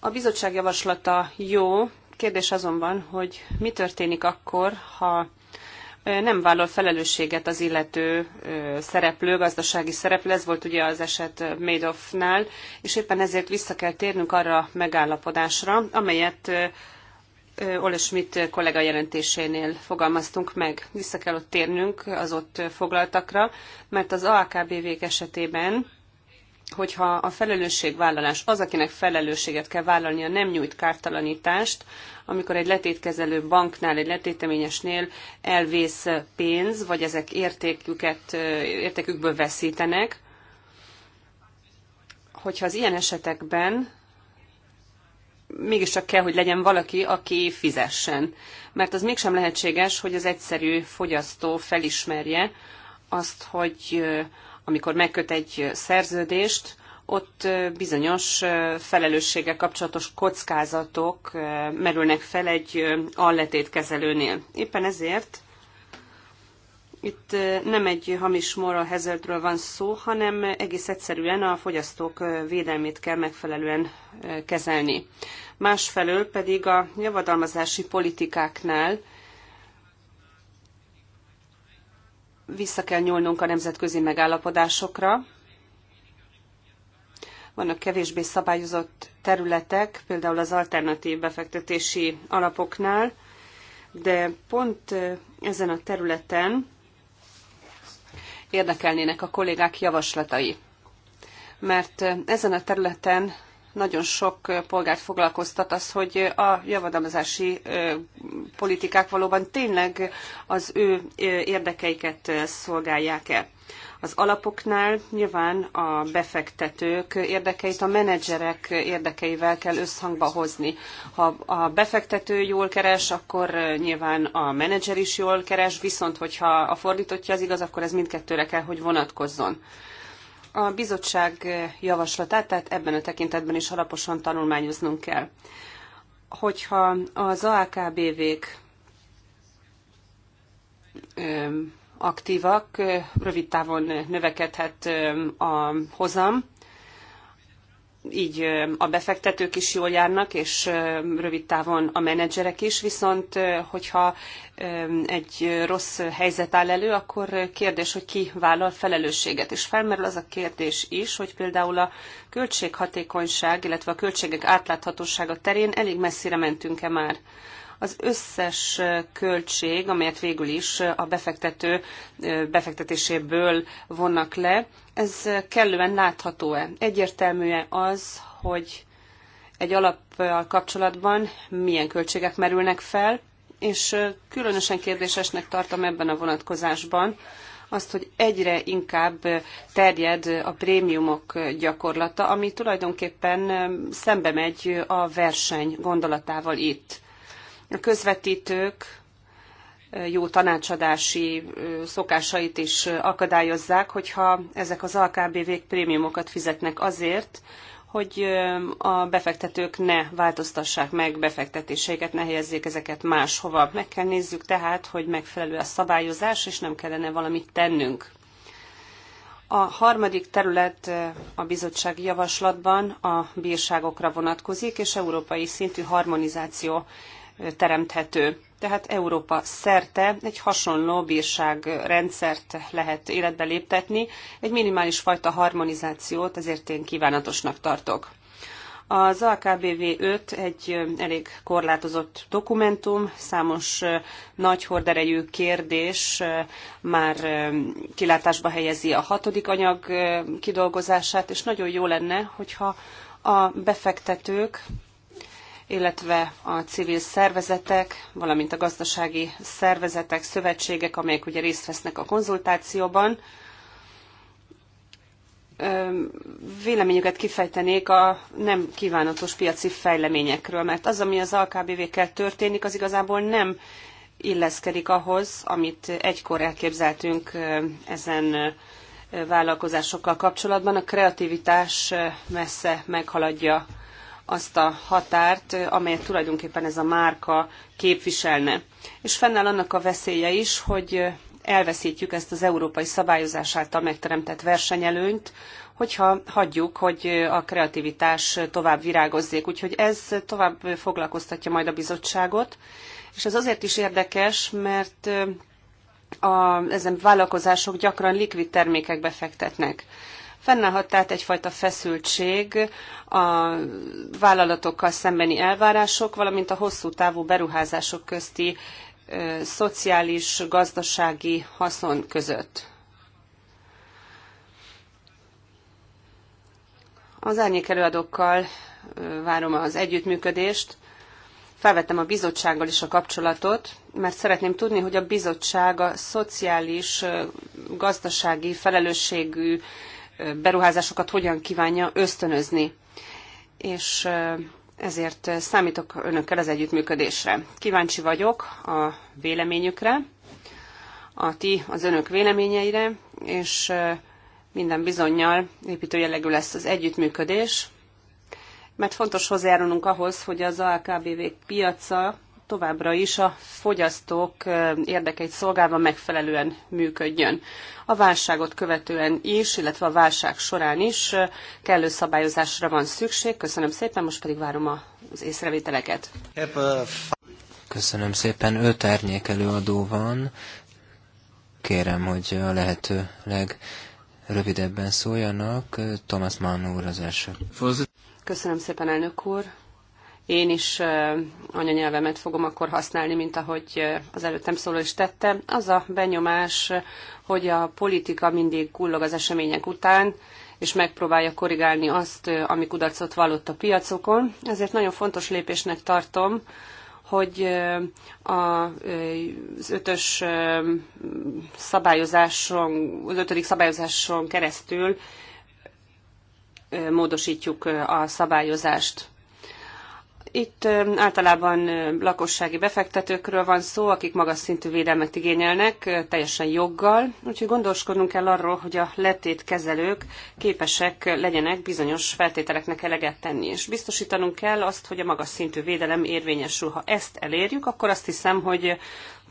A bizottság javaslata jó, kérdés azonban, hogy mi történik akkor, ha nem vállal felelősséget az illető szereplő, gazdasági szereplő, ez volt ugye az eset Madoff-nál, és éppen ezért vissza kell térnünk arra a megállapodásra, amelyet Ole Schmidt kollega jelentésénél fogalmaztunk meg. Vissza kell ott térnünk az ott foglaltakra, mert az AKBV esetében hogyha a felelősségvállalás az, akinek felelősséget kell vállalnia, nem nyújt kártalanítást, amikor egy letétkezelő banknál, egy letéteményesnél elvész pénz, vagy ezek értéküket, értékükből veszítenek, hogyha az ilyen esetekben mégiscsak kell, hogy legyen valaki, aki fizessen. Mert az mégsem lehetséges, hogy az egyszerű fogyasztó felismerje azt, hogy amikor megköt egy szerződést, ott bizonyos felelősséggel kapcsolatos kockázatok merülnek fel egy alletét kezelőnél. Éppen ezért itt nem egy hamis moral hazardről van szó, hanem egész egyszerűen a fogyasztók védelmét kell megfelelően kezelni. Másfelől pedig a javadalmazási politikáknál vissza kell nyúlnunk a nemzetközi megállapodásokra. Vannak kevésbé szabályozott területek, például az alternatív befektetési alapoknál, de pont ezen a területen érdekelnének a kollégák javaslatai. Mert ezen a területen nagyon sok polgárt foglalkoztat az, hogy a javadalmazási politikák valóban tényleg az ő érdekeiket szolgálják-e. Az alapoknál nyilván a befektetők érdekeit a menedzserek érdekeivel kell összhangba hozni. Ha a befektető jól keres, akkor nyilván a menedzser is jól keres, viszont hogyha a fordítottja az igaz, akkor ez mindkettőre kell, hogy vonatkozzon a bizottság javaslatát, tehát ebben a tekintetben is alaposan tanulmányoznunk kell. Hogyha az AKBV-k aktívak, rövid távon növekedhet a hozam, így a befektetők is jól járnak, és rövid távon a menedzserek is, viszont hogyha egy rossz helyzet áll elő, akkor kérdés, hogy ki vállal felelősséget. És felmerül az a kérdés is, hogy például a költséghatékonyság, illetve a költségek átláthatósága terén elég messzire mentünk-e már az összes költség, amelyet végül is a befektető befektetéséből vonnak le, ez kellően látható-e? Egyértelmű-e az, hogy egy alappal kapcsolatban milyen költségek merülnek fel, és különösen kérdésesnek tartom ebben a vonatkozásban azt, hogy egyre inkább terjed a prémiumok gyakorlata, ami tulajdonképpen szembe megy a verseny gondolatával itt. A közvetítők jó tanácsadási szokásait is akadályozzák, hogyha ezek az AKBV-k prémiumokat fizetnek azért, hogy a befektetők ne változtassák meg befektetéseiket, ne helyezzék ezeket máshova. Meg kell nézzük tehát, hogy megfelelő a szabályozás, és nem kellene valamit tennünk. A harmadik terület a bizottsági javaslatban a bírságokra vonatkozik, és európai szintű harmonizáció teremthető. Tehát Európa szerte egy hasonló bírságrendszert lehet életbe léptetni, egy minimális fajta harmonizációt ezért én kívánatosnak tartok. Az AKBV 5 egy elég korlátozott dokumentum, számos nagy horderejű kérdés már kilátásba helyezi a hatodik anyag kidolgozását, és nagyon jó lenne, hogyha a befektetők illetve a civil szervezetek, valamint a gazdasági szervezetek, szövetségek, amelyek ugye részt vesznek a konzultációban, véleményüket kifejtenék a nem kívánatos piaci fejleményekről, mert az, ami az AKBV-kkel történik, az igazából nem illeszkedik ahhoz, amit egykor elképzeltünk ezen vállalkozásokkal kapcsolatban. A kreativitás messze meghaladja azt a határt, amelyet tulajdonképpen ez a márka képviselne. És fennáll annak a veszélye is, hogy elveszítjük ezt az európai szabályozás által megteremtett versenyelőnyt, hogyha hagyjuk, hogy a kreativitás tovább virágozzék. Úgyhogy ez tovább foglalkoztatja majd a bizottságot. És ez azért is érdekes, mert a, ezen vállalkozások gyakran likvid termékekbe fektetnek. Fennállhat tehát egyfajta feszültség a vállalatokkal szembeni elvárások, valamint a hosszú távú beruházások közti ö, szociális, gazdasági haszon között. Az árnyék előadókkal várom az együttműködést. Felvettem a bizottsággal is a kapcsolatot, mert szeretném tudni, hogy a bizottság a szociális, gazdasági felelősségű beruházásokat hogyan kívánja ösztönözni. És ezért számítok önökkel az együttműködésre. Kíváncsi vagyok a véleményükre, a ti, az önök véleményeire, és minden bizonyal jellegű lesz az együttműködés, mert fontos hozzájárulnunk ahhoz, hogy az AKBV piaca továbbra is a fogyasztók érdekeit szolgálva megfelelően működjön. A válságot követően is, illetve a válság során is kellő szabályozásra van szükség. Köszönöm szépen, most pedig várom az észrevételeket. Köszönöm szépen, öt árnyék előadó van. Kérem, hogy a lehető legrövidebben szóljanak. Thomas Mann úr az első. Köszönöm szépen, elnök úr én is anyanyelvemet fogom akkor használni, mint ahogy az előttem szóló is tette. Az a benyomás, hogy a politika mindig kullog az események után, és megpróbálja korrigálni azt, ami kudarcot vallott a piacokon. Ezért nagyon fontos lépésnek tartom, hogy az ötös szabályozáson, az ötödik szabályozáson keresztül módosítjuk a szabályozást. Itt általában lakossági befektetőkről van szó, akik magas szintű védelmet igényelnek, teljesen joggal, úgyhogy gondoskodnunk kell arról, hogy a letétkezelők képesek legyenek bizonyos feltételeknek eleget tenni, és biztosítanunk kell azt, hogy a magas szintű védelem érvényesül. Ha ezt elérjük, akkor azt hiszem, hogy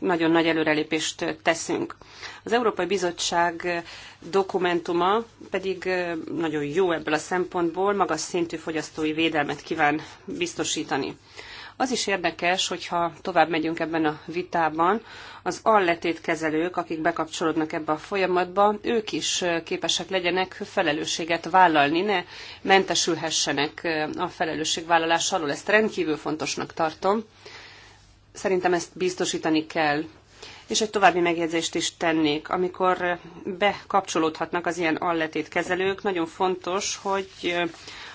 nagyon nagy előrelépést teszünk. Az Európai Bizottság dokumentuma pedig nagyon jó ebből a szempontból, magas szintű fogyasztói védelmet kíván biztosítani. Az is érdekes, hogyha tovább megyünk ebben a vitában, az alletét kezelők, akik bekapcsolódnak ebbe a folyamatba, ők is képesek legyenek felelősséget vállalni, ne mentesülhessenek a felelősségvállalás alól. Ezt rendkívül fontosnak tartom, Szerintem ezt biztosítani kell. És egy további megjegyzést is tennék. Amikor bekapcsolódhatnak az ilyen alletét kezelők, nagyon fontos, hogy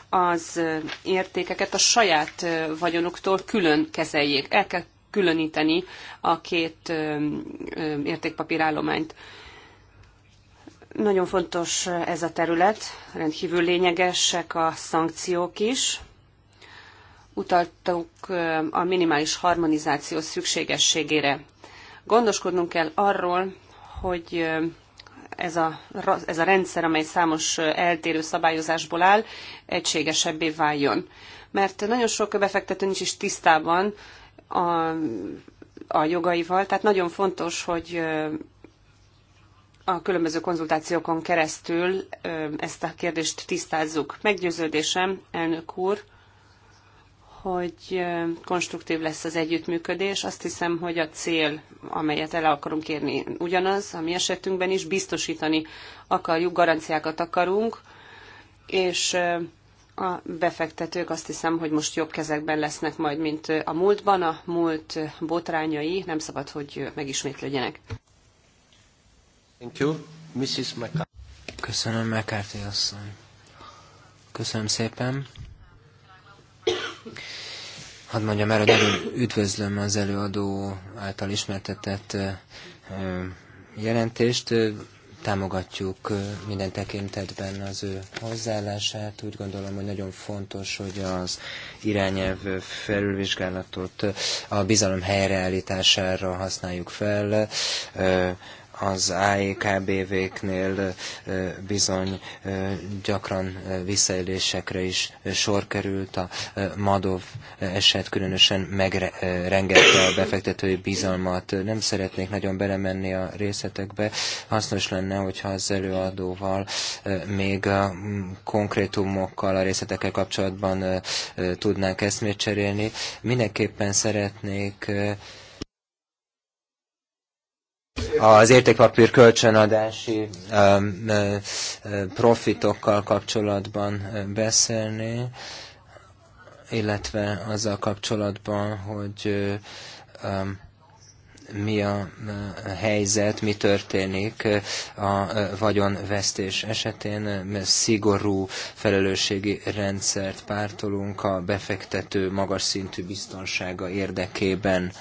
az értékeket a saját vagyonuktól külön kezeljék. El kell különíteni a két értékpapírállományt. Nagyon fontos ez a terület, rendkívül lényegesek a szankciók is, utaltunk a minimális harmonizáció szükségességére. Gondoskodnunk kell arról, hogy ez a, ez a rendszer, amely számos eltérő szabályozásból áll, egységesebbé váljon. Mert nagyon sok befektető nincs is tisztában a, a jogaival, tehát nagyon fontos, hogy a különböző konzultációkon keresztül ezt a kérdést tisztázzuk. Meggyőződésem, elnök úr, hogy konstruktív lesz az együttműködés. Azt hiszem, hogy a cél, amelyet el akarunk érni, ugyanaz, a mi esetünkben is biztosítani akarjuk, garanciákat akarunk, és a befektetők azt hiszem, hogy most jobb kezekben lesznek majd, mint a múltban. A múlt botrányai nem szabad, hogy megismétlődjenek. Thank you. Mrs. McCarthy. Köszönöm, McCarthy asszony. Köszönöm szépen. Hadd mondjam el, hogy nagyon üdvözlöm az előadó által ismertetett jelentést. Támogatjuk minden tekintetben az ő hozzáállását. Úgy gondolom, hogy nagyon fontos, hogy az irányelv felülvizsgálatot a bizalom helyreállítására használjuk fel az AEKBV-knél bizony gyakran visszaélésekre is sor került. A Madov eset különösen megrengette a befektetői bizalmat. Nem szeretnék nagyon belemenni a részletekbe. Hasznos lenne, hogyha az előadóval még a konkrétumokkal, a részletekkel kapcsolatban tudnánk eszmét cserélni. Mindenképpen szeretnék az értékpapír kölcsönadási um, uh, uh, profitokkal kapcsolatban uh, beszélni, illetve azzal kapcsolatban, hogy um, mi a helyzet, mi történik a vagyonvesztés esetén. Szigorú felelősségi rendszert pártolunk a befektető magas szintű biztonsága érdekében.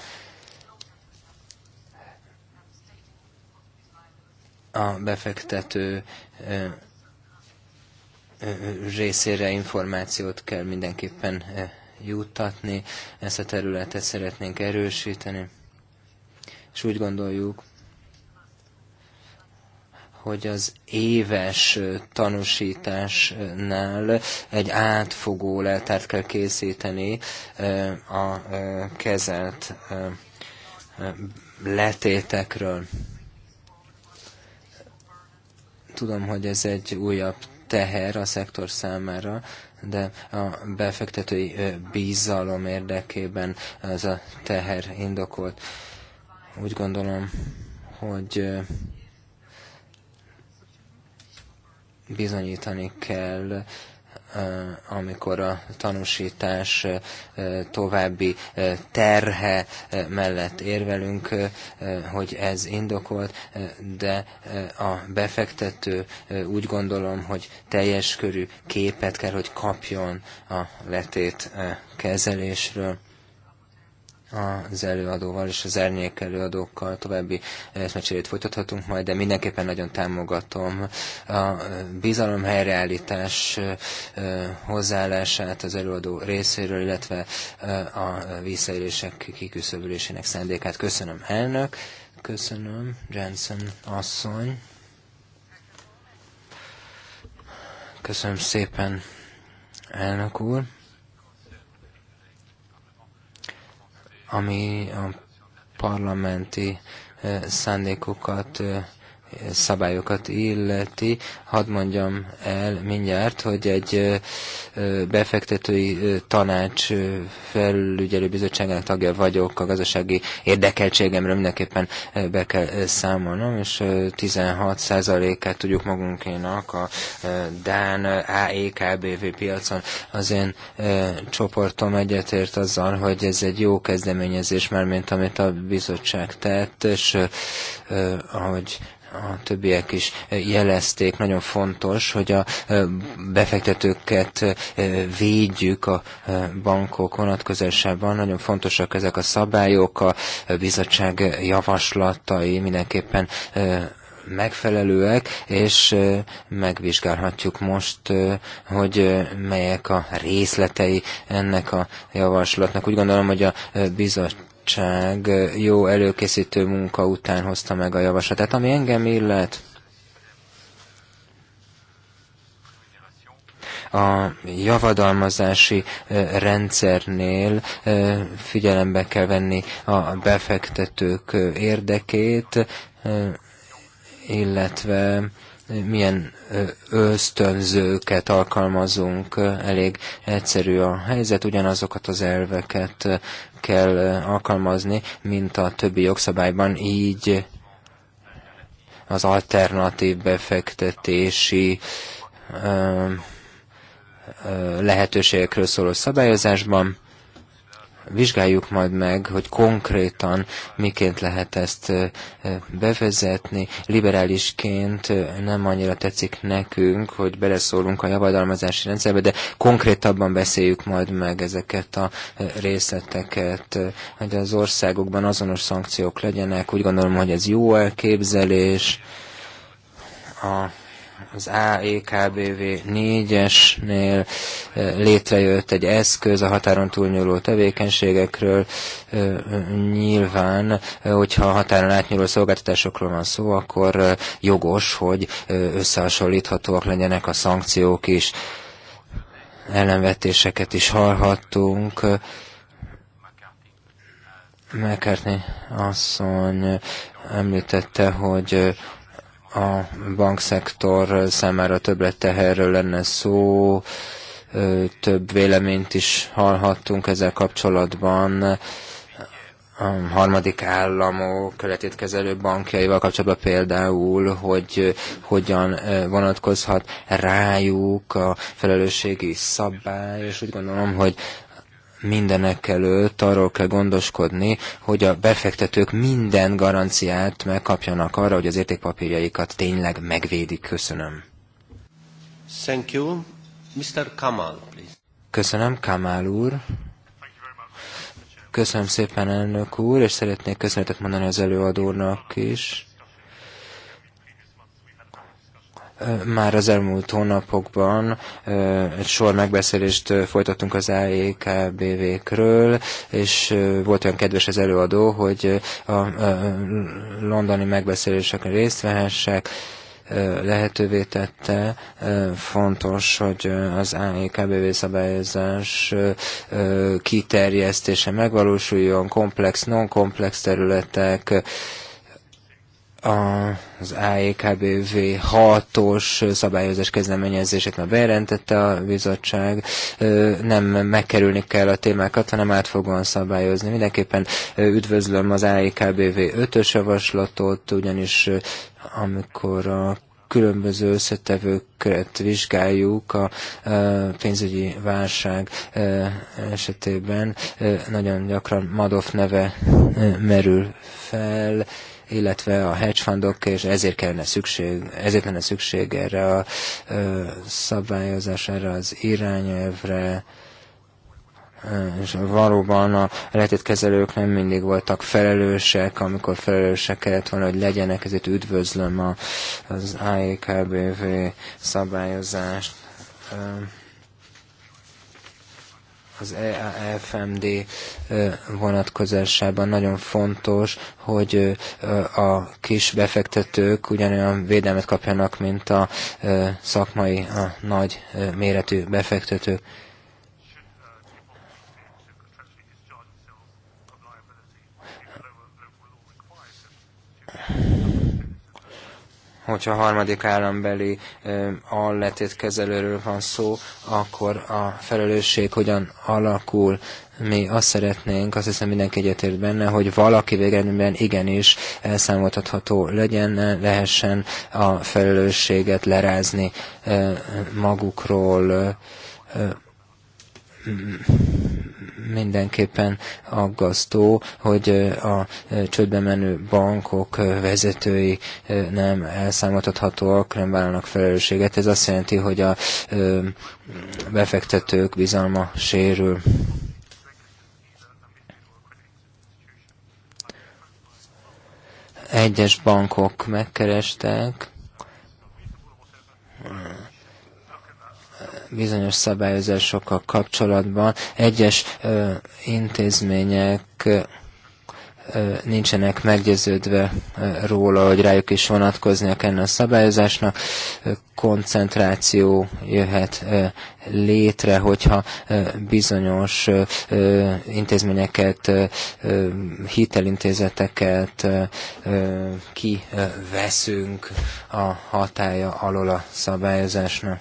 a befektető részére információt kell mindenképpen juttatni, ezt a területet szeretnénk erősíteni, és úgy gondoljuk, hogy az éves tanúsításnál egy átfogó leltárt kell készíteni a kezelt letétekről. Tudom, hogy ez egy újabb teher a szektor számára, de a befektetői bizalom érdekében ez a teher indokolt. Úgy gondolom, hogy bizonyítani kell amikor a tanúsítás további terhe mellett érvelünk, hogy ez indokolt, de a befektető úgy gondolom, hogy teljes körű képet kell, hogy kapjon a letét kezelésről az előadóval és az ernyék előadókkal további eszmecserét folytathatunk majd, de mindenképpen nagyon támogatom a bizalom helyreállítás hozzáállását az előadó részéről, illetve a visszaélések kiküszöbölésének szándékát. Köszönöm elnök, köszönöm Jensen asszony. Köszönöm szépen elnök úr. ami a parlamenti eh, szándékokat eh, szabályokat illeti, hadd mondjam el mindjárt, hogy egy befektetői tanács felügyelőbizottságának tagja vagyok, a gazdasági érdekeltségemről mindenképpen be kell számolnom, és 16%-át tudjuk magunkénak a Dán AEKBV piacon. Az én csoportom egyetért azzal, hogy ez egy jó kezdeményezés, mármint amit a bizottság tett, és ahogy a többiek is jelezték, nagyon fontos, hogy a befektetőket védjük a bankok vonatkozásában. Nagyon fontosak ezek a szabályok, a bizottság javaslatai mindenképpen megfelelőek, és megvizsgálhatjuk most, hogy melyek a részletei ennek a javaslatnak. Úgy gondolom, hogy a bizottság bizottság jó előkészítő munka után hozta meg a javaslatát, ami engem illet. a javadalmazási rendszernél figyelembe kell venni a befektetők érdekét, illetve milyen ösztönzőket alkalmazunk, elég egyszerű a helyzet, ugyanazokat az elveket kell alkalmazni, mint a többi jogszabályban, így az alternatív befektetési lehetőségekről szóló szabályozásban Vizsgáljuk majd meg, hogy konkrétan miként lehet ezt bevezetni. Liberálisként nem annyira tetszik nekünk, hogy beleszólunk a javadalmazási rendszerbe, de konkrétabban beszéljük majd meg ezeket a részleteket, hogy az országokban azonos szankciók legyenek. Úgy gondolom, hogy ez jó elképzelés. A az AEKBV 4-esnél létrejött egy eszköz a határon túlnyúló tevékenységekről. Nyilván, hogyha határon átnyúló szolgáltatásokról van szó, akkor jogos, hogy összehasonlíthatóak legyenek a szankciók is. Ellenvetéseket is hallhattunk. McCartney asszony említette, hogy a bankszektor számára többletteherről lenne szó, több véleményt is hallhattunk ezzel kapcsolatban a harmadik államok kezelő bankjaival kapcsolatban például, hogy hogyan vonatkozhat rájuk a felelősségi szabály, és úgy gondolom, hogy mindenek előtt arról kell gondoskodni, hogy a befektetők minden garanciát megkapjanak arra, hogy az értékpapírjaikat tényleg megvédik. Köszönöm. Thank you. Mr. Kamal, please. Köszönöm, Kamal úr. Köszönöm szépen, elnök úr, és szeretnék köszönetet mondani az előadónak is Már az elmúlt hónapokban egy sor megbeszélést folytattunk az AEKBV-kről, és volt olyan kedves az előadó, hogy a londoni megbeszéléseken részt vehessek, lehetővé tette. Fontos, hogy az AEKBV szabályozás kiterjesztése megvalósuljon, komplex, non-komplex területek, az AEKBV 6-os szabályozás kezdeményezését már bejelentette a bizottság, nem megkerülni kell a témákat, hanem átfogóan szabályozni. Mindenképpen üdvözlöm az AEKBV 5-ös javaslatot, ugyanis amikor a különböző összetevőket vizsgáljuk a pénzügyi válság esetében, nagyon gyakran Madoff neve merül fel, illetve a hedge fundok, és ezért kellene szükség, ezért lenne szükség erre a szabályozásra, az irányelvre, és valóban a letétkezelők nem mindig voltak felelősek, amikor felelősek kellett volna, hogy legyenek, ezért üdvözlöm az AEKBV szabályozást az EAFMD vonatkozásában nagyon fontos, hogy a kis befektetők ugyanolyan védelmet kapjanak, mint a szakmai, a nagy méretű befektetők. Yeah hogyha harmadik állambeli alletét kezelőről van szó, akkor a felelősség hogyan alakul. Mi azt szeretnénk, azt hiszem mindenki egyetért benne, hogy valaki végeredményben igenis elszámoltatható legyen, lehessen a felelősséget lerázni magukról mindenképpen aggasztó, hogy a csődbe menő bankok vezetői nem elszámoltathatóak, nem vállalnak felelősséget. Ez azt jelenti, hogy a befektetők bizalma sérül. Egyes bankok megkerestek, bizonyos szabályozásokkal kapcsolatban egyes ö, intézmények ö, nincsenek meggyőződve róla, hogy rájuk is vonatkoznia kellene a szabályozásnak. Koncentráció jöhet létre, hogyha bizonyos intézményeket, hitelintézeteket kiveszünk a hatája alól a szabályozásnak.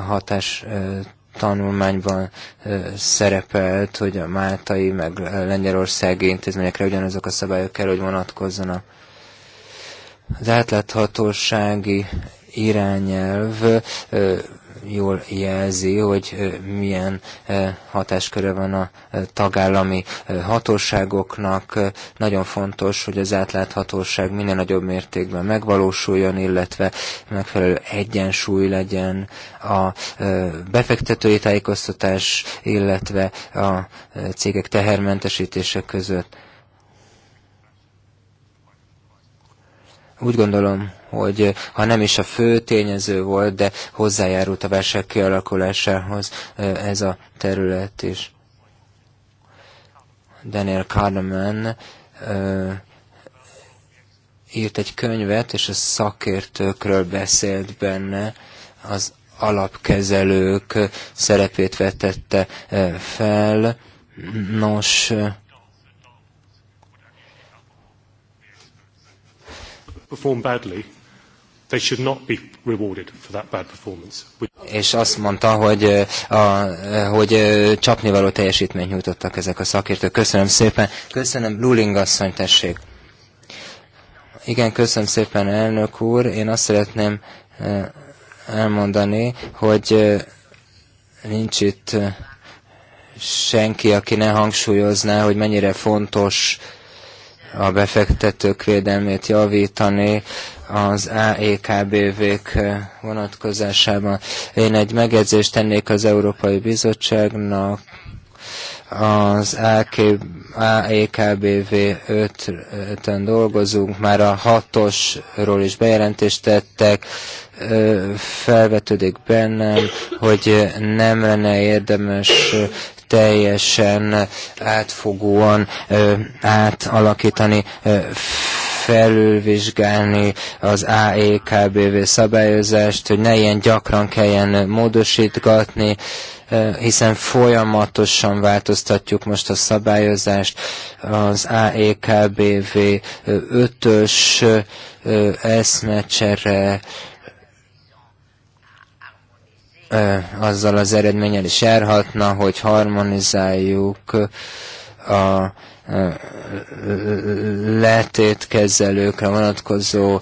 hatás tanulmányban szerepelt, hogy a máltai meg lengyelországi intézményekre ugyanazok a szabályok kell, hogy vonatkozzanak. Az átláthatósági irányelv jól jelzi, hogy milyen hatásköre van a tagállami hatóságoknak. Nagyon fontos, hogy az átláthatóság minél nagyobb mértékben megvalósuljon, illetve megfelelő egyensúly legyen a befektetői tájékoztatás, illetve a cégek tehermentesítése között úgy gondolom, hogy eh, ha nem is a fő tényező volt, de hozzájárult a verseny kialakulásához eh, ez a terület is. Daniel Kahneman eh, írt egy könyvet, és a szakértőkről beszélt benne, az alapkezelők szerepét vetette fel. Nos, perform badly, they should not be rewarded for that bad performance. És azt mondta, hogy, a, hogy csapnivaló teljesítményt nyújtottak ezek a szakértők. Köszönöm szépen. Köszönöm, Luling asszony, tessék. Igen, köszönöm szépen, elnök úr. Én azt szeretném elmondani, hogy nincs itt senki, aki ne hangsúlyozná, hogy mennyire fontos a befektetők védelmét javítani az AEKBV-k eh, vonatkozásában. Én egy megjegyzést tennék az Európai Bizottságnak, az AEKBV 5 ön dolgozunk, már a 6-osról is bejelentést tettek, eh, felvetődik bennem, hogy nem lenne érdemes teljesen átfogóan átalakítani, felülvizsgálni az AEKBV szabályozást, hogy ne ilyen gyakran kelljen módosítgatni, hiszen folyamatosan változtatjuk most a szabályozást. Az AEKBV 5-ös eszmecsere azzal az eredménnyel is járhatna, hogy harmonizáljuk a letétkezelőkre vonatkozó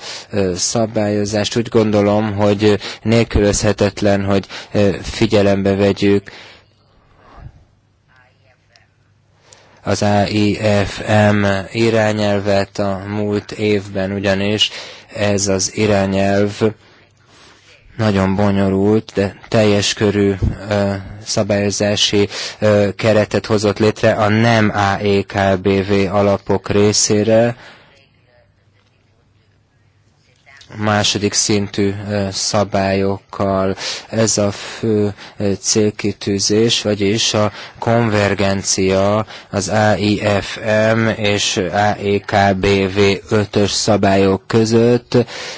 szabályozást. Úgy gondolom, hogy nélkülözhetetlen, hogy figyelembe vegyük az AIFM irányelvet a múlt évben, ugyanis ez az irányelv nagyon bonyolult, de teljes körű ö, szabályozási ö, keretet hozott létre a nem AEKBV alapok részére, második szintű szabályokkal. Ez a fő célkitűzés, vagyis a konvergencia az AIFM és AEKBV 5-ös szabályok között.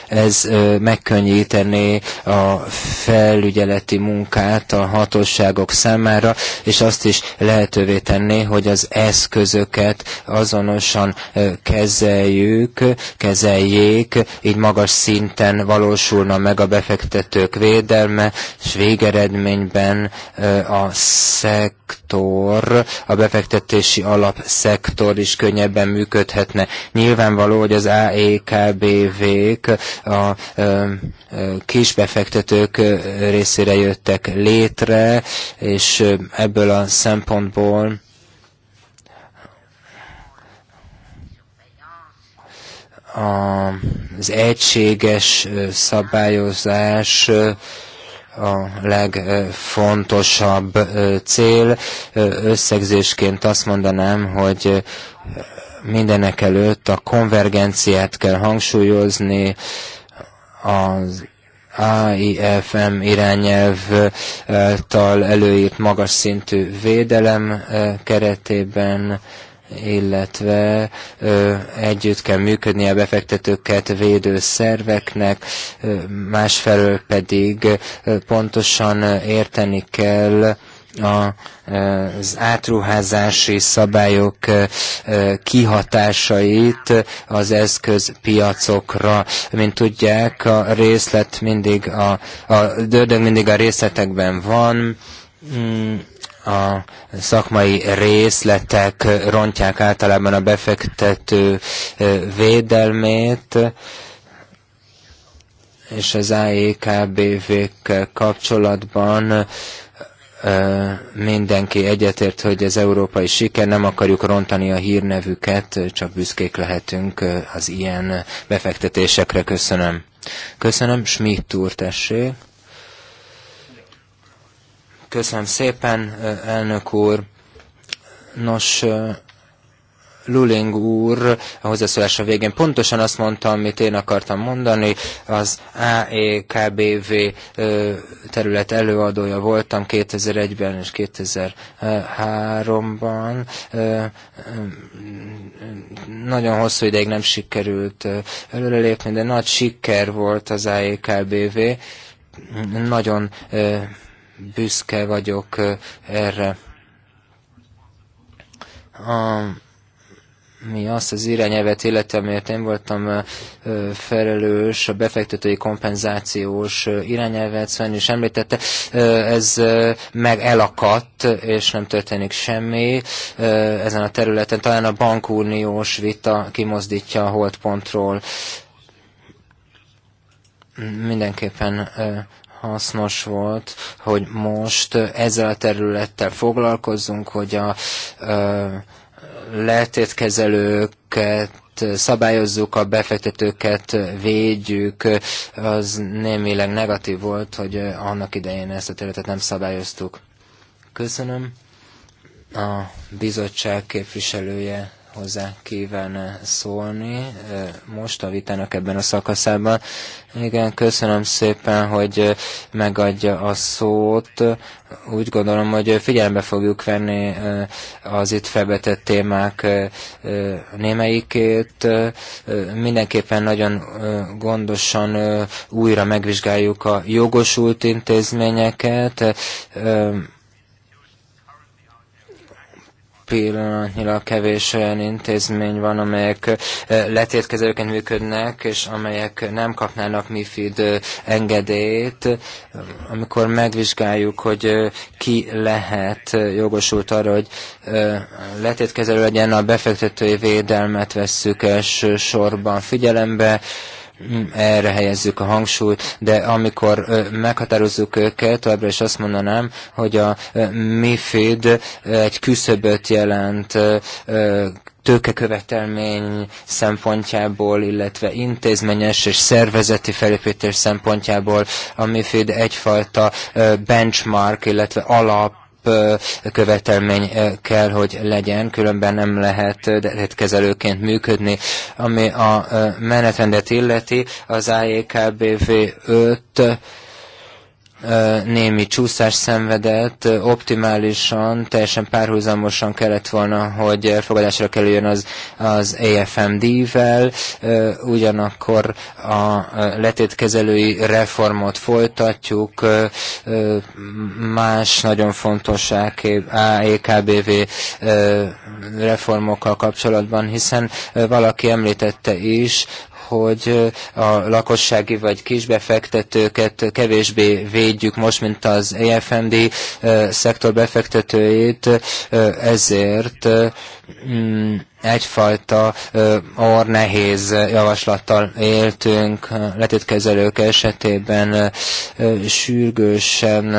Ez megkönnyítené a felügyeleti munkát a hatóságok számára, és azt is lehetővé tenné, hogy az eszközöket azonosan kezeljük, kezeljék, így magas szinten valósulna meg a befektetők védelme, és végeredményben a szektor, a befektetési alap szektor is könnyebben működhetne. Nyilvánvaló, hogy az AEKBV-k a e kisbefektetők részére jöttek létre, és ebből a szempontból az egységes szabályozás a legfontosabb cél. Összegzésként azt mondanám, hogy mindenek előtt a konvergenciát kell hangsúlyozni, az AIFM irányelv tal előírt magas szintű védelem keretében illetve együtt kell működni a befektetőket védő szerveknek, másfelől pedig pontosan érteni kell, a, az átruházási szabályok kihatásait az eszközpiacokra. Mint tudják, a részlet mindig a, a dördög mindig a részletekben van, mm, a szakmai részletek rontják általában a befektető védelmét, és az AEKBV-kkel kapcsolatban mindenki egyetért, hogy az európai siker, nem akarjuk rontani a hírnevüket, csak büszkék lehetünk az ilyen befektetésekre. Köszönöm. Köszönöm, Schmidt úr, tessék. Köszönöm szépen, elnök úr. Nos, Luling úr a a végén pontosan azt mondta, amit én akartam mondani, az AEKBV terület előadója voltam 2001-ben és 2003-ban. Nagyon hosszú ideig nem sikerült előrelépni, de nagy siker volt az AEKBV. Nagyon büszke vagyok erre. A, mi azt az irányelvet illeti, én voltam felelős, a befektetői kompenzációs irányelvet, Sven is említette, ez meg elakadt, és nem történik semmi ezen a területen. Talán a bankuniós vita kimozdítja a holdpontról mindenképpen hasznos volt, hogy most ezzel a területtel foglalkozzunk, hogy a letétkezelőket szabályozzuk, a befektetőket védjük, az némileg negatív volt, hogy annak idején ezt a területet nem szabályoztuk. Köszönöm. A bizottság képviselője hozzá kívánna eh, szólni eh, most a vitának ebben a szakaszában. Igen, köszönöm szépen, hogy eh, megadja a szót. Úgy gondolom, hogy figyelembe fogjuk venni az itt felvetett témák némelyikét. Mindenképpen nagyon gondosan újra megvizsgáljuk a jogosult intézményeket pillanatnyilag kevés olyan intézmény van, amelyek letétkezőként működnek, és amelyek nem kapnának MIFID engedélyt. Amikor megvizsgáljuk, hogy ki lehet jogosult arra, hogy letétkezelő legyen, a befektetői védelmet vesszük elsősorban figyelembe, erre helyezzük a hangsúlyt, de amikor meghatározzuk őket, továbbra is azt mondanám, hogy a MIFID egy küszöböt jelent tőkekövetelmény szempontjából, illetve intézményes és szervezeti felépítés szempontjából a MIFID egyfajta benchmark, illetve alap követelmény kell, hogy legyen, különben nem lehet kezelőként működni. Ami a menetrendet illeti, az AEKBV 5 némi csúszás szenvedett, optimálisan, teljesen párhuzamosan kellett volna, hogy elfogadásra kerüljön az, az AFMD-vel, ugyanakkor a letétkezelői reformot folytatjuk, más nagyon fontos AEKBV reformokkal kapcsolatban, hiszen valaki említette is, hogy a lakossági vagy kisbefektetőket kevésbé védjük most, mint az EFMD szektor befektetőjét, ezért Mm, egyfajta or nehéz javaslattal éltünk letétkezelők esetében sürgősen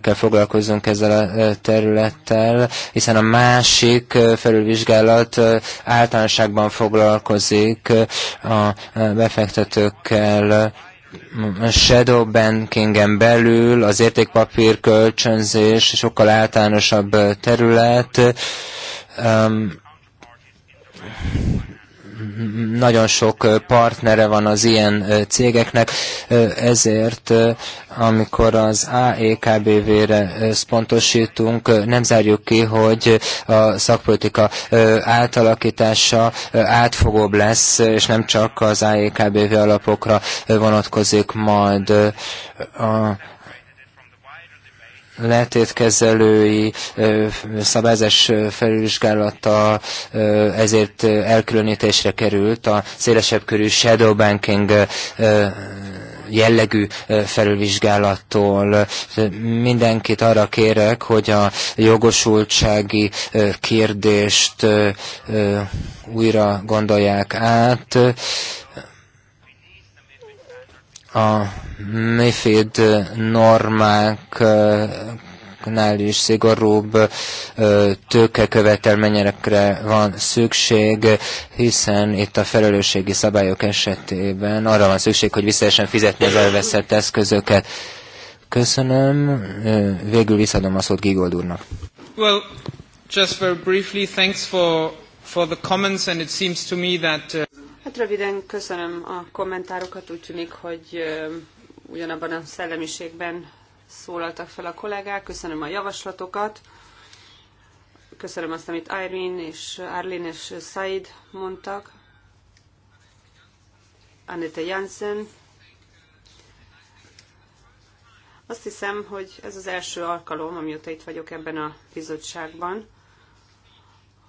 kell foglalkozzunk ezzel a területtel, hiszen a másik felülvizsgálat általánosságban foglalkozik a befektetőkkel a shadow bankingen belül az értékpapír kölcsönzés sokkal általánosabb terület, nagyon sok partnere van az ilyen cégeknek, ezért amikor az AEKBV-re szpontosítunk, nem zárjuk ki, hogy a szakpolitika átalakítása átfogóbb lesz, és nem csak az AEKBV alapokra vonatkozik majd a letétkezelői szabályzás felülvizsgálata ezért elkülönítésre került a szélesebb körű shadow banking jellegű felülvizsgálattól. Mindenkit arra kérek, hogy a jogosultsági kérdést újra gondolják át a miféd normák nál is szigorúbb tőkekövetelményekre van szükség, hiszen itt a felelősségi szabályok esetében arra van szükség, hogy visszaesen fizetni az elveszett eszközöket. Köszönöm. Végül visszadom a szót Gigold úrnak. Well, just very briefly, thanks for, for the comments, and it seems to me that... Uh... Hát röviden köszönöm a kommentárokat, úgy tűnik, hogy ugyanabban a szellemiségben szólaltak fel a kollégák. Köszönöm a javaslatokat. Köszönöm azt, amit Irene és Arlin és Said mondtak. Annette Jansen. Azt hiszem, hogy ez az első alkalom, amióta itt vagyok ebben a bizottságban,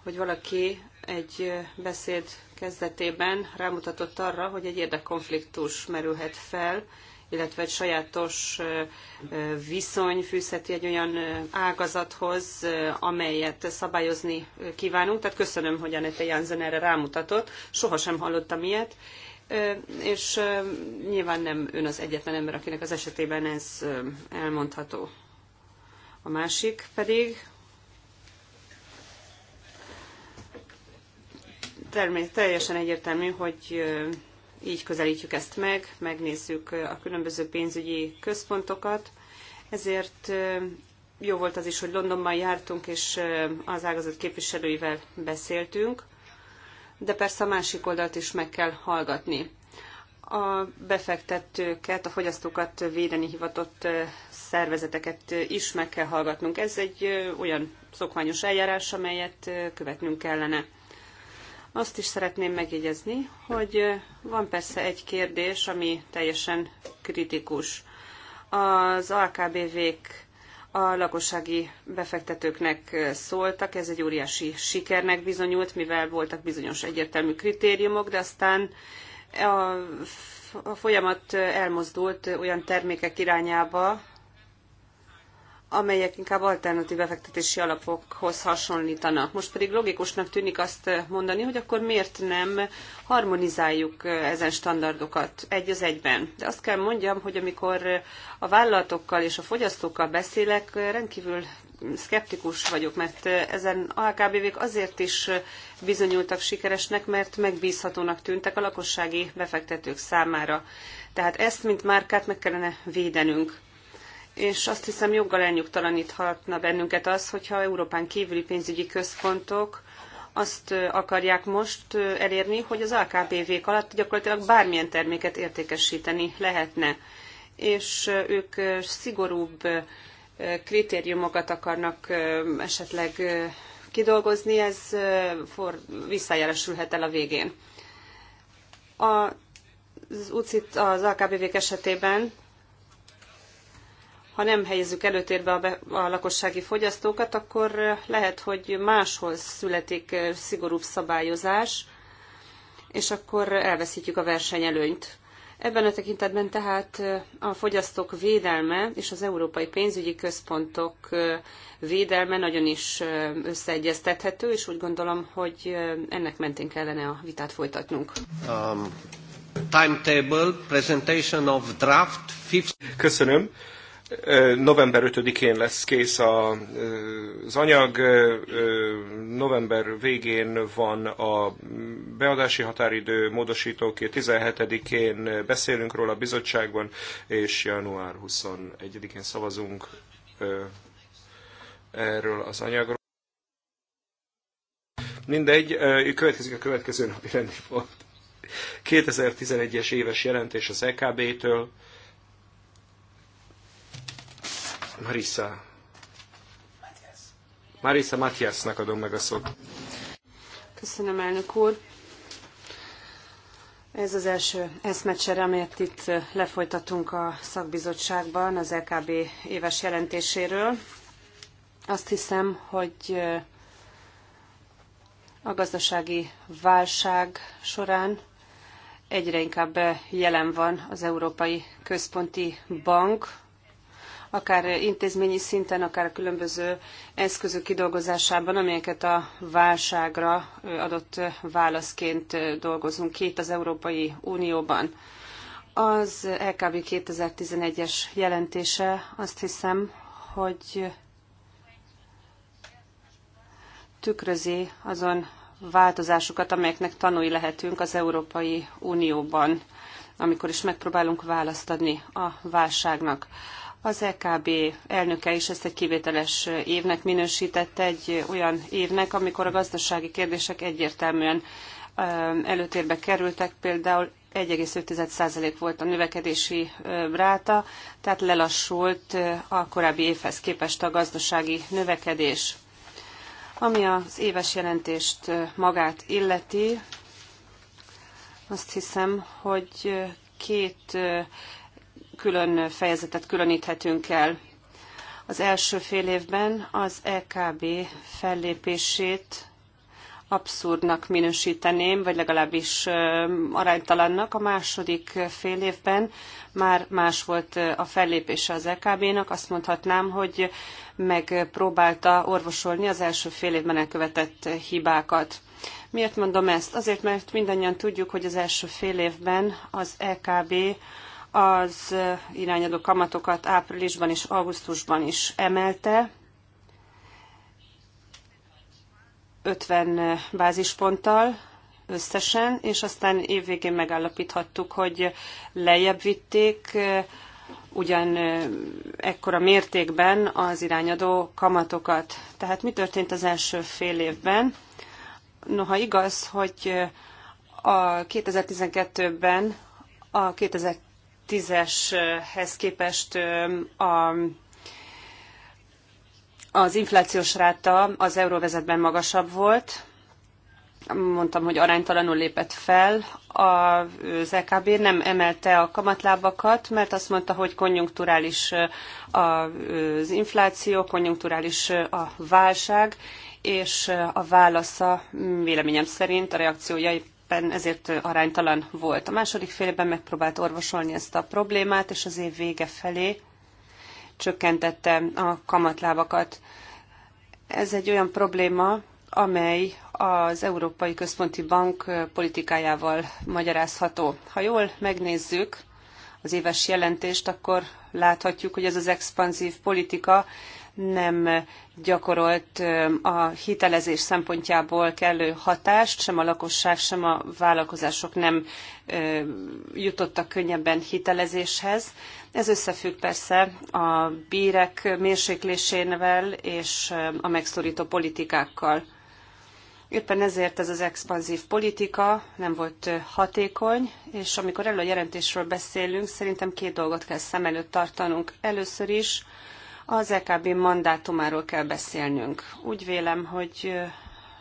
hogy valaki egy beszéd kezdetében rámutatott arra, hogy egy érdekkonfliktus merülhet fel, illetve egy sajátos viszony fűzheti egy olyan ágazathoz, amelyet szabályozni kívánunk. Tehát köszönöm, hogy Anette Jansen erre rámutatott. Sohasem hallottam ilyet, és nyilván nem ön az egyetlen ember, akinek az esetében ez elmondható. A másik pedig, teljesen egyértelmű, hogy így közelítjük ezt meg, megnézzük a különböző pénzügyi központokat, ezért jó volt az is, hogy Londonban jártunk, és az ágazat képviselőivel beszéltünk, de persze a másik oldalt is meg kell hallgatni. A befektetőket, a fogyasztókat védeni hivatott szervezeteket is meg kell hallgatnunk. Ez egy olyan szokványos eljárás, amelyet követnünk kellene. Azt is szeretném megjegyezni, hogy van persze egy kérdés, ami teljesen kritikus. Az AKBV-k a lakossági befektetőknek szóltak, ez egy óriási sikernek bizonyult, mivel voltak bizonyos egyértelmű kritériumok, de aztán a, folyamat elmozdult olyan termékek irányába, amelyek inkább alternatív befektetési alapokhoz hasonlítanak. Most pedig logikusnak tűnik azt mondani, hogy akkor miért nem harmonizáljuk ezen standardokat egy az egyben. De azt kell mondjam, hogy amikor a vállalatokkal és a fogyasztókkal beszélek, rendkívül szkeptikus vagyok, mert ezen AKBV-k azért is bizonyultak sikeresnek, mert megbízhatónak tűntek a lakossági befektetők számára. Tehát ezt, mint márkát meg kellene védenünk és azt hiszem joggal elnyugtalaníthatna bennünket az, hogyha Európán kívüli pénzügyi központok azt akarják most elérni, hogy az AKBV-k alatt gyakorlatilag bármilyen terméket értékesíteni lehetne. És ők szigorúbb kritériumokat akarnak esetleg kidolgozni, ez for, visszajelesülhet el a végén. A, az UCIT az AKBV-k esetében ha nem helyezzük előtérbe a, be, a lakossági fogyasztókat, akkor lehet, hogy máshol születik szigorúbb szabályozás, és akkor elveszítjük a versenyelőnyt. Ebben a tekintetben tehát a fogyasztók védelme és az európai pénzügyi központok védelme nagyon is összeegyeztethető, és úgy gondolom, hogy ennek mentén kellene a vitát folytatnunk. Um, timetable, presentation of draft Köszönöm. November 5-én lesz kész az anyag, november végén van a beadási határidő módosítóké, 17-én beszélünk róla a bizottságban, és január 21-én szavazunk erről az anyagról. Mindegy, következik a következő napi rendi pont. 2011-es éves jelentés az EKB-től. Marisa. Marissa, Matiasnak adom meg a szót. Köszönöm, elnök úr. Ez az első eszmecsere, amelyet itt lefolytatunk a szakbizottságban az LKB éves jelentéséről. Azt hiszem, hogy a gazdasági válság során egyre inkább jelen van az Európai Központi Bank, akár intézményi szinten, akár a különböző eszközök kidolgozásában, amelyeket a válságra adott válaszként dolgozunk ki itt az Európai Unióban. Az LKB 2011-es jelentése azt hiszem, hogy tükrözi azon változásokat, amelyeknek tanúi lehetünk az Európai Unióban, amikor is megpróbálunk választ adni a válságnak. Az EKB elnöke is ezt egy kivételes évnek minősítette, egy olyan évnek, amikor a gazdasági kérdések egyértelműen előtérbe kerültek, például 1,5% volt a növekedési ráta, tehát lelassult a korábbi évhez képest a gazdasági növekedés. Ami az éves jelentést magát illeti, azt hiszem, hogy két külön fejezetet különíthetünk el. Az első fél évben az EKB fellépését abszurdnak minősíteném, vagy legalábbis aránytalannak. A második fél évben már más volt a fellépése az EKB-nak. Azt mondhatnám, hogy megpróbálta orvosolni az első fél évben elkövetett hibákat. Miért mondom ezt? Azért, mert mindannyian tudjuk, hogy az első fél évben az EKB az irányadó kamatokat áprilisban és augusztusban is emelte, 50 bázisponttal összesen, és aztán évvégén megállapíthattuk, hogy lejjebb vitték ugyan ekkora mértékben az irányadó kamatokat. Tehát mi történt az első fél évben? Noha igaz, hogy a 2012-ben a 2000 tízeshez képest a az inflációs ráta az euróvezetben magasabb volt, mondtam, hogy aránytalanul lépett fel. Az LKB e nem emelte a kamatlábakat, mert azt mondta, hogy konjunkturális az infláció, konjunkturális a válság, és a válasza véleményem szerint, a reakciója éppen ezért aránytalan volt. A második félben megpróbált orvosolni ezt a problémát, és az év vége felé csökkentette a kamatlábakat. Ez egy olyan probléma, amely az Európai Központi Bank politikájával magyarázható. Ha jól megnézzük az éves jelentést, akkor láthatjuk, hogy ez az expanzív politika nem gyakorolt a hitelezés szempontjából kellő hatást, sem a lakosság, sem a vállalkozások nem jutottak könnyebben hitelezéshez. Ez összefügg persze a bírek mérséklésével és a megszorító politikákkal. Éppen ezért ez az expanzív politika nem volt hatékony, és amikor erről a jelentésről beszélünk, szerintem két dolgot kell szem előtt tartanunk. Először is az EKB mandátumáról kell beszélnünk. Úgy vélem, hogy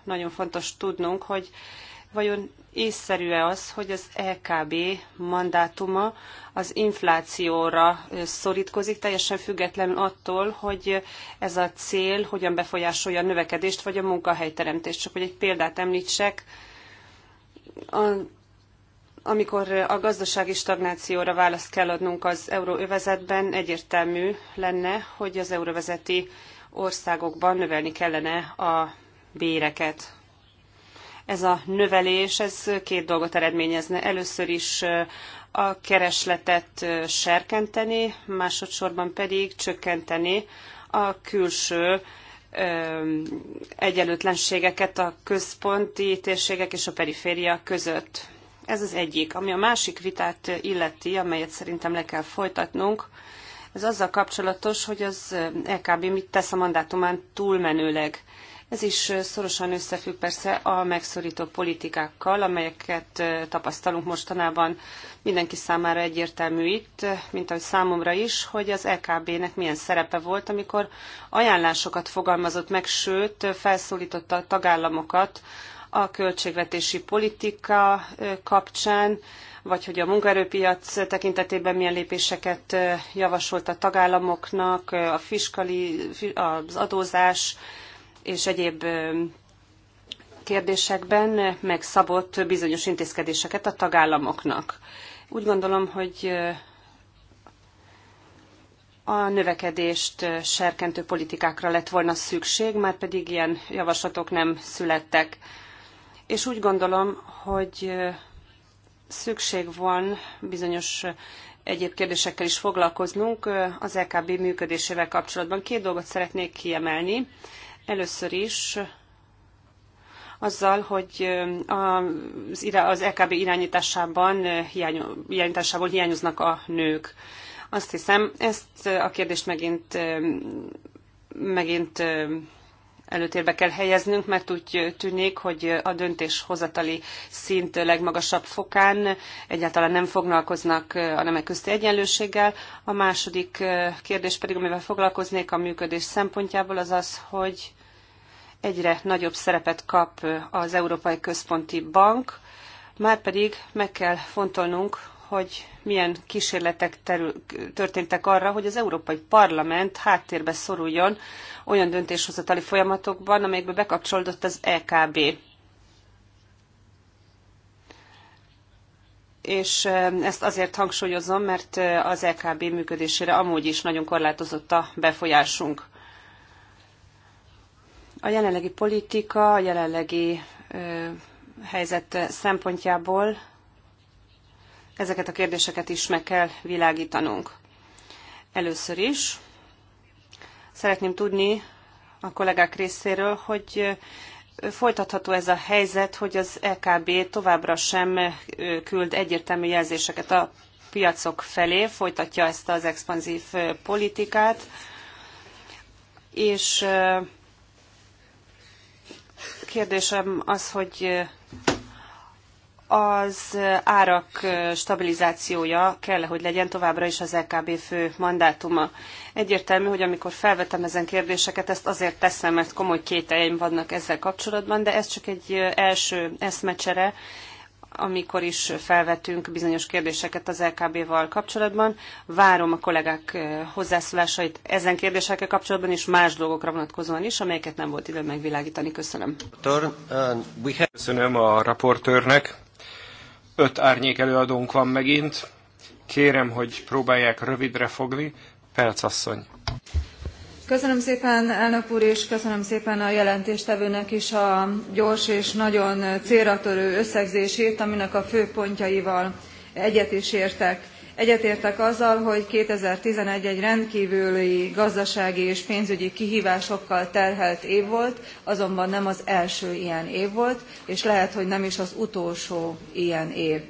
nagyon fontos tudnunk, hogy vajon észszerű-e az, hogy az EKB mandátuma az inflációra szorítkozik, teljesen függetlenül attól, hogy ez a cél hogyan befolyásolja a növekedést vagy a munkahelyteremtést. Csak hogy egy példát említsek, a amikor a gazdasági stagnációra választ kell adnunk az euróövezetben, egyértelmű lenne, hogy az euróvezeti országokban növelni kellene a béreket. Ez a növelés, ez két dolgot eredményezne. Először is a keresletet serkenteni, másodszorban pedig csökkenteni a külső egyenlőtlenségeket a központi térségek és a periféria között. Ez az egyik. Ami a másik vitát illeti, amelyet szerintem le kell folytatnunk, ez azzal kapcsolatos, hogy az LKB e mit tesz a mandátumán túlmenőleg. Ez is szorosan összefügg persze a megszorító politikákkal, amelyeket tapasztalunk mostanában mindenki számára egyértelmű itt, mint ahogy számomra is, hogy az LKB-nek e milyen szerepe volt, amikor ajánlásokat fogalmazott meg, sőt felszólította a tagállamokat a költségvetési politika kapcsán, vagy hogy a munkaerőpiac tekintetében milyen lépéseket javasolt a tagállamoknak, a fiskali, az adózás és egyéb kérdésekben megszabott bizonyos intézkedéseket a tagállamoknak. Úgy gondolom, hogy a növekedést serkentő politikákra lett volna szükség, már pedig ilyen javaslatok nem születtek és úgy gondolom, hogy szükség van bizonyos egyéb kérdésekkel is foglalkoznunk az LKB működésével kapcsolatban. Két dolgot szeretnék kiemelni. Először is azzal, hogy az, LKB irányításában, hiány, irányításában hiányoznak a nők. Azt hiszem, ezt a kérdést megint, megint előtérbe kell helyeznünk, mert úgy tűnik, hogy a döntéshozatali szint legmagasabb fokán egyáltalán nem foglalkoznak a nemek közti egyenlőséggel. A második kérdés pedig, amivel foglalkoznék a működés szempontjából, az az, hogy egyre nagyobb szerepet kap az Európai Központi Bank, márpedig meg kell fontolnunk, hogy milyen kísérletek terül, történtek arra, hogy az Európai Parlament háttérbe szoruljon olyan döntéshozatali folyamatokban, amelyekbe bekapcsolódott az EKB. És ezt azért hangsúlyozom, mert az EKB működésére amúgy is nagyon korlátozott a befolyásunk. A jelenlegi politika, a jelenlegi helyzet szempontjából ezeket a kérdéseket is meg kell világítanunk. Először is szeretném tudni a kollégák részéről, hogy folytatható ez a helyzet, hogy az EKB továbbra sem küld egyértelmű jelzéseket a piacok felé, folytatja ezt az expanzív politikát, és kérdésem az, hogy az árak stabilizációja kell, hogy legyen továbbra is az LKB fő mandátuma. Egyértelmű, hogy amikor felvetem ezen kérdéseket, ezt azért teszem, mert komoly kételjeim vannak ezzel kapcsolatban, de ez csak egy első eszmecsere, amikor is felvetünk bizonyos kérdéseket az LKB-val kapcsolatban. Várom a kollégák hozzászólásait ezen kérdésekkel kapcsolatban és más dolgokra vonatkozóan is, amelyeket nem volt idő megvilágítani. Köszönöm. Uh, Köszönöm a raportőrnek. Öt árnyék előadónk van megint. Kérem, hogy próbálják rövidre fogni. Pelc asszony. Köszönöm szépen, elnök úr, és köszönöm szépen a jelentéstevőnek is a gyors és nagyon célratörő összegzését, aminek a fő pontjaival egyet is értek egyetértek azzal hogy two thousand and eleven egy rendkvüli gazdasági és pénzügyi kihvásokkal terhelt év volt azonban nem az első ilyen év volt és lehet hogy nem is az utolsó ilyen év.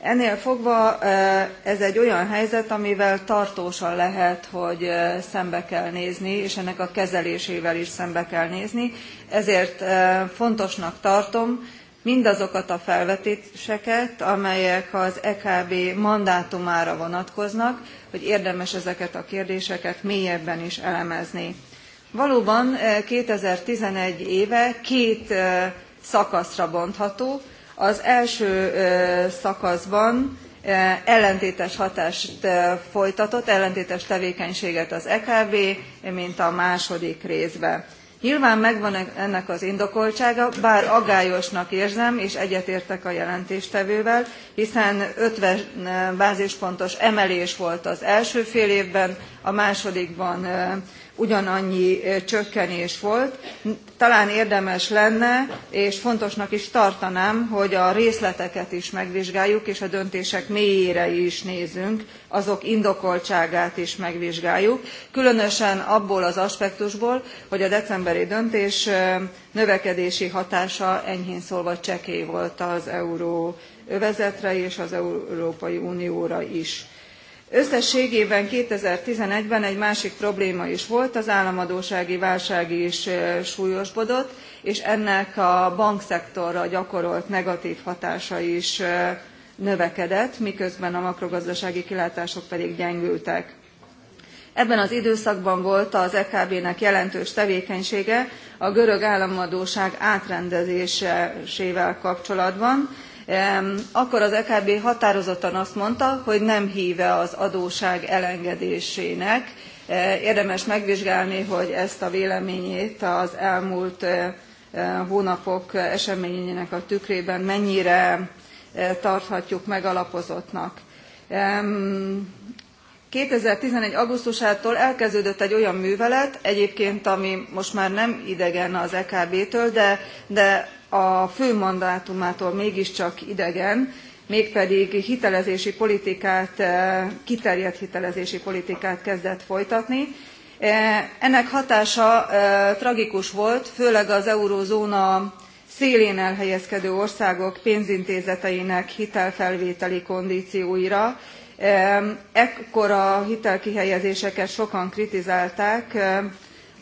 ennél fogva e, ez egy olyan helyzet amivel tartósan lehet hogy e, szembe kell nézni és ennek a kezelésével is szembe kell nézni ezért e, fontosnak tartom mindazokat a felvetéseket amelyek az ekb mandátumára vonatkoznak hogy érdemes ezeket a kérdéseket mélyebben is elemezni. valóban two thousand and eleven éve két eh, szakaszra bontható az első eh, szakaszban eh, ellentétes hatást folytatott ellentétes tevékenységet az ekb mint a második részben nyilván megvan e- ennek az indokoltsága bár aggályosnak érzem és egyetértek a jelentéstevővel hiszen fifty e, bázispontos emelés volt az első félévben a másodikban e, ugyanannyi csökkenés volt talán érdemes lenne és fontosnak is tartanám hogy a részleteket is megvizsgáljuk és a döntések mélyére is nézzünk azok indokoltságát is megvizsgáljuk különösen abból az aspektusból hogy a decemberi döntés növekedési hatása enyhén szólva csekély volt az euróövezetre és az európai unióra is összességében two thousand and eleven ben egy másik probléma is volt az államadóssági válság is súlyosbodott és ennek a bankszektorra gyakorolt negatv hatása is növekedett miközben a makrogazdasági kilátások pedig gyengültek. ebben az időszakban volt az ekb nek jelentős tevékenysége a görög államadósság átrendezésével kapcsolatban akkor az ekb határozottan azt mondta hogy nem hve az adósság elengedésének. E, érdemes megvizsgálni hogy ezt a véleményét az elmúlt e, e, hónapok eseményeinek a tükrében mennyire tarthatjuk megalapozottnak two thousand and eleven augusztusától elkezdődött egy olyan művelet egyébként ami most már nem idegen az ekb től de, de a fő mandátumától mégiscsak idegen mégpedig hitelezési politikát eh, kiterjedt hitelezési politikát kezdett folytatni. Eh, ennek hatása eh, tragikus volt főleg az eurózóna szélén elhelyezkedő országok pénzintézeteinek hitelfelvételi kondcióira ekkor a hitelkihelyezéseket sokan kritizálták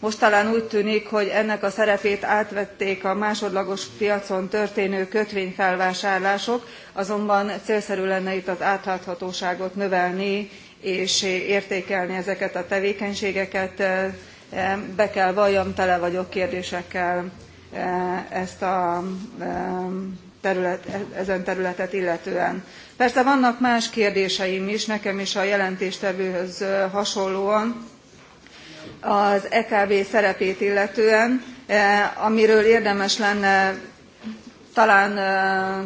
most talán úgy tűnik hogy ennek a szerepét átvették a másodlagos piacon történő kötvényfelvásárlások azonban célszerű lenne itt az átláthatóságot növelni és értékelni ezeket a tevékenységeket be kell valljam tele vagyok kérdésekkel e, ezt a terület, ezen területet illetően. persze vannak más kérdéseim is nekem is a jelentéstevőhöz hasonlóan az ekb szerepét illetően amiről érdemes lenne talán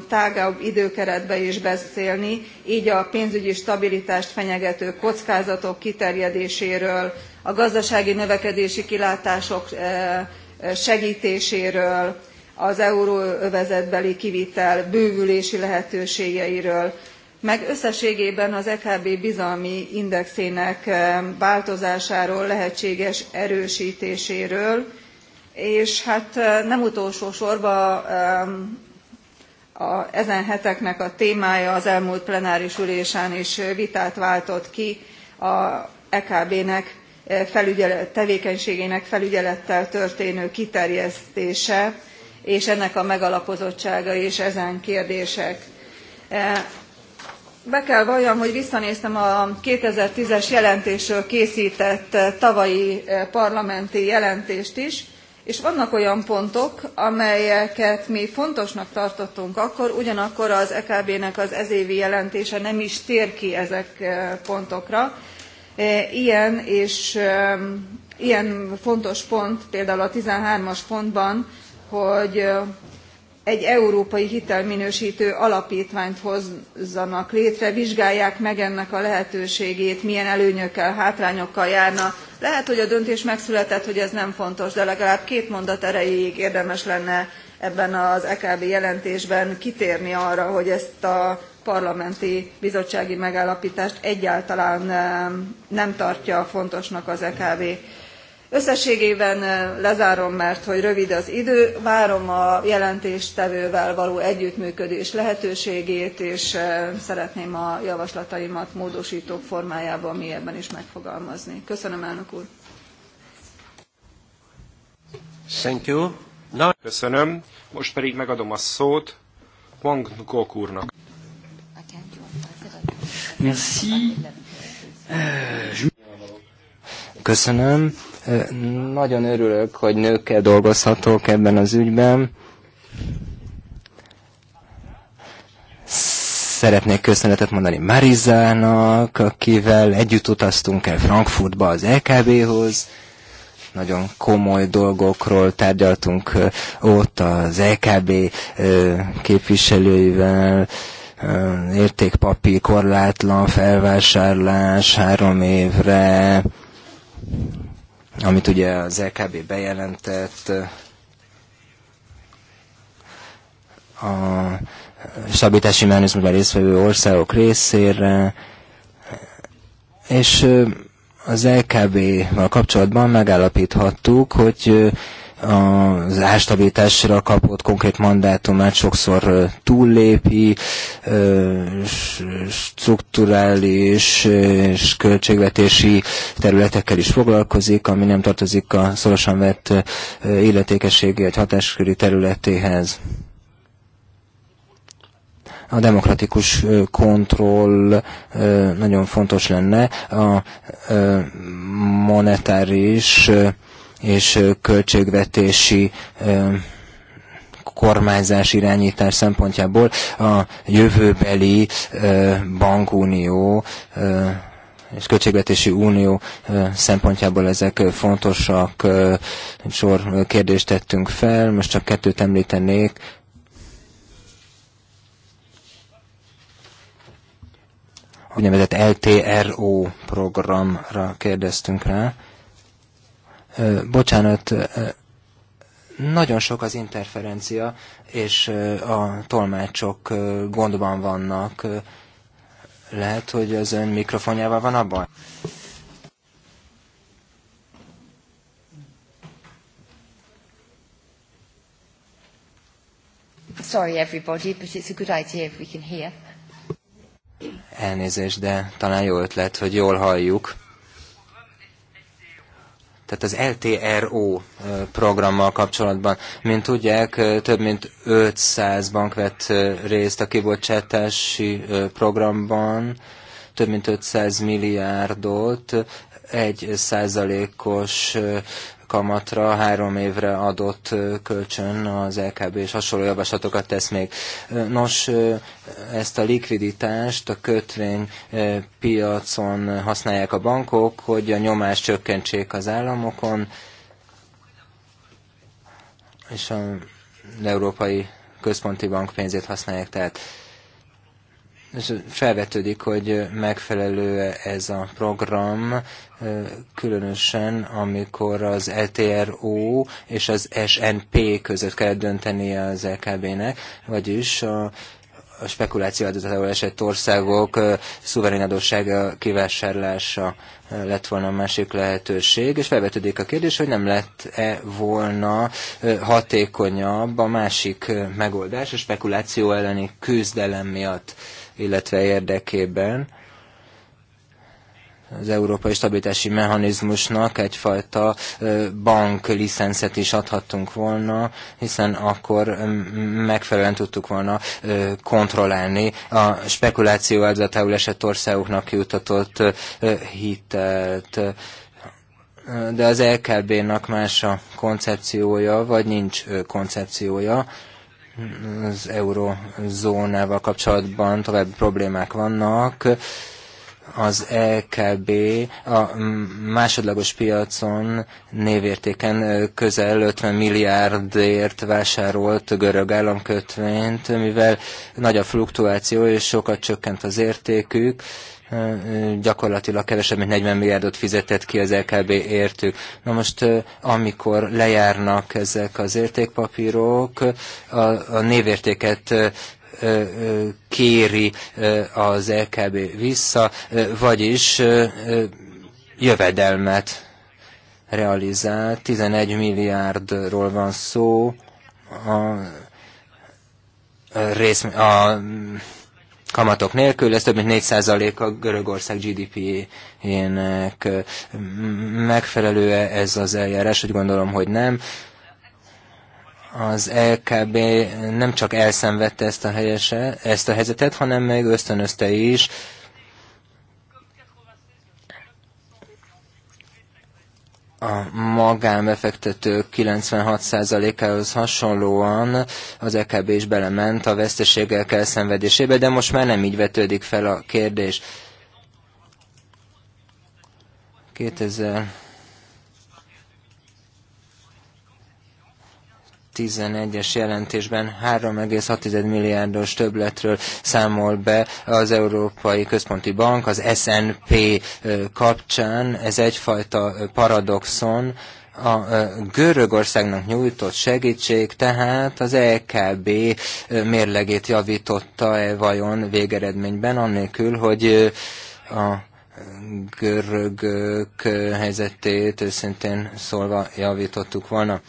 tágabb időkeretbe is beszélni így a pénzügyi stabilitást fenyegető kockázatok kiterjedéséről a gazdasági növekedési kilátások segítéséről az euróövezetbeli kivitel bővülési lehetőségeiről meg összességében az ekb bizalmi indexének eh, változásáról lehetséges erőstéséről és hát eh, nem utolsó sorban eh, ezen heteknek a témája az elmúlt plenáris ülésen is vitát váltott ki az ekb nek tevékenységének felügyelettel történő kiterjesztése és ennek a megalapozottsága és ezen kérdések. E, be kell valljam, hogy visszanéztem a 2010-es jelentésről készített e, tavalyi e, parlamenti jelentést is, és vannak olyan pontok, amelyeket mi fontosnak tartottunk akkor, ugyanakkor az EKB-nek az ezévi jelentése nem is tér ki ezek pontokra. Ilyen és ilyen fontos pont például a 13-as pontban hogy egy európai hitelminőstő alaptványt hozzanak létre vizsgálják meg ennek a lehetőségét milyen előnyökkel hátrányokkal járna. lehet hogy a döntés megszületett hogy ez nem fontos de legalább két mondat erejéig érdemes lenne ebben az ekb jelentésben kitérni arra hogy ezt a parlamenti bizottsági megállaptást egyáltalán nem tartja fontosnak az ekb összességében lezárom mert hogy rövid az idő várom a jelentéstevővel való együttműködés lehetőségét és szeretném a javaslataimat módostók formájában mélyebben is megfogalmazni. köszönöm elnök úr! Thank you. Na, köszönöm. Most pedig megadom a szót Wang Ngok úrnak. Merci. Köszönöm nagyon örülök, hogy nőkkel dolgozhatok ebben az ügyben. Szeretnék köszönetet mondani Marizának, akivel együtt utaztunk el Frankfurtba az LKB-hoz nagyon komoly dolgokról tárgyaltunk ott az LKB képviselőivel, értékpapír korlátlan felvásárlás három évre, amit ugye az LKB bejelentett, a stabilitási mechanizmusban résztvevő országok részére, és az LKB-val kapcsolatban megállapíthattuk, hogy az ástabilitásra kapott konkrét mandátumát sokszor túllépi, strukturális és költségvetési területekkel is foglalkozik, ami nem tartozik a szorosan vett illetékességi vagy hatásköri területéhez a demokratikus kontroll nagyon fontos lenne. A monetáris és költségvetési kormányzás irányítás szempontjából a jövőbeli bankunió és költségvetési unió szempontjából ezek fontosak. Sor kérdést tettünk fel, most csak kettőt említenék. Úgynevezett LTRO programra kérdeztünk rá bocsánat, nagyon sok az interferencia, és a tolmácsok gondban vannak. Lehet, hogy az ön mikrofonjával van a baj? Sorry everybody, but it's a good idea if we can hear. Elnézést, de talán jó ötlet, hogy jól halljuk tehát az LTRO programmal kapcsolatban. Mint tudják, több mint 500 bank vett részt a kibocsátási programban, több mint 500 milliárdot, egy százalékos kamatra három évre adott kölcsön az LKB és hasonló javaslatokat tesz még. Nos, ezt a likviditást a kötvény piacon használják a bankok, hogy a nyomást csökkentsék az államokon, és az Európai Központi Bank pénzét használják. Tehát ez felvetődik, hogy megfelelő ez a program, különösen amikor az ETRO és az SNP között kell dönteni az LKB-nek, e vagyis a a spekuláció adatával esett országok szuverén adóssága kivásárlása lett volna a másik lehetőség, és felvetődik a kérdés, hogy nem lett-e volna hatékonyabb a másik megoldás a spekuláció elleni küzdelem miatt illetve érdekében az Európai Stabilitási Mechanizmusnak egyfajta bank is adhattunk volna, hiszen akkor megfelelően tudtuk volna kontrollálni a spekuláció áldozatául esett országoknak jutatott hitelt. De az LKB-nak más a koncepciója, vagy nincs koncepciója az eurozónával kapcsolatban további problémák vannak. Az EKB a másodlagos piacon névértéken közel 50 milliárdért vásárolt görög államkötvényt, mivel nagy a fluktuáció és sokat csökkent az értékük, gyakorlatilag kevesebb, mint 40 milliárdot fizetett ki az LKB értük. Na most, amikor lejárnak ezek az értékpapírok, a, a névértéket kéri az LKB vissza, vagyis jövedelmet realizál. 11 milliárdról van szó a, rész, a kamatok nélkül, ez több mint 4% a Görögország gdp ének megfelelő -e ez az eljárás, úgy gondolom, hogy nem az LKB nem csak elszenvedte ezt a, helyese, ezt a helyzetet, hanem még ösztönözte is a magánbefektetők 96%-ához hasonlóan az EKB is belement a veszteségek elszenvedésébe, de most már nem így vetődik fel a kérdés. 2000 2011-es jelentésben 3,6 milliárdos többletről számol be az Európai Központi Bank, az SNP kapcsán. Ez egyfajta paradoxon, a Görögországnak nyújtott segítség tehát az EKB mérlegét javította-e vajon végeredményben, annélkül, hogy a görögök helyzetét őszintén szólva javítottuk volna.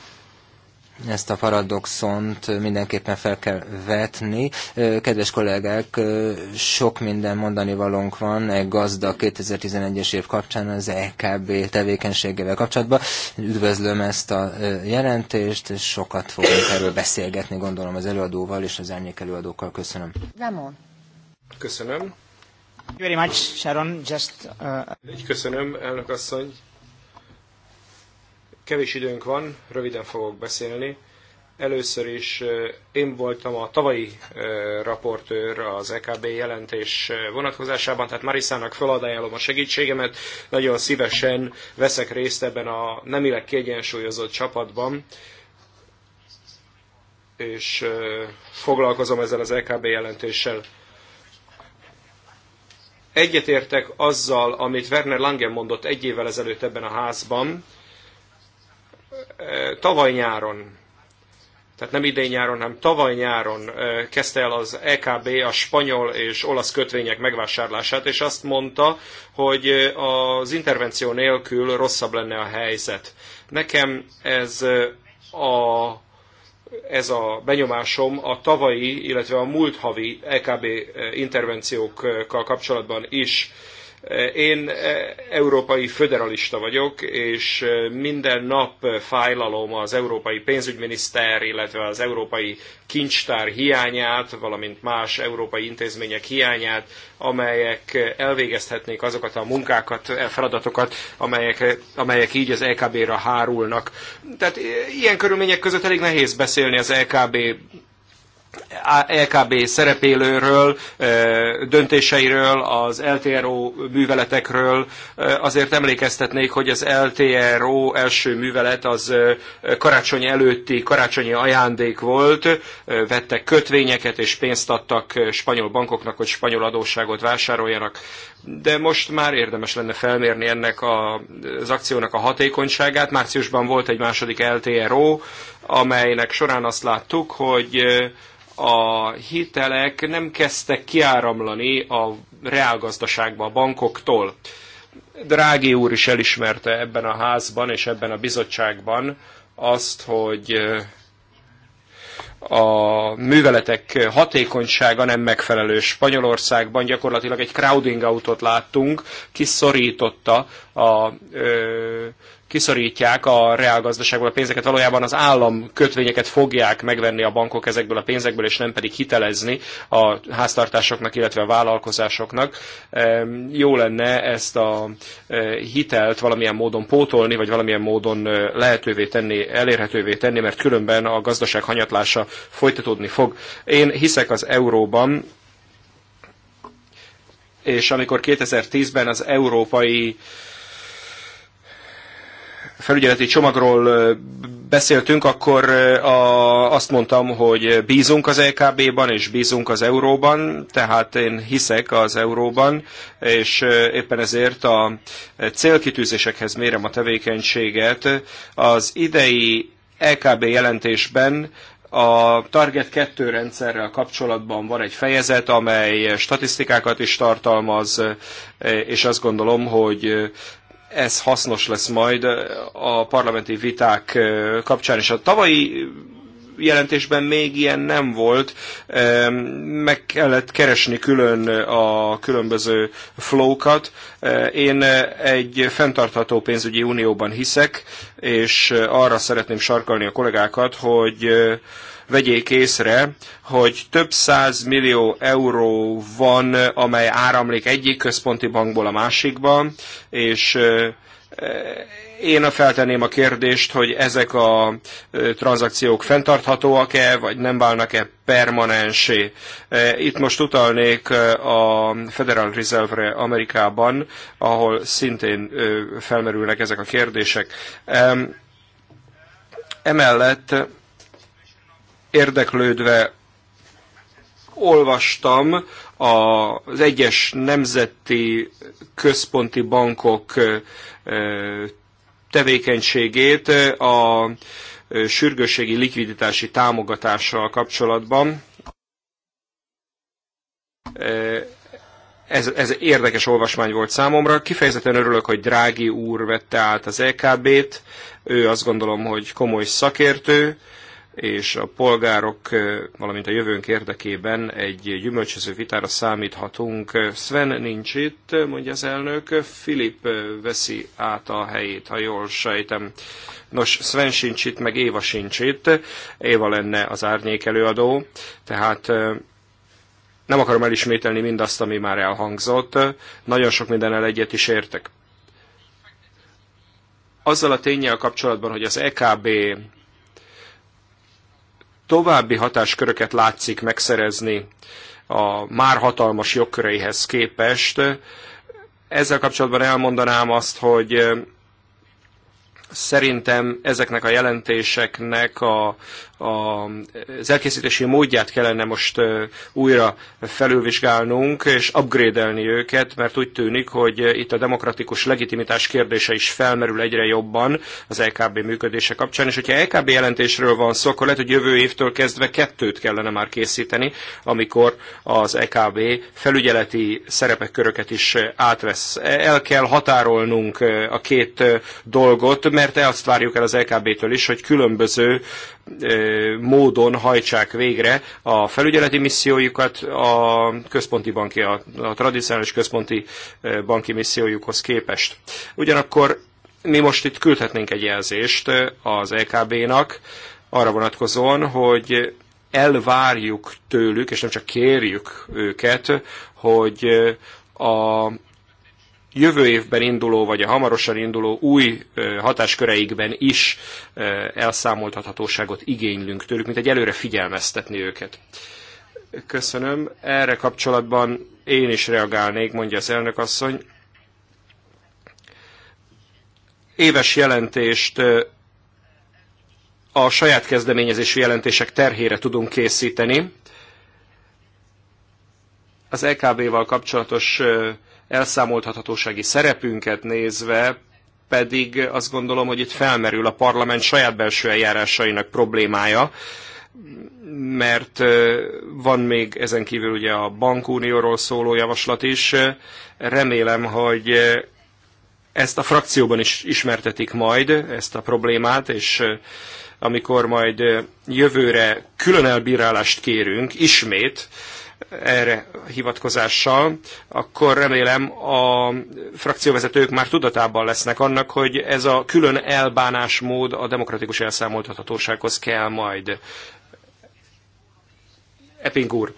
Ezt a paradoxont mindenképpen fel kell vetni. Kedves kollégák, sok minden mondani valónk van egy gazda 2011-es év kapcsán az EKB tevékenységével kapcsolatban. Üdvözlöm ezt a jelentést, és sokat fogunk erről beszélgetni, gondolom az előadóval és az elnyék előadókkal. Köszönöm. Ramon. Köszönöm. Thank you very much, Sharon. Just, uh... Köszönöm, elnök asszony Kevés időnk van, röviden fogok beszélni. Először is én voltam a tavalyi raportőr az EKB jelentés vonatkozásában, tehát Marisának feladajállom a segítségemet, nagyon szívesen veszek részt ebben a nemileg kiegyensúlyozott csapatban, és foglalkozom ezzel az EKB jelentéssel egyetértek azzal, amit Werner Langen mondott egy évvel ezelőtt ebben a házban, tavaly nyáron, tehát nem idén nyáron, hanem tavaly nyáron kezdte el az EKB a spanyol és olasz kötvények megvásárlását, és azt mondta, hogy az intervenció nélkül rosszabb lenne a helyzet. Nekem ez a ez a benyomásom a tavalyi, illetve a múlt havi EKB intervenciókkal kapcsolatban is én eh, európai föderalista vagyok, és eh, minden nap fájlalom az európai pénzügyminiszter, illetve az európai kincstár hiányát, valamint más európai intézmények hiányát, amelyek eh, elvégezhetnék azokat a munkákat, feladatokat, amelyek, amelyek így az LKB-ra e hárulnak. Tehát ilyen körülmények között elég nehéz beszélni az LKB e LKB e szerepélőről, e, döntéseiről, az LTRO műveletekről. E, azért emlékeztetnék, hogy az LTRO első művelet az karácsony előtti karácsonyi ajándék volt. Vettek kötvényeket és pénzt adtak spanyol bankoknak, hogy spanyol adósságot vásároljanak. De most már érdemes lenne felmérni ennek a, az akciónak a hatékonyságát. Márciusban volt egy második LTRO, amelynek során azt láttuk, hogy a hitelek nem kezdtek kiáramlani a reálgazdaságba a bankoktól. Drági úr is elismerte ebben a házban és ebben a bizottságban azt, hogy eh, a műveletek hatékonysága nem megfelelő. Spanyolországban gyakorlatilag egy crowding autot láttunk, kiszorította a ö, eh, kiszorítják a reálgazdaságból a pénzeket, valójában az állam kötvényeket fogják megvenni a bankok ezekből a pénzekből, és nem pedig hitelezni a háztartásoknak, illetve a vállalkozásoknak. Jó lenne ezt a e, hitelt valamilyen módon pótolni, vagy valamilyen módon e, lehetővé tenni, elérhetővé tenni, mert különben a gazdaság hanyatlása folytatódni fog. Én hiszek az euróban, és amikor 2010-ben az európai felügyeleti csomagról beszéltünk, akkor a, azt mondtam, hogy bízunk az LKB-ban e és bízunk az euróban, tehát én hiszek az euróban, és éppen ezért a célkitűzésekhez mérem a tevékenységet. Az idei LKB e jelentésben a Target 2 rendszerrel kapcsolatban van egy fejezet, amely statisztikákat is tartalmaz, és azt gondolom, hogy ez hasznos lesz majd a parlamenti viták kapcsán. És a tavalyi jelentésben még ilyen nem volt, meg kellett keresni külön a különböző flókat. Én egy fenntartható pénzügyi unióban hiszek, és arra szeretném sarkalni a kollégákat, hogy vegyék észre, hogy több száz millió euró van, amely áramlik egyik központi bankból a másikba, és én a feltenném a kérdést, hogy ezek a tranzakciók fenntarthatóak-e, vagy nem válnak-e permanensé. Itt most utalnék a Federal Reserve-re Amerikában, ahol szintén felmerülnek ezek a kérdések. Emellett érdeklődve olvastam az egyes nemzeti központi bankok tevékenységét a sürgősségi likviditási támogatással kapcsolatban. Ez, ez érdekes olvasmány volt számomra. Kifejezetten örülök, hogy Drági úr vette át az EKB-t. Ő azt gondolom, hogy komoly szakértő, és a polgárok, valamint a jövőnk érdekében egy gyümölcsöző vitára számíthatunk. Sven nincs itt, mondja az elnök, Filip veszi át a helyét, ha jól sejtem. Nos, Sven sincs itt, meg Éva sincs itt. Éva lenne az árnyék előadó, tehát nem akarom elismételni mindazt, ami már elhangzott. Nagyon sok mindennel egyet is értek. Azzal a tényel kapcsolatban, hogy az EKB további hatásköröket látszik megszerezni a már hatalmas jogköreihez képest. Ezzel kapcsolatban elmondanám azt, hogy szerintem ezeknek a jelentéseknek a az elkészítési módját kellene most újra felülvizsgálnunk és upgrade-elni őket, mert úgy tűnik, hogy itt a demokratikus legitimitás kérdése is felmerül egyre jobban az LKB e működése kapcsán, és hogyha LKB e jelentésről van szó, akkor lehet, hogy jövő évtől kezdve kettőt kellene már készíteni, amikor az EKB felügyeleti szerepeköröket is átvesz. El kell határolnunk a két dolgot, mert azt várjuk el az LKB-től e is, hogy különböző módon hajtsák végre a felügyeleti missziójukat a központi banki, a, a tradicionális központi eh, banki missziójukhoz képest. Ugyanakkor mi most itt küldhetnénk egy jelzést eh, az LKB-nak arra vonatkozóan, hogy elvárjuk tőlük, és nem csak kérjük őket, hogy eh, a jövő évben induló, vagy a hamarosan induló új hatásköreikben is elszámoltathatóságot igénylünk tőlük, mint egy előre figyelmeztetni őket. Köszönöm. Erre kapcsolatban én is reagálnék, mondja az elnök asszony. Éves jelentést a saját kezdeményezésű jelentések terhére tudunk készíteni. Az LKB-val e kapcsolatos elszámoltathatósági szerepünket nézve pedig azt gondolom, hogy itt felmerül a parlament saját belső eljárásainak problémája, mert van még ezen kívül ugye a bankunióról szóló javaslat is. Remélem, hogy ezt a frakcióban is ismertetik majd, ezt a problémát, és amikor majd jövőre külön elbírálást kérünk, ismét, erre hivatkozással, akkor remélem a frakcióvezetők már tudatában lesznek annak, hogy ez a külön elbánásmód a demokratikus elszámoltathatósághoz kell majd. Epping úr,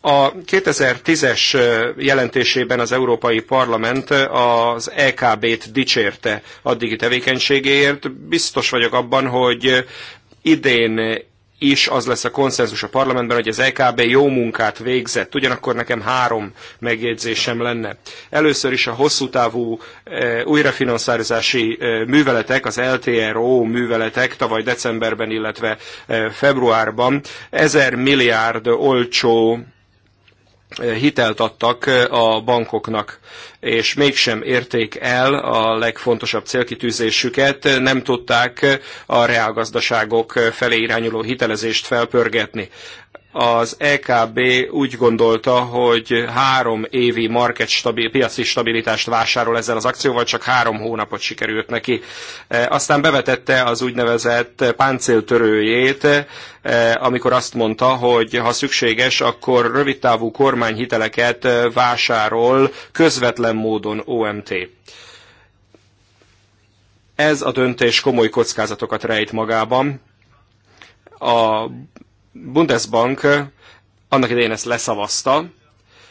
a 2010-es jelentésében az Európai Parlament az EKB-t dicsérte addigi tevékenységéért. Biztos vagyok abban, hogy idén is az lesz a konszenzus a parlamentben, hogy az EKB jó munkát végzett. Ugyanakkor nekem három megjegyzésem lenne. Először is a hosszú távú e, újrafinanszározási e, műveletek, az LTRO műveletek tavaly decemberben, illetve e, februárban 1000 milliárd olcsó hitelt adtak a bankoknak, és mégsem érték el a legfontosabb célkitűzésüket, nem tudták a reálgazdaságok felé irányuló hitelezést felpörgetni az EKB úgy gondolta, hogy három évi market stabil, piaci stabilitást vásárol ezzel az akcióval, csak három hónapot sikerült neki. E, aztán bevetette az úgynevezett páncéltörőjét, e, amikor azt mondta, hogy ha szükséges, akkor rövidtávú kormányhiteleket e, vásárol közvetlen módon OMT. Ez a döntés komoly kockázatokat rejt magában. A Bundesbank eh, annak idején ezt leszavazta,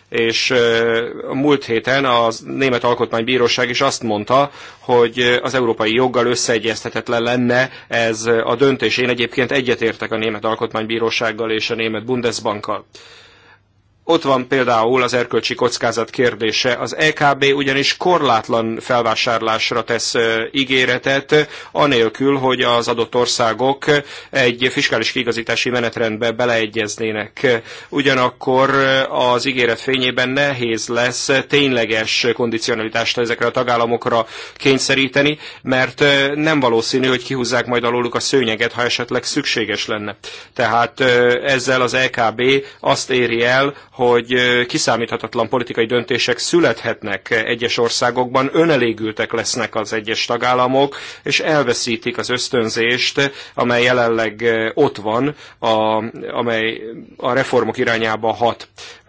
és eh, múlt héten a Német Alkotmánybíróság is azt mondta, hogy eh, az európai joggal összeegyeztetetlen lenne ez a döntés. Én egyébként egyetértek a Német Alkotmánybírósággal és a Német Bundesbankkal. Ott van például az erkölcsi kockázat kérdése. Az EKB ugyanis korlátlan felvásárlásra tesz ígéretet, anélkül, hogy az adott országok egy fiskális kiigazítási menetrendbe beleegyeznének. Ugyanakkor az ígéret fényében nehéz lesz tényleges kondicionalitást ezekre a tagállamokra kényszeríteni, mert nem valószínű, hogy kihúzzák majd alóluk a szőnyeget, ha esetleg szükséges lenne. Tehát ezzel az EKB azt éri el, hogy kiszámíthatatlan politikai döntések születhetnek egyes országokban, önelégültek lesznek az egyes tagállamok, és elveszítik az ösztönzést, amely jelenleg ott van, a, amely a reformok irányába hat.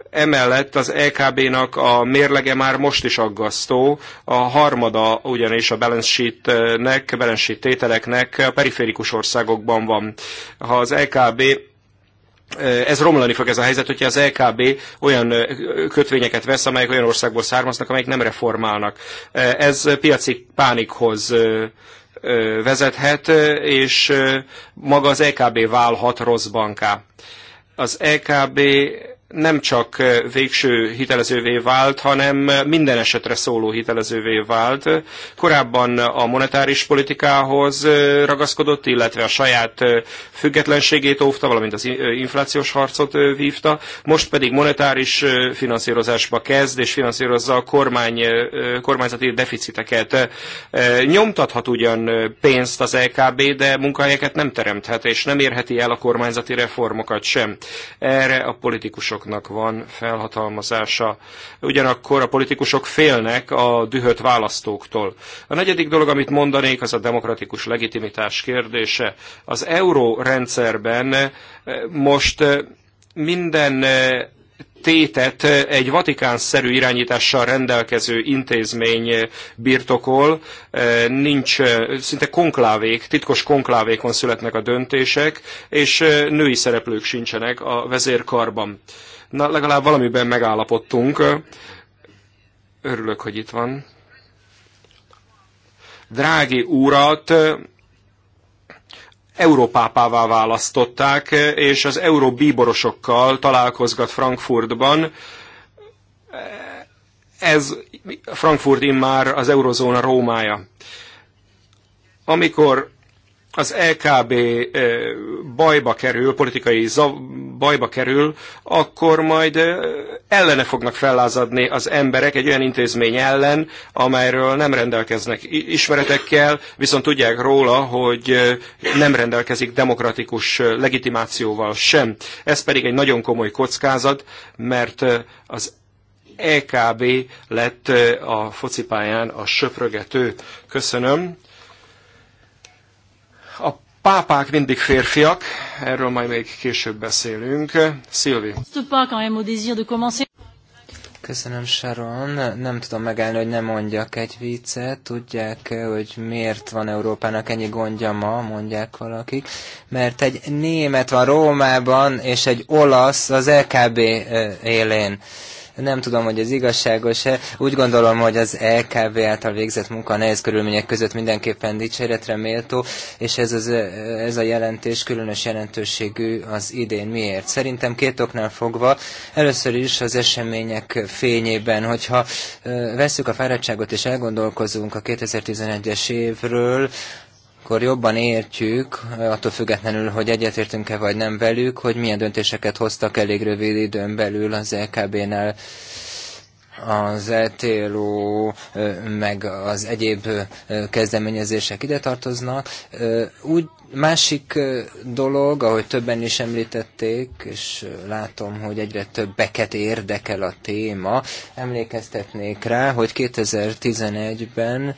Emellett az LKB-nak a mérlege már most is aggasztó, a harmada ugyanis a balance sheet-nek, balance sheet tételeknek a periférikus országokban van. Ha az LKB ez romlani fog ez a helyzet, hogyha az LKB olyan kötvényeket vesz, amelyek olyan országból származnak, amelyek nem reformálnak. Ez piaci pánikhoz vezethet, és maga az EKB válhat rossz banká. Az EKB nem csak eh, végső hitelezővé vált, hanem eh, minden esetre szóló hitelezővé vált. Korábban a monetáris politikához eh, ragaszkodott, illetve a saját függetlenségét óvta, valamint az inflációs harcot vívta, most pedig monetáris finanszírozásba kezd, és finanszírozza a kormány, kormányzati deficiteket. Nyomtathat ugyan pénzt az LKB, de munkahelyeket nem teremthet, és nem érheti el a kormányzati reformokat sem. Erre a politikusok politikusoknak van felhatalmazása, ugyanakkor a politikusok félnek a dühött választóktól. A negyedik dolog, amit mondanék, az a demokratikus legitimitás kérdése. Az euró rendszerben eh, most eh, minden eh, tétet egy Vatikán-szerű irányítással rendelkező intézmény birtokol, nincs, szinte konklávék, titkos konklávékon születnek a döntések, és női szereplők sincsenek a vezérkarban. Na, legalább valamiben megállapodtunk. Örülök, hogy itt van. Drági úrat Európápává választották, és az euró bíborosokkal találkozgat Frankfurtban. Ez Frankfurt immár az eurozóna Rómája. Amikor az LKB bajba kerül, politikai bajba kerül, akkor majd ellene fognak fellázadni az emberek egy olyan intézmény ellen, amelyről nem rendelkeznek ismeretekkel, viszont tudják róla, hogy nem rendelkezik demokratikus legitimációval sem. Ez pedig egy nagyon komoly kockázat, mert az EKB lett a focipályán a söprögető. Köszönöm. A pápák mindig férfiak, erről majd még később beszélünk. Szilvi. Köszönöm, Sharon. Nem tudom megállni, hogy nem mondjak egy viccet. Tudják, hogy miért van Európának ennyi gondja ma, mondják valakik. Mert egy német van Rómában, és egy olasz az LKB eh, élén. Nem tudom, hogy ez igazságos-e. Úgy gondolom, hogy az LKB által végzett munka nehéz körülmények között mindenképpen dicséretre méltó, és ez, az, ez a jelentés különös jelentőségű az idén. Miért? Szerintem két oknál fogva. Először is az események fényében, hogyha veszük a fáradtságot és elgondolkozunk a 2011-es évről, akkor jobban értjük, attól függetlenül, hogy egyetértünk-e vagy nem velük, hogy milyen döntéseket hoztak elég rövid időn belül az LKB-nál e az ETLO, meg az egyéb kezdeményezések ide tartoznak. Úgy másik dolog, ahogy többen is említették, és látom, hogy egyre többeket érdekel a téma, emlékeztetnék rá, hogy 2011-ben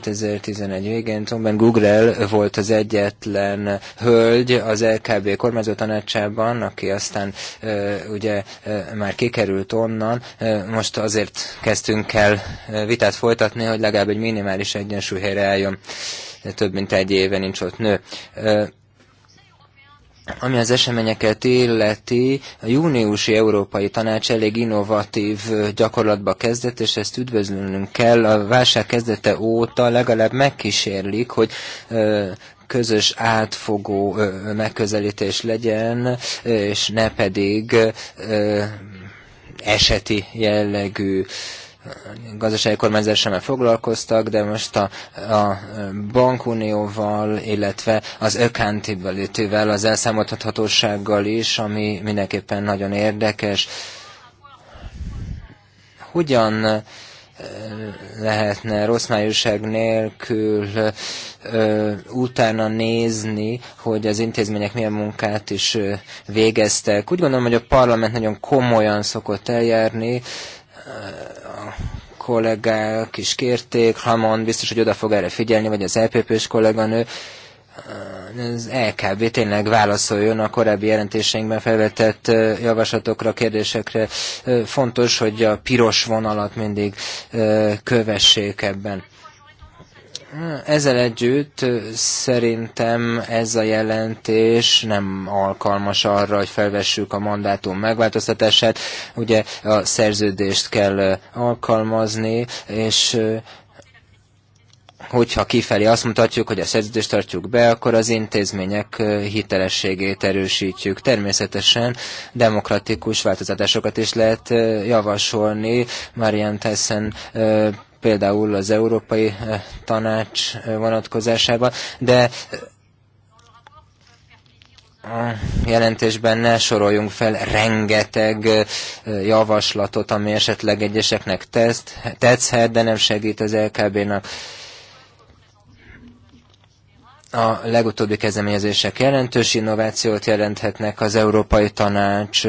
2011 végén Tomben Google volt az egyetlen hölgy az LKB kormányzó tanácsában, aki aztán ugye már kikerült onnan. Most azért kezdtünk el vitát folytatni, hogy legalább egy minimális egyensúly helyre álljon. Több mint egy éve nincs ott nő ami az eseményeket illeti, a júniusi Európai Tanács elég innovatív gyakorlatba kezdett, és ezt üdvözlünk kell. A válság kezdete óta legalább megkísérlik, hogy közös átfogó megközelítés legyen, és ne pedig eseti jellegű gazdasági kormányzásával foglalkoztak, de most a, a bankunióval, illetve az accountability az elszámoltathatósággal is, ami mindenképpen nagyon érdekes. Hogyan lehetne rossz májúság nélkül ö, utána nézni, hogy az intézmények milyen munkát is ö, végeztek. Úgy gondolom, hogy a parlament nagyon komolyan szokott eljárni, ö, kollégák is kérték, Hamon biztos, hogy oda fog erre figyelni, vagy az LPP-s e kolléganő, az LKB e tényleg válaszoljon a korábbi jelentéseinkben felvetett javaslatokra, kérdésekre. Fontos, hogy a piros vonalat mindig kövessék ebben. Ezzel együtt szerintem ez a jelentés nem alkalmas arra, hogy felvessük a mandátum megváltoztatását. Ugye a szerződést kell alkalmazni, és hogyha kifelé azt mutatjuk, hogy a szerződést tartjuk be, akkor az intézmények hitelességét erősítjük. Természetesen demokratikus változatásokat is lehet javasolni. Marian Tessen például az Európai eh, Tanács eh, vonatkozásában, de eh, a jelentésben ne soroljunk fel rengeteg javaslatot, ami esetleg egyeseknek tetszhet, de nem segít az LKB-nak a legutóbbi kezdeményezések jelentős innovációt jelenthetnek. Az Európai Tanács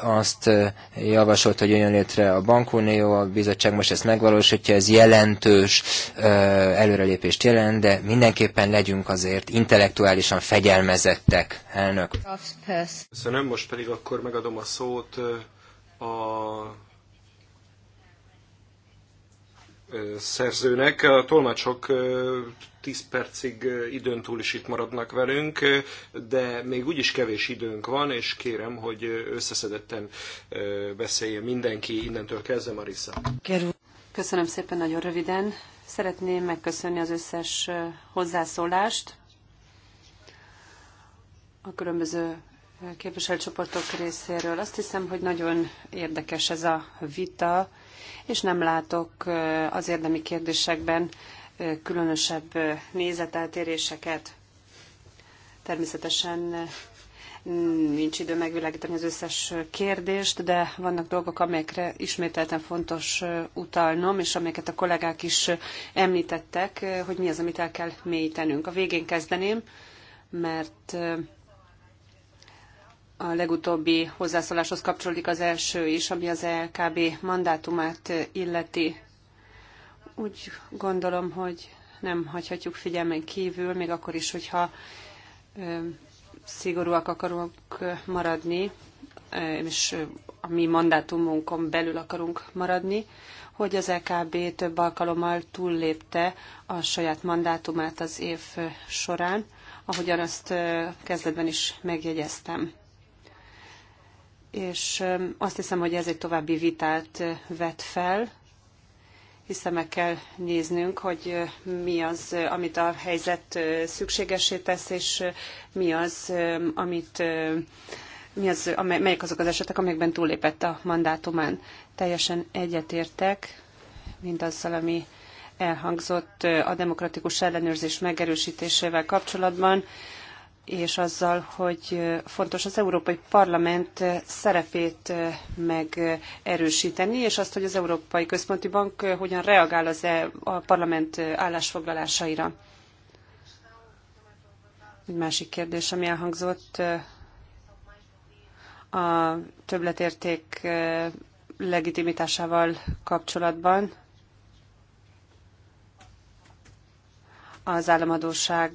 azt javasolt, hogy jön létre a bankunió, a bizottság most ezt megvalósítja, ez jelentős előrelépést jelent, de mindenképpen legyünk azért intellektuálisan fegyelmezettek, elnök. Köszönöm, most pedig akkor megadom a szót a szerzőnek. A tolmácsok 10 percig időn túl is itt maradnak velünk, de még úgyis kevés időnk van, és kérem, hogy összeszedetten beszéljen mindenki, innentől kezdve Marissa. Köszönöm szépen nagyon röviden. Szeretném megköszönni az összes hozzászólást a különböző képviselőcsoportok részéről. Azt hiszem, hogy nagyon érdekes ez a vita, és nem látok az érdemi kérdésekben különösebb nézeteltéréseket. Természetesen nincs idő megvilágítani az összes kérdést, de vannak dolgok, amelyekre ismételten fontos utalnom, és amelyeket a kollégák is említettek, hogy mi az, amit el kell mélyítenünk. A végén kezdeném, mert a legutóbbi hozzászóláshoz kapcsolódik az első is, ami az LKB mandátumát illeti. Úgy gondolom, hogy nem hagyhatjuk figyelmen kívül, még akkor is, hogyha szigorúak akarunk maradni, és a mi mandátumunkon belül akarunk maradni, hogy az EKB több alkalommal túllépte a saját mandátumát az év során, ahogyan azt kezdetben is megjegyeztem. És azt hiszem, hogy ez egy további vitát vet fel, hiszen meg kell néznünk, hogy mi az, amit a helyzet szükségessé tesz, és mi az, amit mi az, melyek azok az esetek, amelyekben túllépett a mandátumán. Teljesen egyetértek mindazzal, ami elhangzott a demokratikus ellenőrzés megerősítésével kapcsolatban és azzal, hogy fontos az Európai Parlament szerepét megerősíteni, és azt, hogy az Európai Központi Bank hogyan reagál az -e a parlament állásfoglalásaira. Egy másik kérdés, ami elhangzott, a többletérték legitimitásával kapcsolatban. az államadóság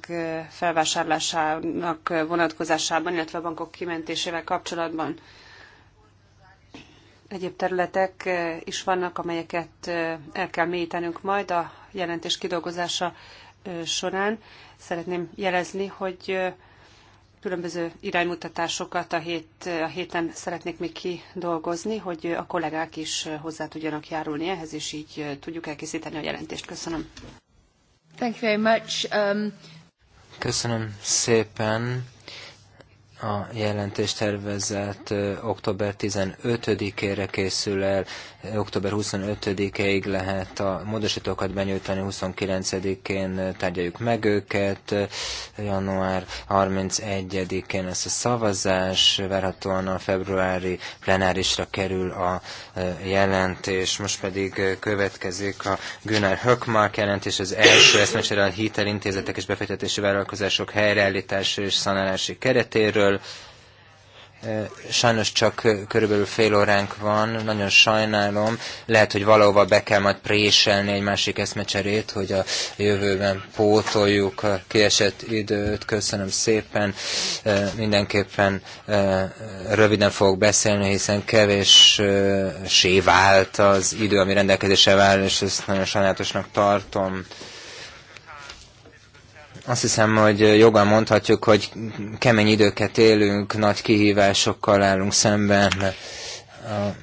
felvásárlásának vonatkozásában, illetve a bankok kimentésével kapcsolatban. Egyéb területek eh, is vannak, amelyeket eh, el kell mélyítenünk majd a jelentés kidolgozása eh, során. Szeretném jelezni, hogy különböző iránymutatásokat a, hét, a héten szeretnék még kidolgozni, hogy a kollégák is hozzá tudjanak járulni ehhez, és így tudjuk elkészíteni a jelentést. Köszönöm. Thank you very much. Um... Köszönöm szépen a jelentéstervezet október 15-ére készül el, október 25-ig lehet a módosítókat benyújtani, 29-én tárgyaljuk meg őket, január 31-én lesz a szavazás, várhatóan a februári plenárisra kerül a e, jelentés. Most pedig e, következik a Günár Höckmark jelentés, az első eszmecsere a hitelintézetek és befektetési vállalkozások helyreállítása és szanálási keretéről. Sajnos csak körülbelül fél óránk van, nagyon sajnálom. Lehet, hogy valahova be kell majd préselni egy másik eszmecserét, hogy a jövőben pótoljuk a kiesett időt. Köszönöm szépen. Mindenképpen röviden fogok beszélni, hiszen kevés sévált az idő, ami rendelkezésre áll, és ezt nagyon sajnálatosnak tartom. Azt hiszem, hogy joggal mondhatjuk, hogy kemény időket élünk, nagy kihívásokkal állunk szemben. A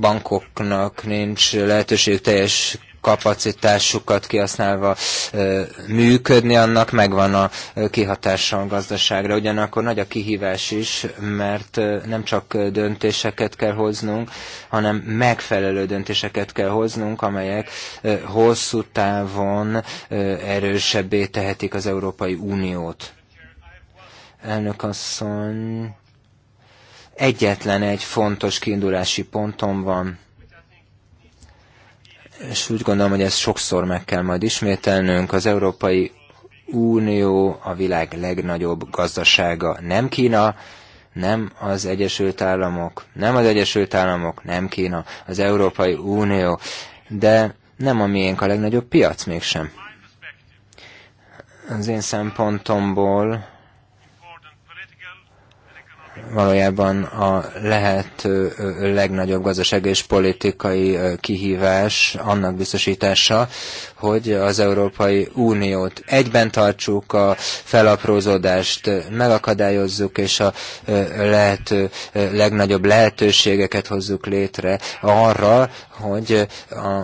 bankoknak nincs lehetőség teljes kapacitásukat kihasználva működni, annak megvan a kihatása a gazdaságra. Ugyanakkor nagy a kihívás is, mert nem csak döntéseket kell hoznunk, hanem megfelelő döntéseket kell hoznunk, amelyek hosszú távon erősebbé tehetik az Európai Uniót. Elnök asszony, egyetlen egy fontos kiindulási pontom van és úgy gondolom, hogy ezt sokszor meg kell majd ismételnünk. Az Európai Unió a világ legnagyobb gazdasága. Nem Kína, nem az Egyesült Államok, nem az Egyesült Államok, nem Kína, az Európai Unió, de nem a miénk a legnagyobb piac mégsem. Az én szempontomból valójában a lehető legnagyobb gazdasági és politikai kihívás annak biztosítása, hogy az Európai Uniót egyben tartsuk, a felaprózódást megakadályozzuk, és a lehető legnagyobb lehetőségeket hozzuk létre arra, hogy a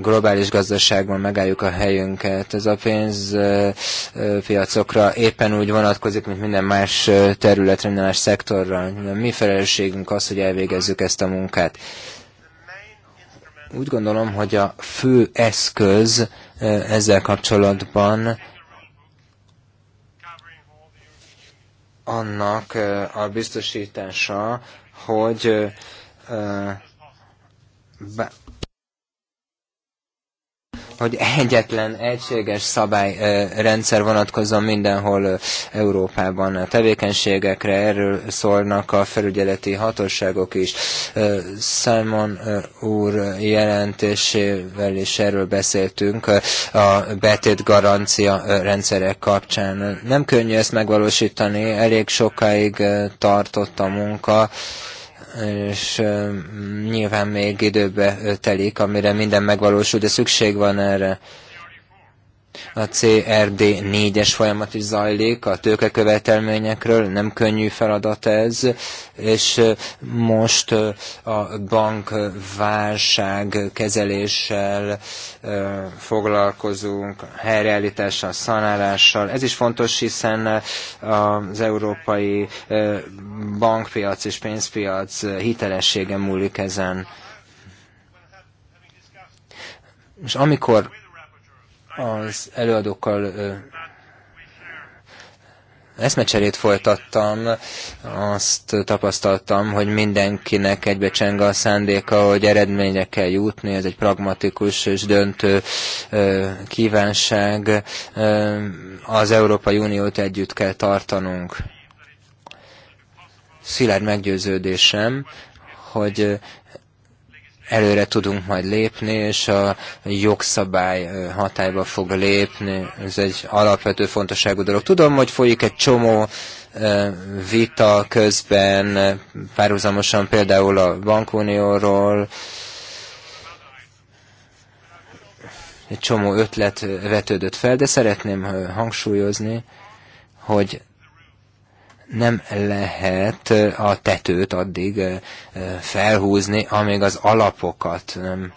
globális gazdaságban megálljuk a helyünket. Ez a pénzpiacokra éppen úgy vonatkozik, mint minden más területre, minden más szektorral. Mi felelősségünk az, hogy elvégezzük ezt a munkát. Úgy gondolom, hogy a fő eszköz e, ezzel kapcsolatban annak e, a biztosítása, hogy e, hogy egyetlen egységes szabályrendszer vonatkozom mindenhol Európában a tevékenységekre, erről szólnak a felügyeleti hatóságok is. Simon úr jelentésével is erről beszéltünk a betét garancia rendszerek kapcsán. Nem könnyű ezt megvalósítani, elég sokáig tartott a munka, és nyilván még időbe telik, amire minden megvalósul, de szükség van erre. A CRD 4-es folyamat is zajlik, a tőkekövetelményekről nem könnyű feladat ez, és most a bankválság kezeléssel foglalkozunk, helyreállítással, szanálással. Ez is fontos, hiszen az európai bankpiac és pénzpiac hitelessége múlik ezen. És amikor az előadókkal eszmecserét folytattam, azt tapasztaltam, hogy mindenkinek egybecseng a szándéka, hogy eredményre kell jutni, ez egy pragmatikus és döntő kívánság. Az Európai Uniót együtt kell tartanunk. Szilárd meggyőződésem, hogy előre tudunk majd lépni, és a jogszabály hatályba fog lépni. Ez egy alapvető fontosságú dolog. Tudom, hogy folyik egy csomó vita közben, párhuzamosan például a bankunióról, egy csomó ötlet vetődött fel, de szeretném hangsúlyozni, hogy nem lehet a tetőt addig felhúzni, amíg az alapokat nem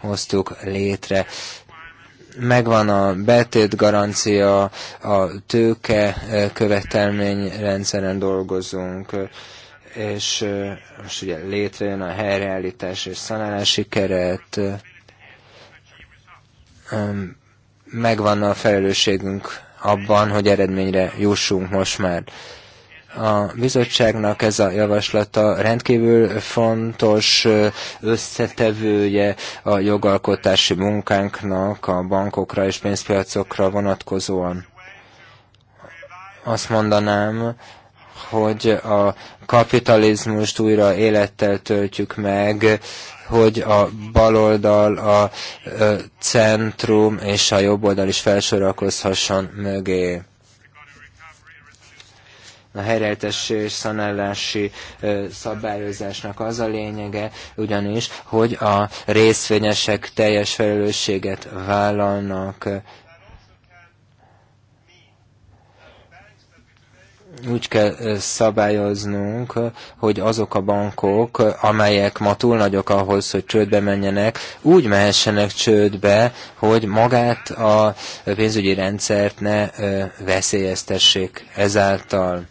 hoztuk létre. Megvan a betét garancia, a tőke követelményrendszeren dolgozunk, és most ugye létrejön a helyreállítás és szanálási keret, megvan a felelősségünk abban, hogy eredményre jussunk most már. A bizottságnak ez a javaslata rendkívül fontos összetevője a jogalkotási munkánknak a bankokra és pénzpiacokra vonatkozóan. Azt mondanám, hogy a kapitalizmust újra élettel töltjük meg, hogy a baloldal, a centrum és a oldal is felsorakozhasson mögé a helyreállítási és szanállási szabályozásnak az a lényege, ugyanis, hogy a részvényesek teljes felelősséget vállalnak úgy kell szabályoznunk, hogy azok a bankok, amelyek ma túl nagyok ahhoz, hogy csődbe menjenek, úgy mehessenek csődbe, hogy magát a pénzügyi rendszert ne veszélyeztessék ezáltal.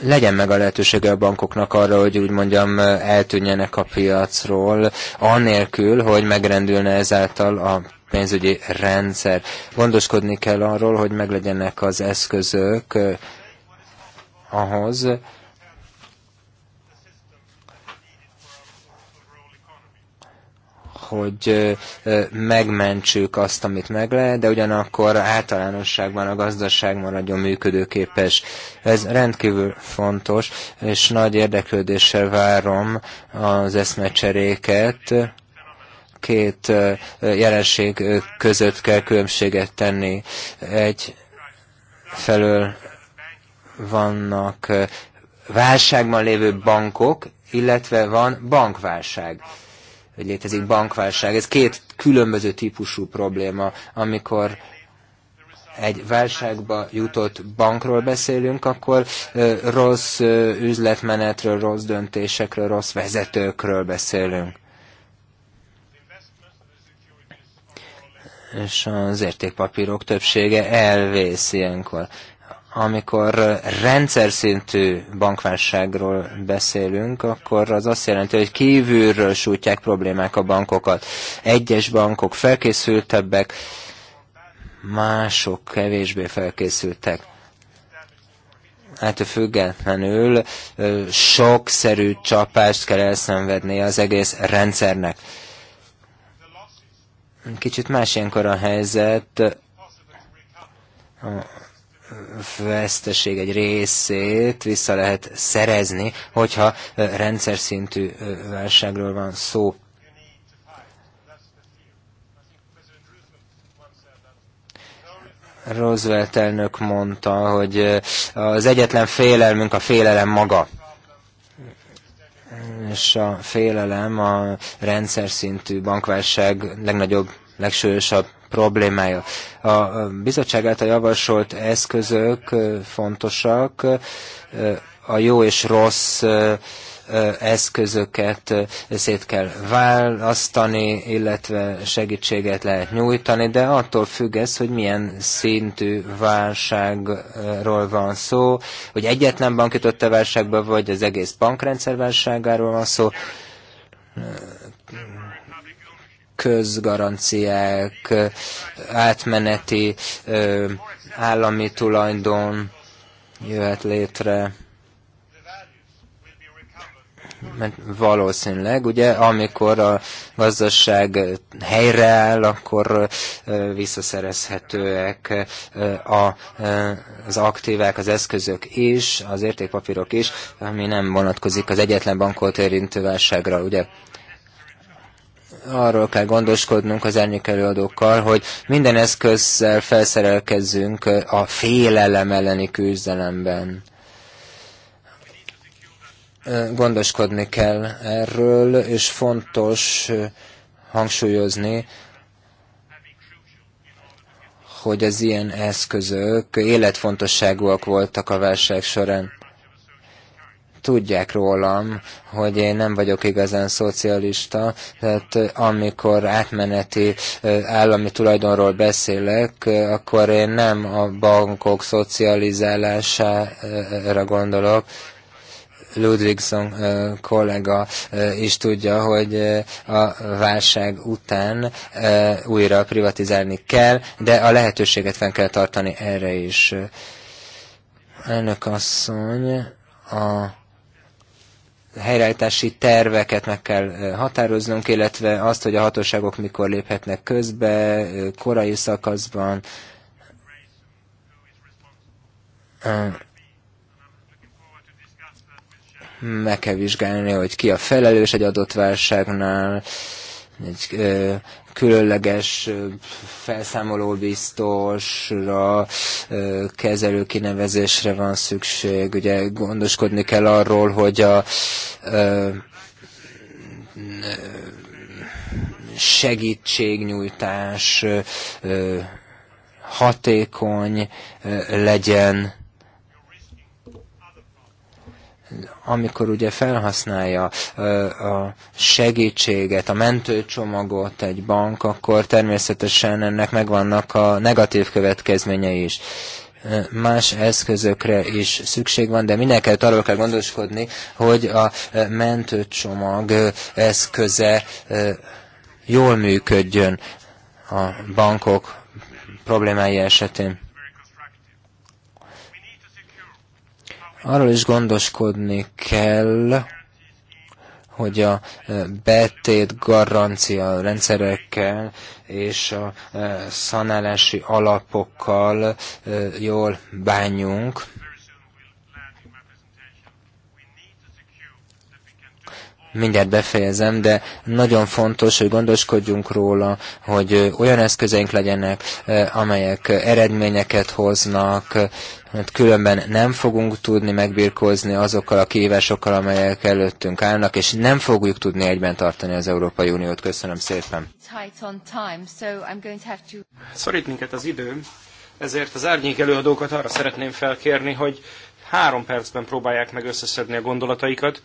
legyen meg a lehetősége a bankoknak arra, hogy úgy mondjam, eltűnjenek a piacról, anélkül, hogy megrendülne ezáltal a pénzügyi rendszer. Gondoskodni kell arról, hogy meglegyenek az eszközök ahhoz, hogy megmentsük azt, amit meg lehet, de ugyanakkor általánosságban a gazdaság maradjon működőképes. Ez rendkívül fontos, és nagy érdeklődéssel várom az eszmecseréket két jelenség között kell különbséget tenni. Egy felől vannak válságban lévő bankok, illetve van bankválság. Hogy létezik bankválság. Ez két különböző típusú probléma. Amikor egy válságba jutott bankról beszélünk, akkor rossz üzletmenetről, rossz döntésekről, rossz vezetőkről beszélünk. és az értékpapírok többsége elvész ilyenkor. Amikor rendszer szintű bankválságról beszélünk, akkor az azt jelenti, hogy kívülről sújtják problémák a bankokat. Egyes bankok felkészültebbek, mások kevésbé felkészültek ettől függetlenül sokszerű csapást kell elszenvedni az egész rendszernek. Kicsit más ilyenkor a helyzet. A veszteség egy részét vissza lehet szerezni, hogyha rendszer szintű válságról van szó. Roosevelt elnök mondta, hogy az egyetlen félelmünk a félelem maga és a félelem a rendszer szintű bankválság legnagyobb, legsúlyosabb problémája. A bizottság által javasolt eszközök fontosak, a jó és rossz eszközöket szét kell választani, illetve segítséget lehet nyújtani, de attól függ ez, hogy milyen szintű válságról van szó, hogy egyetlen bank jutott a válságba, vagy az egész bankrendszer válságáról van szó közgaranciák, átmeneti állami tulajdon jöhet létre mert valószínűleg, ugye, amikor a gazdaság helyreáll, akkor visszaszerezhetőek a, az aktívák, az eszközök is, az értékpapírok is, ami nem vonatkozik az egyetlen bankot érintő válságra, ugye? arról kell gondoskodnunk az előadókkal, hogy minden eszközzel felszerelkezzünk a félelem elleni küzdelemben. Gondoskodni kell erről, és fontos hangsúlyozni, hogy az ilyen eszközök életfontosságúak voltak a válság során. Tudják rólam, hogy én nem vagyok igazán szocialista, tehát amikor átmeneti állami tulajdonról beszélek, akkor én nem a bankok szocializálására gondolok, Ludwigson kollega is tudja, hogy a válság után újra privatizálni kell, de a lehetőséget fenn kell tartani erre is. Elnök asszony, a helyreállítási terveket meg kell határoznunk, illetve azt, hogy a hatóságok mikor léphetnek közbe, korai szakaszban meg kell vizsgálni, hogy ki a felelős egy adott válságnál, egy ö, különleges felszámoló biztosra, kezelő kinevezésre van szükség. Ugye gondoskodni kell arról, hogy a ö, segítségnyújtás hatékony legyen amikor ugye felhasználja a segítséget, a mentőcsomagot egy bank, akkor természetesen ennek megvannak a negatív következményei is más eszközökre is szükség van, de mindenkelőtt arról kell gondoskodni, hogy a mentőcsomag eszköze jól működjön a bankok problémái esetén. Arról is gondoskodni kell, hogy a e, betét garancia rendszerekkel és a e, szanálási alapokkal e, jól bánjunk, mindjárt befejezem, de nagyon fontos, hogy gondoskodjunk róla, hogy olyan eszközeink legyenek, amelyek eredményeket hoznak, mert különben nem fogunk tudni megbirkózni azokkal a kihívásokkal, amelyek előttünk állnak, és nem fogjuk tudni egyben tartani az Európai Uniót. Köszönöm szépen. Szorít minket az idő, ezért az árnyék előadókat arra szeretném felkérni, hogy három percben próbálják meg összeszedni a gondolataikat,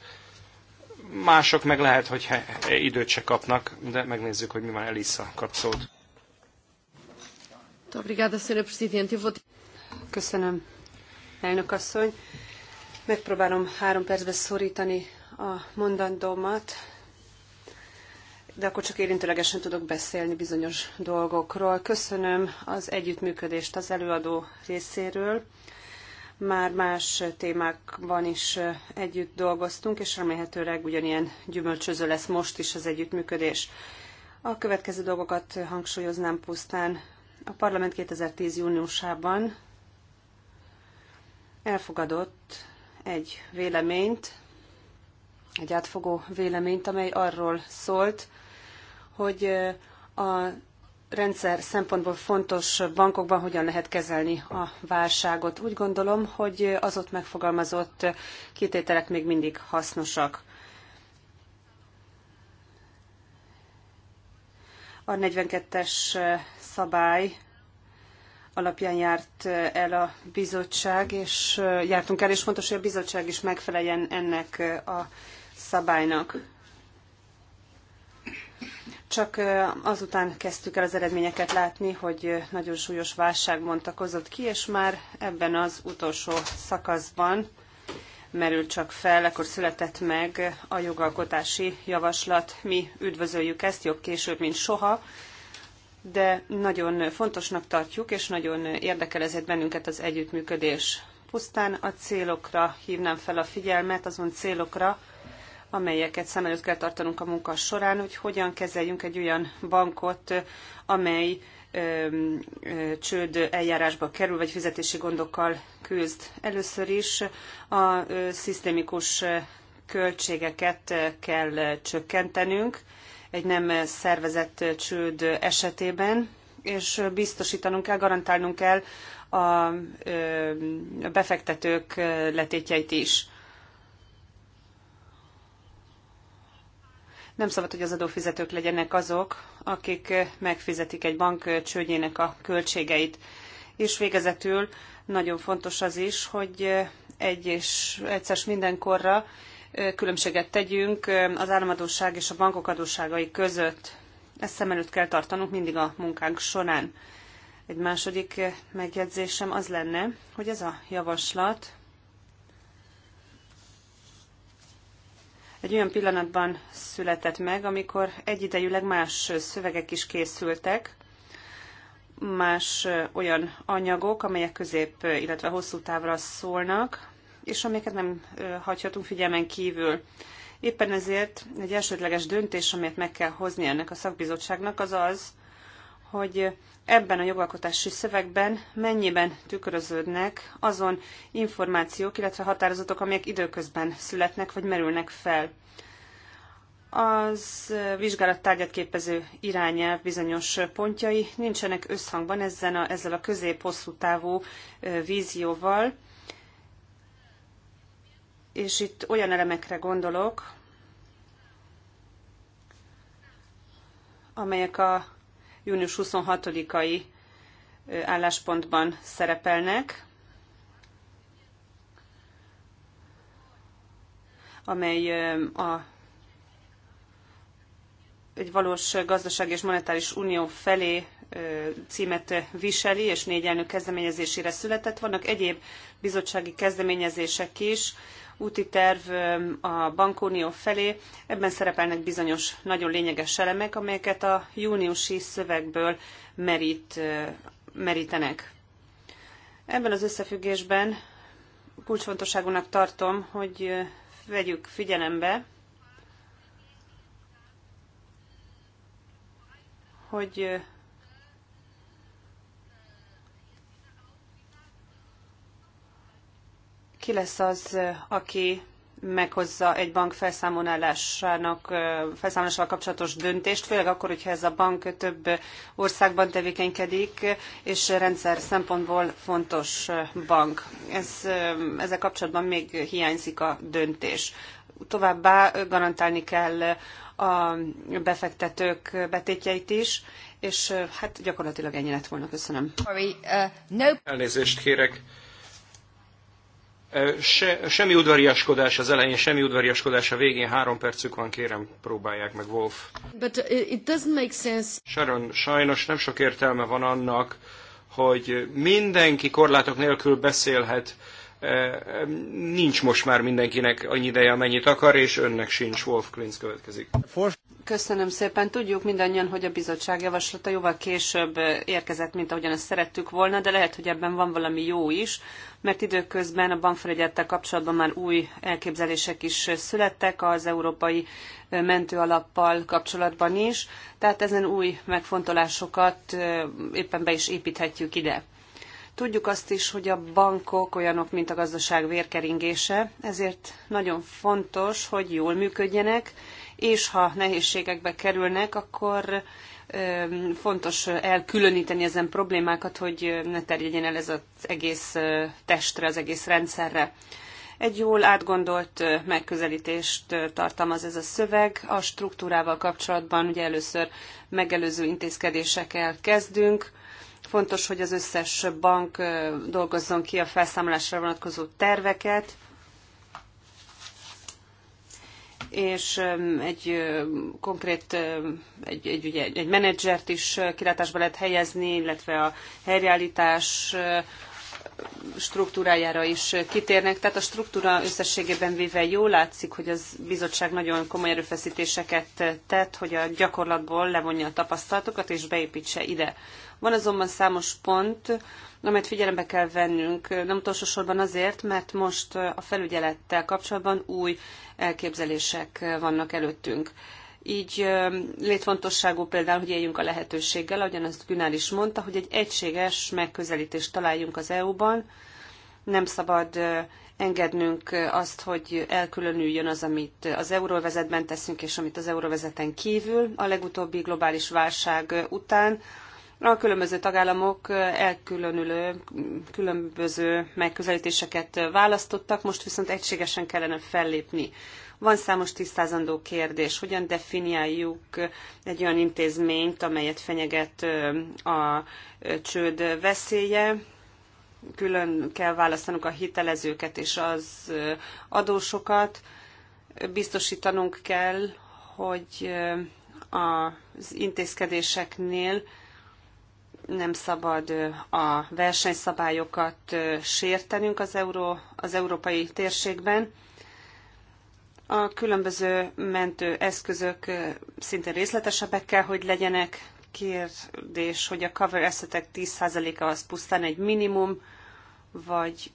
Mások meg lehet, hogy időt se kapnak, de megnézzük, hogy mi van Elisa kap Köszönöm, elnök asszony. Megpróbálom három percbe szorítani a mondandómat, de akkor csak érintőlegesen tudok beszélni bizonyos dolgokról. Köszönöm az együttműködést az előadó részéről már más témákban is együtt dolgoztunk, és remélhetőleg ugyanilyen gyümölcsöző lesz most is az együttműködés. A következő dolgokat hangsúlyoznám pusztán. A parlament 2010. júniusában elfogadott egy véleményt, egy átfogó véleményt, amely arról szólt, hogy a rendszer szempontból fontos bankokban hogyan lehet kezelni a válságot. Úgy gondolom, hogy az ott megfogalmazott kitételek még mindig hasznosak. A 42-es szabály alapján járt el a bizottság, és jártunk el, és fontos, hogy a bizottság is megfeleljen ennek a szabálynak. Csak azután kezdtük el az eredményeket látni, hogy nagyon súlyos válság bontakozott ki, és már ebben az utolsó szakaszban merül csak fel, akkor született meg a jogalkotási javaslat. Mi üdvözöljük ezt jobb később, mint soha, de nagyon fontosnak tartjuk, és nagyon érdekel ezért bennünket az együttműködés. Pusztán a célokra hívnám fel a figyelmet, azon célokra, amelyeket szem előtt kell tartanunk a munka során, hogy hogyan kezeljünk egy olyan bankot, amely ö, ö, csőd eljárásba kerül, vagy fizetési gondokkal küzd. Először is a ö, szisztémikus költségeket kell csökkentenünk egy nem szervezett csőd esetében, és biztosítanunk kell, garantálnunk kell a befektetők letétjeit is. Nem szabad, hogy az adófizetők legyenek azok, akik megfizetik egy bank csődjének a költségeit. És végezetül nagyon fontos az is, hogy egy és egyszer mindenkorra különbséget tegyünk az államadóság és a bankok adósságai között. Ezt szem előtt kell tartanunk mindig a munkánk során. Egy második megjegyzésem az lenne, hogy ez a javaslat egy olyan pillanatban született meg, amikor egyidejűleg más szövegek is készültek, más olyan anyagok, amelyek közép, illetve hosszú távra szólnak, és amiket nem hagyhatunk figyelmen kívül. Éppen ezért egy elsődleges döntés, amit meg kell hozni ennek a szakbizottságnak, az az, hogy ebben a jogalkotási szövegben mennyiben tükröződnek azon információk, illetve határozatok, amelyek időközben születnek vagy merülnek fel. Az vizsgálat tárgyat képező irányelv bizonyos pontjai nincsenek összhangban ezzel a, ezzel a közép-hosszú távú vízióval, és itt olyan elemekre gondolok, amelyek a június 26-ai álláspontban szerepelnek, amely a egy valós gazdaság és monetáris unió felé címet viseli, és négy elnök kezdeményezésére született. Vannak egyéb bizottsági kezdeményezések is, úti terv a bankunió felé. Ebben szerepelnek bizonyos nagyon lényeges elemek, amelyeket a júniusi szövegből merít, merítenek. Ebben az összefüggésben kulcsfontosságúnak tartom, hogy vegyük figyelembe, hogy ki lesz az, aki meghozza egy bank felszámolásának, kapcsolatos döntést, főleg akkor, hogyha ez a bank több országban tevékenykedik, és rendszer szempontból fontos bank. Ez, ezzel kapcsolatban még hiányzik a döntés. Továbbá garantálni kell a befektetők betétjeit is, és hát gyakorlatilag ennyi lett volna. Köszönöm. Uh, Elnézést kérek Se, semmi udvariaskodás az elején, semmi udvariaskodás a végén, három percük van, kérem, próbálják meg, Wolf. But uh, it doesn't make sense. Sharon, sajnos nem sok értelme van annak, hogy mindenki korlátok nélkül beszélhet, nincs most már mindenkinek annyi ideje, amennyit akar, és önnek sincs. Wolf Klinz következik. Köszönöm szépen. Tudjuk mindannyian, hogy a bizottság javaslata jóval később érkezett, mint ahogyan ezt szerettük volna, de lehet, hogy ebben van valami jó is, mert időközben a bankfelügyelettel kapcsolatban már új elképzelések is születtek az európai mentőalappal kapcsolatban is, tehát ezen új megfontolásokat éppen be is építhetjük ide. Tudjuk azt is, hogy a bankok olyanok, mint a gazdaság vérkeringése, ezért nagyon fontos, hogy jól működjenek, és ha nehézségekbe kerülnek, akkor fontos elkülöníteni ezen problémákat, hogy ne terjedjen el ez az egész testre, az egész rendszerre. Egy jól átgondolt megközelítést tartalmaz ez a szöveg. A struktúrával kapcsolatban ugye először megelőző intézkedésekkel kezdünk. Fontos, hogy az összes bank dolgozzon ki a felszámolásra vonatkozó terveket, és egy konkrét, egy, egy, egy egy menedzsert is kilátásba lehet helyezni, illetve a helyreállítás, struktúrájára is kitérnek. Tehát a struktúra összességében véve jól látszik, hogy az bizottság nagyon komoly erőfeszítéseket tett, hogy a gyakorlatból levonja a tapasztalatokat és beépítse ide. Van azonban számos pont, amelyet figyelembe kell vennünk, nem utolsó sorban azért, mert most a felügyelettel kapcsolatban új elképzelések vannak előttünk. Így létfontosságú például, hogy éljünk a lehetőséggel, ahogyan azt Günár is mondta, hogy egy egységes megközelítést találjunk az EU-ban. Nem szabad engednünk azt, hogy elkülönüljön az, amit az euróvezetben teszünk, és amit az euróvezeten kívül. A legutóbbi globális válság után a különböző tagállamok elkülönülő, különböző megközelítéseket választottak, most viszont egységesen kellene fellépni. Van számos tisztázandó kérdés, hogyan definiáljuk egy olyan intézményt, amelyet fenyeget a csőd veszélye, külön kell választanunk a hitelezőket és az adósokat. Biztosítanunk kell, hogy az intézkedéseknél nem szabad a versenyszabályokat sértenünk az, euró, az európai térségben. A különböző mentő eszközök szinte részletesebbek kell, hogy legyenek. Kérdés, hogy a cover eszetek 10%-a az pusztán egy minimum, vagy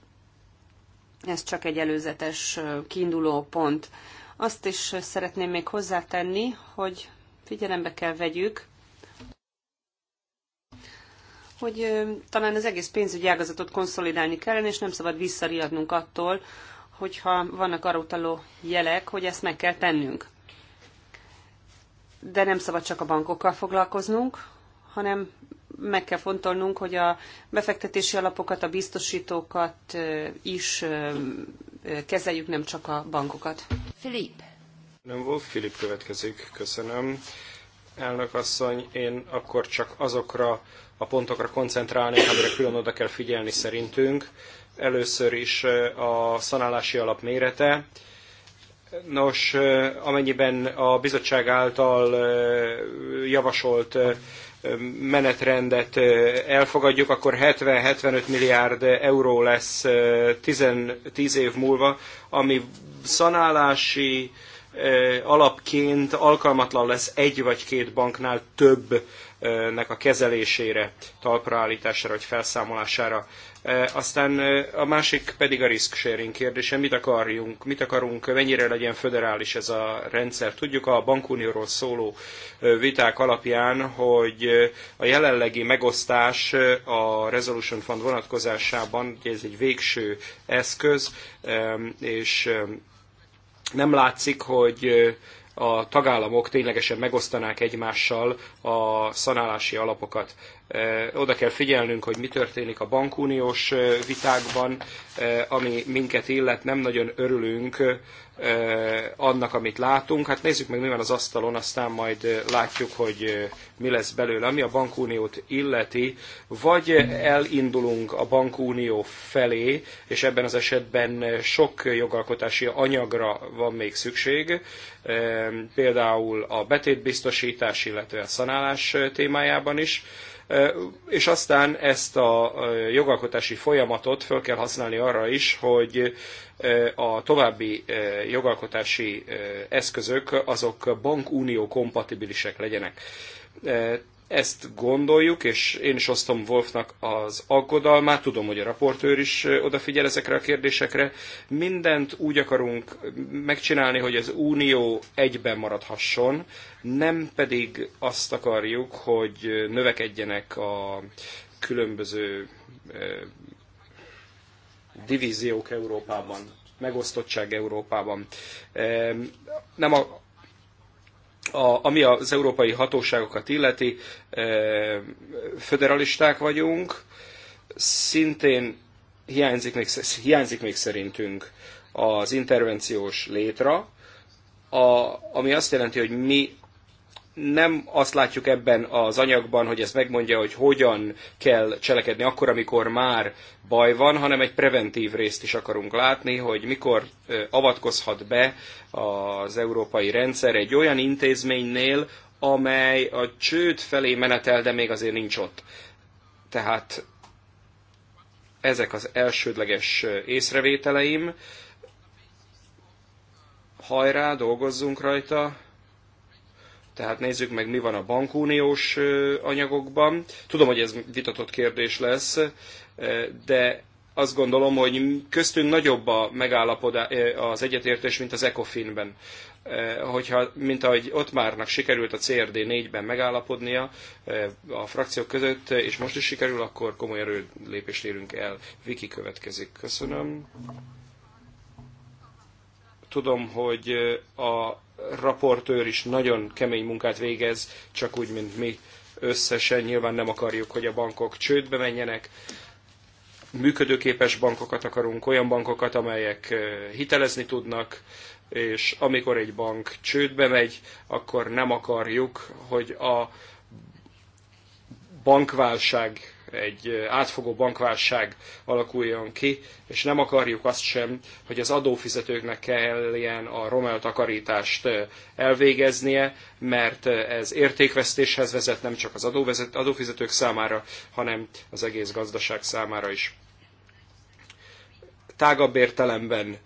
ez csak egy előzetes kiinduló pont. Azt is szeretném még hozzátenni, hogy figyelembe kell vegyük, hogy talán az egész pénzügyi ágazatot konszolidálni kellene, és nem szabad visszariadnunk attól, hogyha vannak arra utaló jelek, hogy ezt meg kell tennünk. De nem szabad csak a bankokkal foglalkoznunk, hanem meg kell fontolnunk, hogy a befektetési alapokat, a biztosítókat is kezeljük, nem csak a bankokat. Filip. Nem volt, Filip következik, köszönöm. Elnök asszony, én akkor csak azokra a pontokra koncentrálnék, amire külön oda kell figyelni szerintünk Először is a szanálási alap mérete. Nos, amennyiben a bizottság által javasolt menetrendet elfogadjuk, akkor 70-75 milliárd euró lesz 10, év múlva, ami szanálási alapként alkalmatlan lesz egy vagy két banknál többnek a kezelésére, talpraállítására vagy felszámolására. Aztán a másik pedig a risk sharing kérdése, mit akarjunk, mit akarunk, mennyire legyen föderális ez a rendszer. Tudjuk a bankunióról szóló viták alapján, hogy a jelenlegi megosztás a Resolution Fund vonatkozásában, ugye ez egy végső eszköz, és nem látszik, hogy a tagállamok ténylegesen megosztanák egymással a szanálási alapokat. E, oda kell figyelnünk, hogy mi történik a bankuniós e, vitákban, e, ami minket illet, nem nagyon örülünk Eh, annak, amit látunk. Hát nézzük meg, mi van az asztalon, aztán majd eh, látjuk, hogy eh, mi lesz belőle. Ami a bankuniót illeti, vagy elindulunk a bankunió felé, és ebben az esetben sok jogalkotási anyagra van még szükség, például a betétbiztosítás, illetve a szanálás témájában is, és aztán ezt a jogalkotási folyamatot föl kell használni arra is, hogy a további jogalkotási eszközök azok bankunió kompatibilisek legyenek. Ezt gondoljuk, és én is osztom Wolfnak az aggodalmát, tudom, hogy a raportőr is odafigyel ezekre a kérdésekre. Mindent úgy akarunk megcsinálni, hogy az unió egyben maradhasson, nem pedig azt akarjuk, hogy növekedjenek a különböző divíziók Európában, megosztottság Európában. Nem a, a, ami az európai hatóságokat illeti, e, föderalisták vagyunk, szintén hiányzik még, hiányzik még szerintünk az intervenciós létra, a, ami azt jelenti, hogy mi nem azt látjuk ebben az anyagban, hogy ez megmondja, hogy hogyan kell cselekedni akkor, amikor már baj van, hanem egy preventív részt is akarunk látni, hogy mikor avatkozhat be az európai rendszer egy olyan intézménynél, amely a csőd felé menetel, de még azért nincs ott. Tehát ezek az elsődleges észrevételeim. Hajrá, dolgozzunk rajta! Tehát nézzük meg, mi van a bankuniós anyagokban. Tudom, hogy ez vitatott kérdés lesz, de azt gondolom, hogy köztünk nagyobb a megállapodás, az egyetértés, mint az ECOFIN-ben. Hogyha, mint ahogy ott márnak sikerült a CRD 4-ben megállapodnia a frakciók között, és most is sikerül, akkor komoly erőlépést érünk el. Viki következik. Köszönöm. Tudom, hogy a raportőr is nagyon kemény munkát végez, csak úgy, mint mi összesen. Nyilván nem akarjuk, hogy a bankok csődbe menjenek. Működőképes bankokat akarunk, olyan bankokat, amelyek hitelezni tudnak, és amikor egy bank csődbe megy, akkor nem akarjuk, hogy a bankválság egy átfogó bankválság alakuljon ki, és nem akarjuk azt sem, hogy az adófizetőknek kelljen a Romel takarítást elvégeznie, mert ez értékvesztéshez vezet nem csak az adófizetők számára, hanem az egész gazdaság számára is. Tágabb értelemben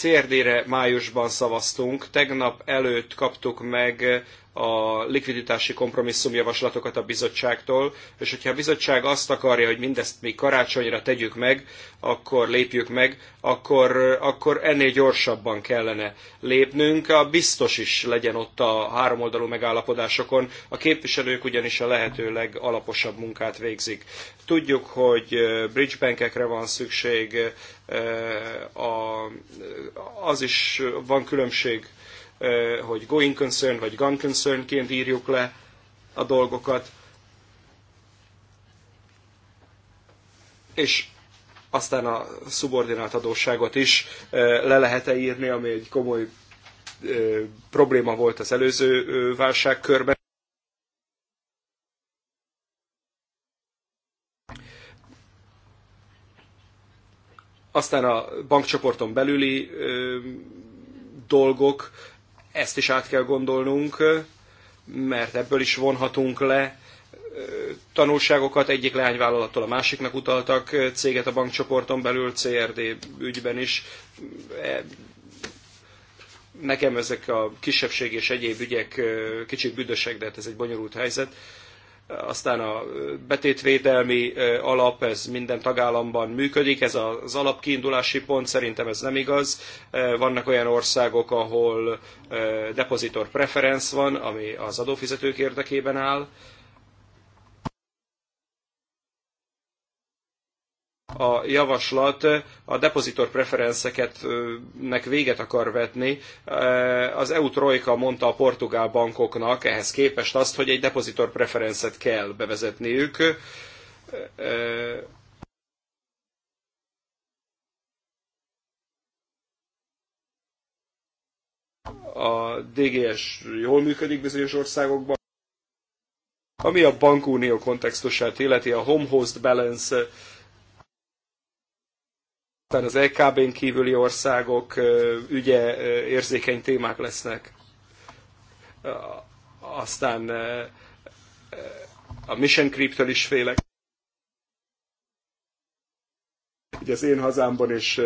CRD-re májusban szavaztunk, tegnap előtt kaptuk meg a likviditási kompromisszumjavaslatokat a bizottságtól, és hogyha a bizottság azt akarja, hogy mindezt még karácsonyra tegyük meg, akkor lépjük meg, akkor, akkor ennél gyorsabban kellene lépnünk. A biztos is legyen ott a háromoldalú megállapodásokon, a képviselők ugyanis a lehető legalaposabb munkát végzik. Tudjuk, hogy bridgebankekre van szükség, az is van különbség hogy going concern vagy gun concernként írjuk le a dolgokat. És aztán a szubordinált adósságot is le lehet-e írni, ami egy komoly probléma volt az előző válságkörben. Aztán a bankcsoporton belüli dolgok, ezt is át kell gondolnunk, mert ebből is vonhatunk le tanulságokat. Egyik leányvállalattól a másiknak utaltak céget a bankcsoporton belül, CRD ügyben is. E, nekem ezek a kisebbség és egyéb ügyek kicsit büdösek, de hát ez egy bonyolult helyzet aztán a betétvédelmi alap, ez minden tagállamban működik, ez az alapkiindulási pont, szerintem ez nem igaz. Vannak olyan országok, ahol depositor preference van, ami az adófizetők érdekében áll, a javaslat a depozitor preferenszeket nek véget akar vetni. Eh, az EU Trojka mondta a portugál bankoknak ehhez képest azt, hogy egy depozitor preferenszet kell bevezetniük. Eh, a DGS jól működik bizonyos országokban. Ami a bankunió kontextusát illeti, a home host balance aztán az EKB-n kívüli országok ügye érzékeny témák lesznek. Aztán a Mission Cryptől is félek. Ugye az én hazámban is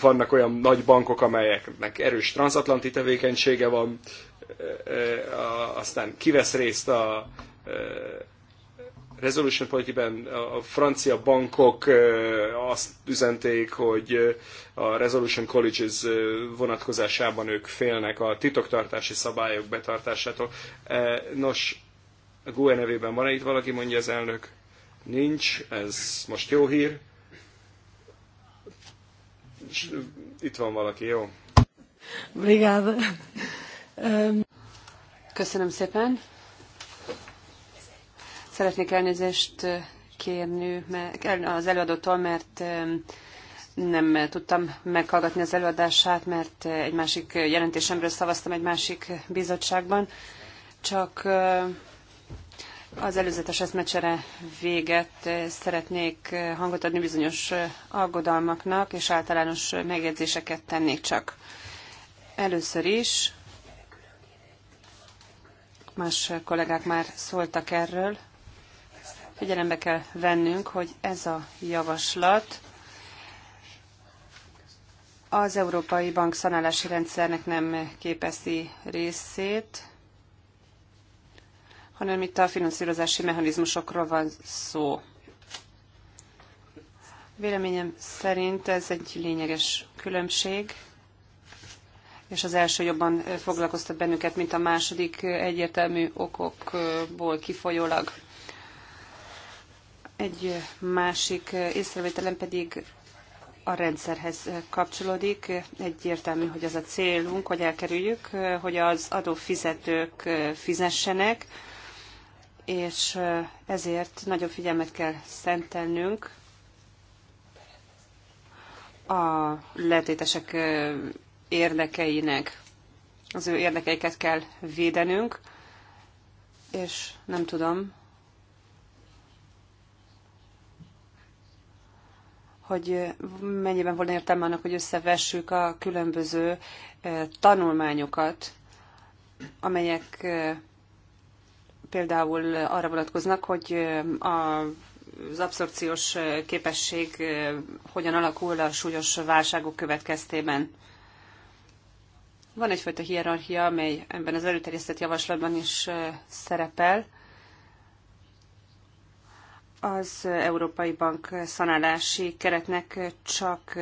vannak olyan nagy bankok, amelyeknek erős transatlanti tevékenysége van, aztán kivesz részt a resolution politikben a francia bankok azt üzenték, hogy a resolution colleges vonatkozásában ők félnek a titoktartási szabályok betartásától. Nos, a GUE nevében van -e itt valaki, mondja az elnök? Nincs, ez most jó hír. Itt van valaki, jó? Köszönöm szépen. Szeretnék elnézést kérni az előadótól, mert nem tudtam meghallgatni az előadását, mert egy másik jelentésemről szavaztam egy másik bizottságban. Csak az előzetes eszmecsere véget eh, szeretnék eh, hangot adni bizonyos eh, aggodalmaknak, és általános megjegyzéseket tennék csak. Először is, más kollégák már szóltak erről, Figyelembe kell vennünk, hogy ez a javaslat az Európai Bank szanálási rendszernek nem képezi részét, hanem itt a finanszírozási mechanizmusokról van szó. Véleményem szerint ez egy lényeges különbség, és az első jobban foglalkoztat bennünket, mint a második egyértelmű okokból kifolyólag. Egy másik észrevételem pedig a rendszerhez kapcsolódik. Egyértelmű, hogy az a célunk, hogy elkerüljük, hogy az adófizetők fizessenek, és ezért nagyobb figyelmet kell szentelnünk a letétesek érdekeinek. Az ő érdekeiket kell védenünk, és nem tudom, hogy mennyiben volna értelme annak, hogy összevessük a különböző tanulmányokat, amelyek például arra vonatkoznak, hogy a az abszorpciós képesség hogyan alakul a súlyos válságok következtében. Van egyfajta hierarchia, amely ebben az előterjesztett javaslatban is szerepel az Európai Bank szanálási keretnek csak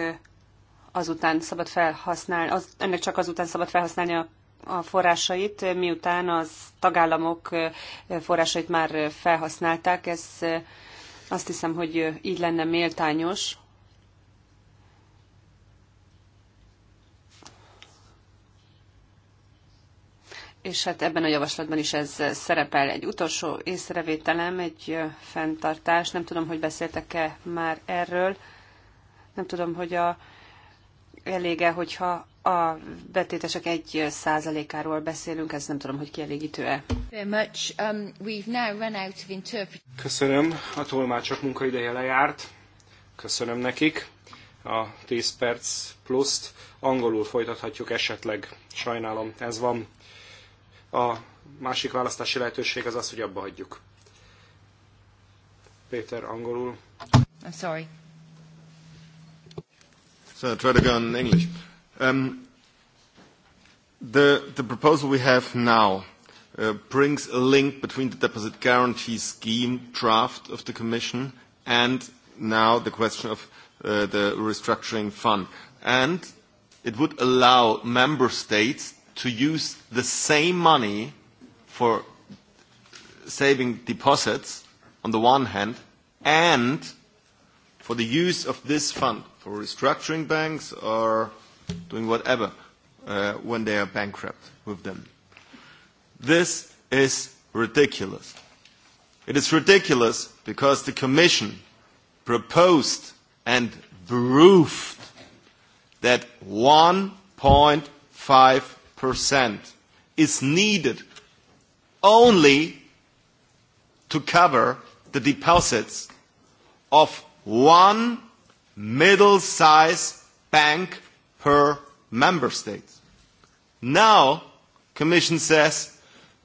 azután szabad felhasználni, az, ennek csak azután szabad felhasználni a a forrásait, miután az tagállamok forrásait már felhasználták. Ez azt hiszem, hogy így lenne méltányos. és hát ebben a javaslatban is ez szerepel. Egy utolsó észrevételem, egy fenntartás, nem tudom, hogy beszéltek-e már erről, nem tudom, hogy a, elége, hogyha a betétesek egy százalékáról beszélünk, ez nem tudom, hogy kielégítő-e. Um, Köszönöm, a tolmácsok munkaideje lejárt. Köszönöm nekik a 10 perc pluszt. Angolul folytathatjuk esetleg, sajnálom, ez van. A másik választási lehetőség az az, hogy abba hagyjuk. Péter, angolul. I'm sorry. So I'll try to go in English. Um, the, the proposal we have now uh, brings a link between the deposit guarantee scheme draft of the Commission and now the question of uh, the restructuring fund. And it would allow member states to use the same money for saving deposits on the one hand and for the use of this fund for restructuring banks or doing whatever uh, when they are bankrupt with them. This is ridiculous. It is ridiculous because the Commission proposed and proved that 1.5 percent is needed only to cover the deposits of one middle-sized bank per member state. Now, Commission says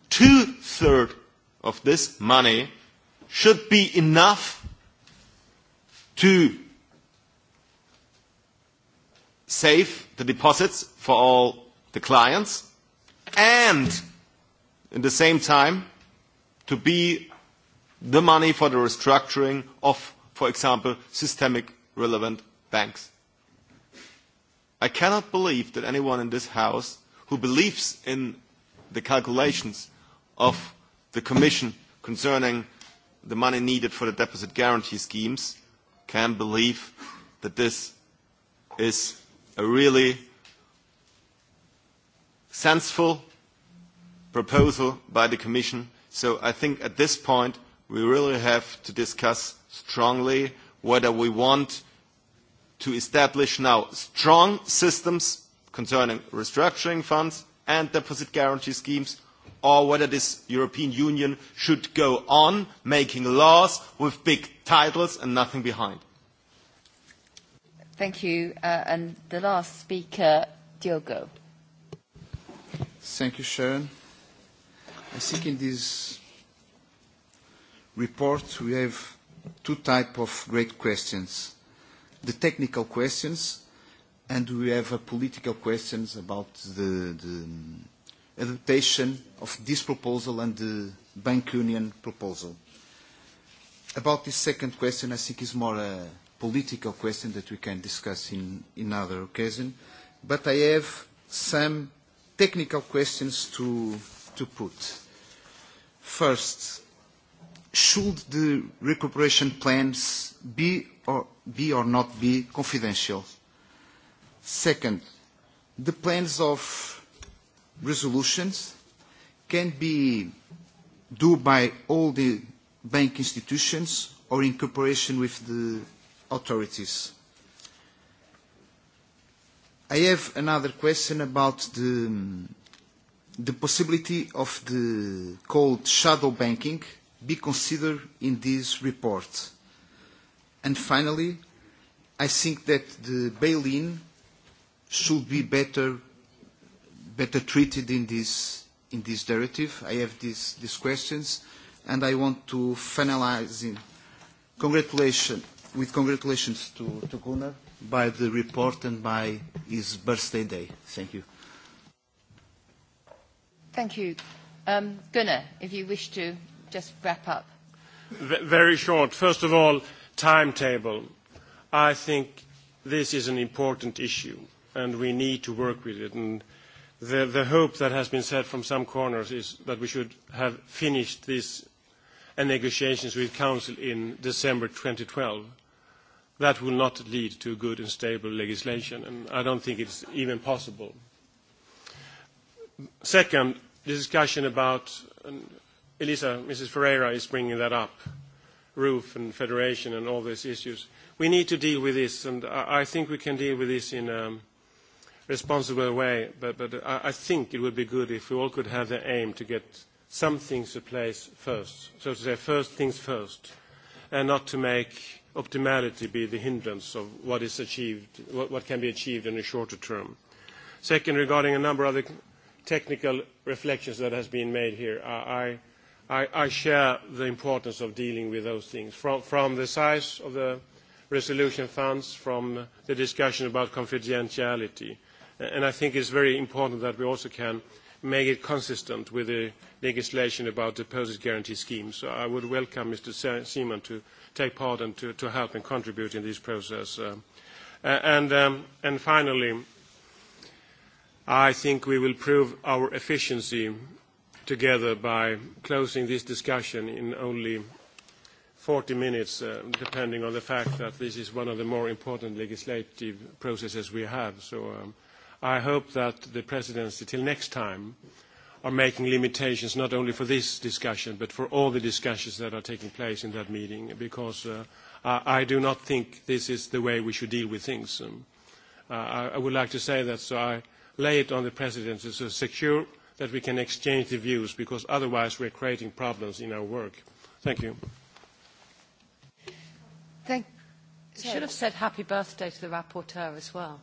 two-thirds of this money should be enough to save the deposits for all the clients and at the same time to be the money for the restructuring of, for example, systemic relevant banks. I cannot believe that anyone in this House who believes in the calculations of the Commission concerning the money needed for the deposit guarantee schemes can believe that this is a really sensible proposal by the Commission. So I think at this point we really have to discuss strongly whether we want to establish now strong systems concerning restructuring funds and deposit guarantee schemes or whether this European Union should go on making laws with big titles and nothing behind. Thank you. Uh, and the last speaker, Diogo. Thank you, Sharon. I think in this report we have two types of great questions. The technical questions and we have a political questions about the, the um, adaptation of this proposal and the bank union proposal. About the second question, I think is more a political question that we can discuss in, in other occasion, but I have some technical questions to, to put. First, should the recuperation plans be or, be or not be confidential? Second, the plans of resolutions can be do by all the bank institutions or in cooperation with the authorities. I have another question about the, the possibility of the called shadow banking be considered in this report. And finally, I think that the bail-in should be better, better treated in this, in this directive. I have these, these questions, and I want to finalize in with congratulations to, to Gunnar by the report and by his birthday day. Thank you. Thank you. Um, Gunnar, if you wish to just wrap up. V very short. First of all, timetable. I think this is an important issue, and we need to work with it. And the, the hope that has been said from some corners is that we should have finished these uh, negotiations with Council in December 2012 that will not lead to good and stable legislation, and I don't think it's even possible. Second, the discussion about, and Elisa, Mrs. Ferreira is bringing that up, roof and federation and all these issues. We need to deal with this, and I think we can deal with this in a responsible way, but, but I think it would be good if we all could have the aim to get some things to place first, so to say, first things first, and not to make optimality be the hindrance of what is achieved, what, what can be achieved in a shorter term. Second, regarding a number of other technical reflections that has been made here, I, I, I share the importance of dealing with those things, from, from the size of the resolution funds, from the discussion about confidentiality. And I think it's very important that we also can – make it consistent with the legislation about deposit guarantee scheme. So I would welcome Mr. Seaman to take part and to, to help and contribute in this process. Uh, and, um, and finally, I think we will prove our efficiency together by closing this discussion in only 40 minutes, uh, depending on the fact that this is one of the more important legislative processes we have. So. Um, I hope that the presidency, till next time, are making limitations not only for this discussion, but for all the discussions that are taking place in that meeting, because uh, I, I do not think this is the way we should deal with things. Um, uh, I, I would like to say that, so I lay it on the presidency to so secure that we can exchange the views, because otherwise we're creating problems in our work. Thank you. Thank should have said happy birthday to the rapporteur as well.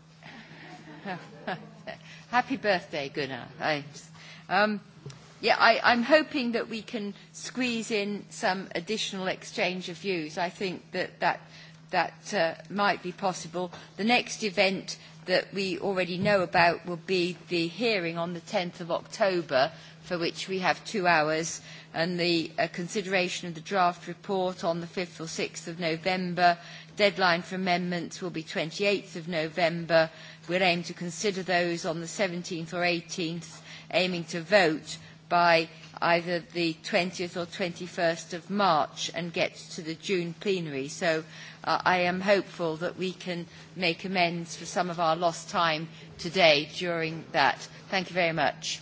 Happy birthday, Gunnar. I, um, yeah, I, I'm hoping that we can squeeze in some additional exchange of views. I think that that, that uh, might be possible. The next event that we already know about will be the hearing on the 10th of October, for which we have two hours, and the uh, consideration of the draft report on the 5th or 6th of November. Deadline for amendments will be 28th of November We'll aiming to consider those on the 17th or 18th, aiming to vote by either the 20th or 21st of March and get to the June plenary. So uh, I am hopeful that we can make amends for some of our lost time today during that. Thank you very much.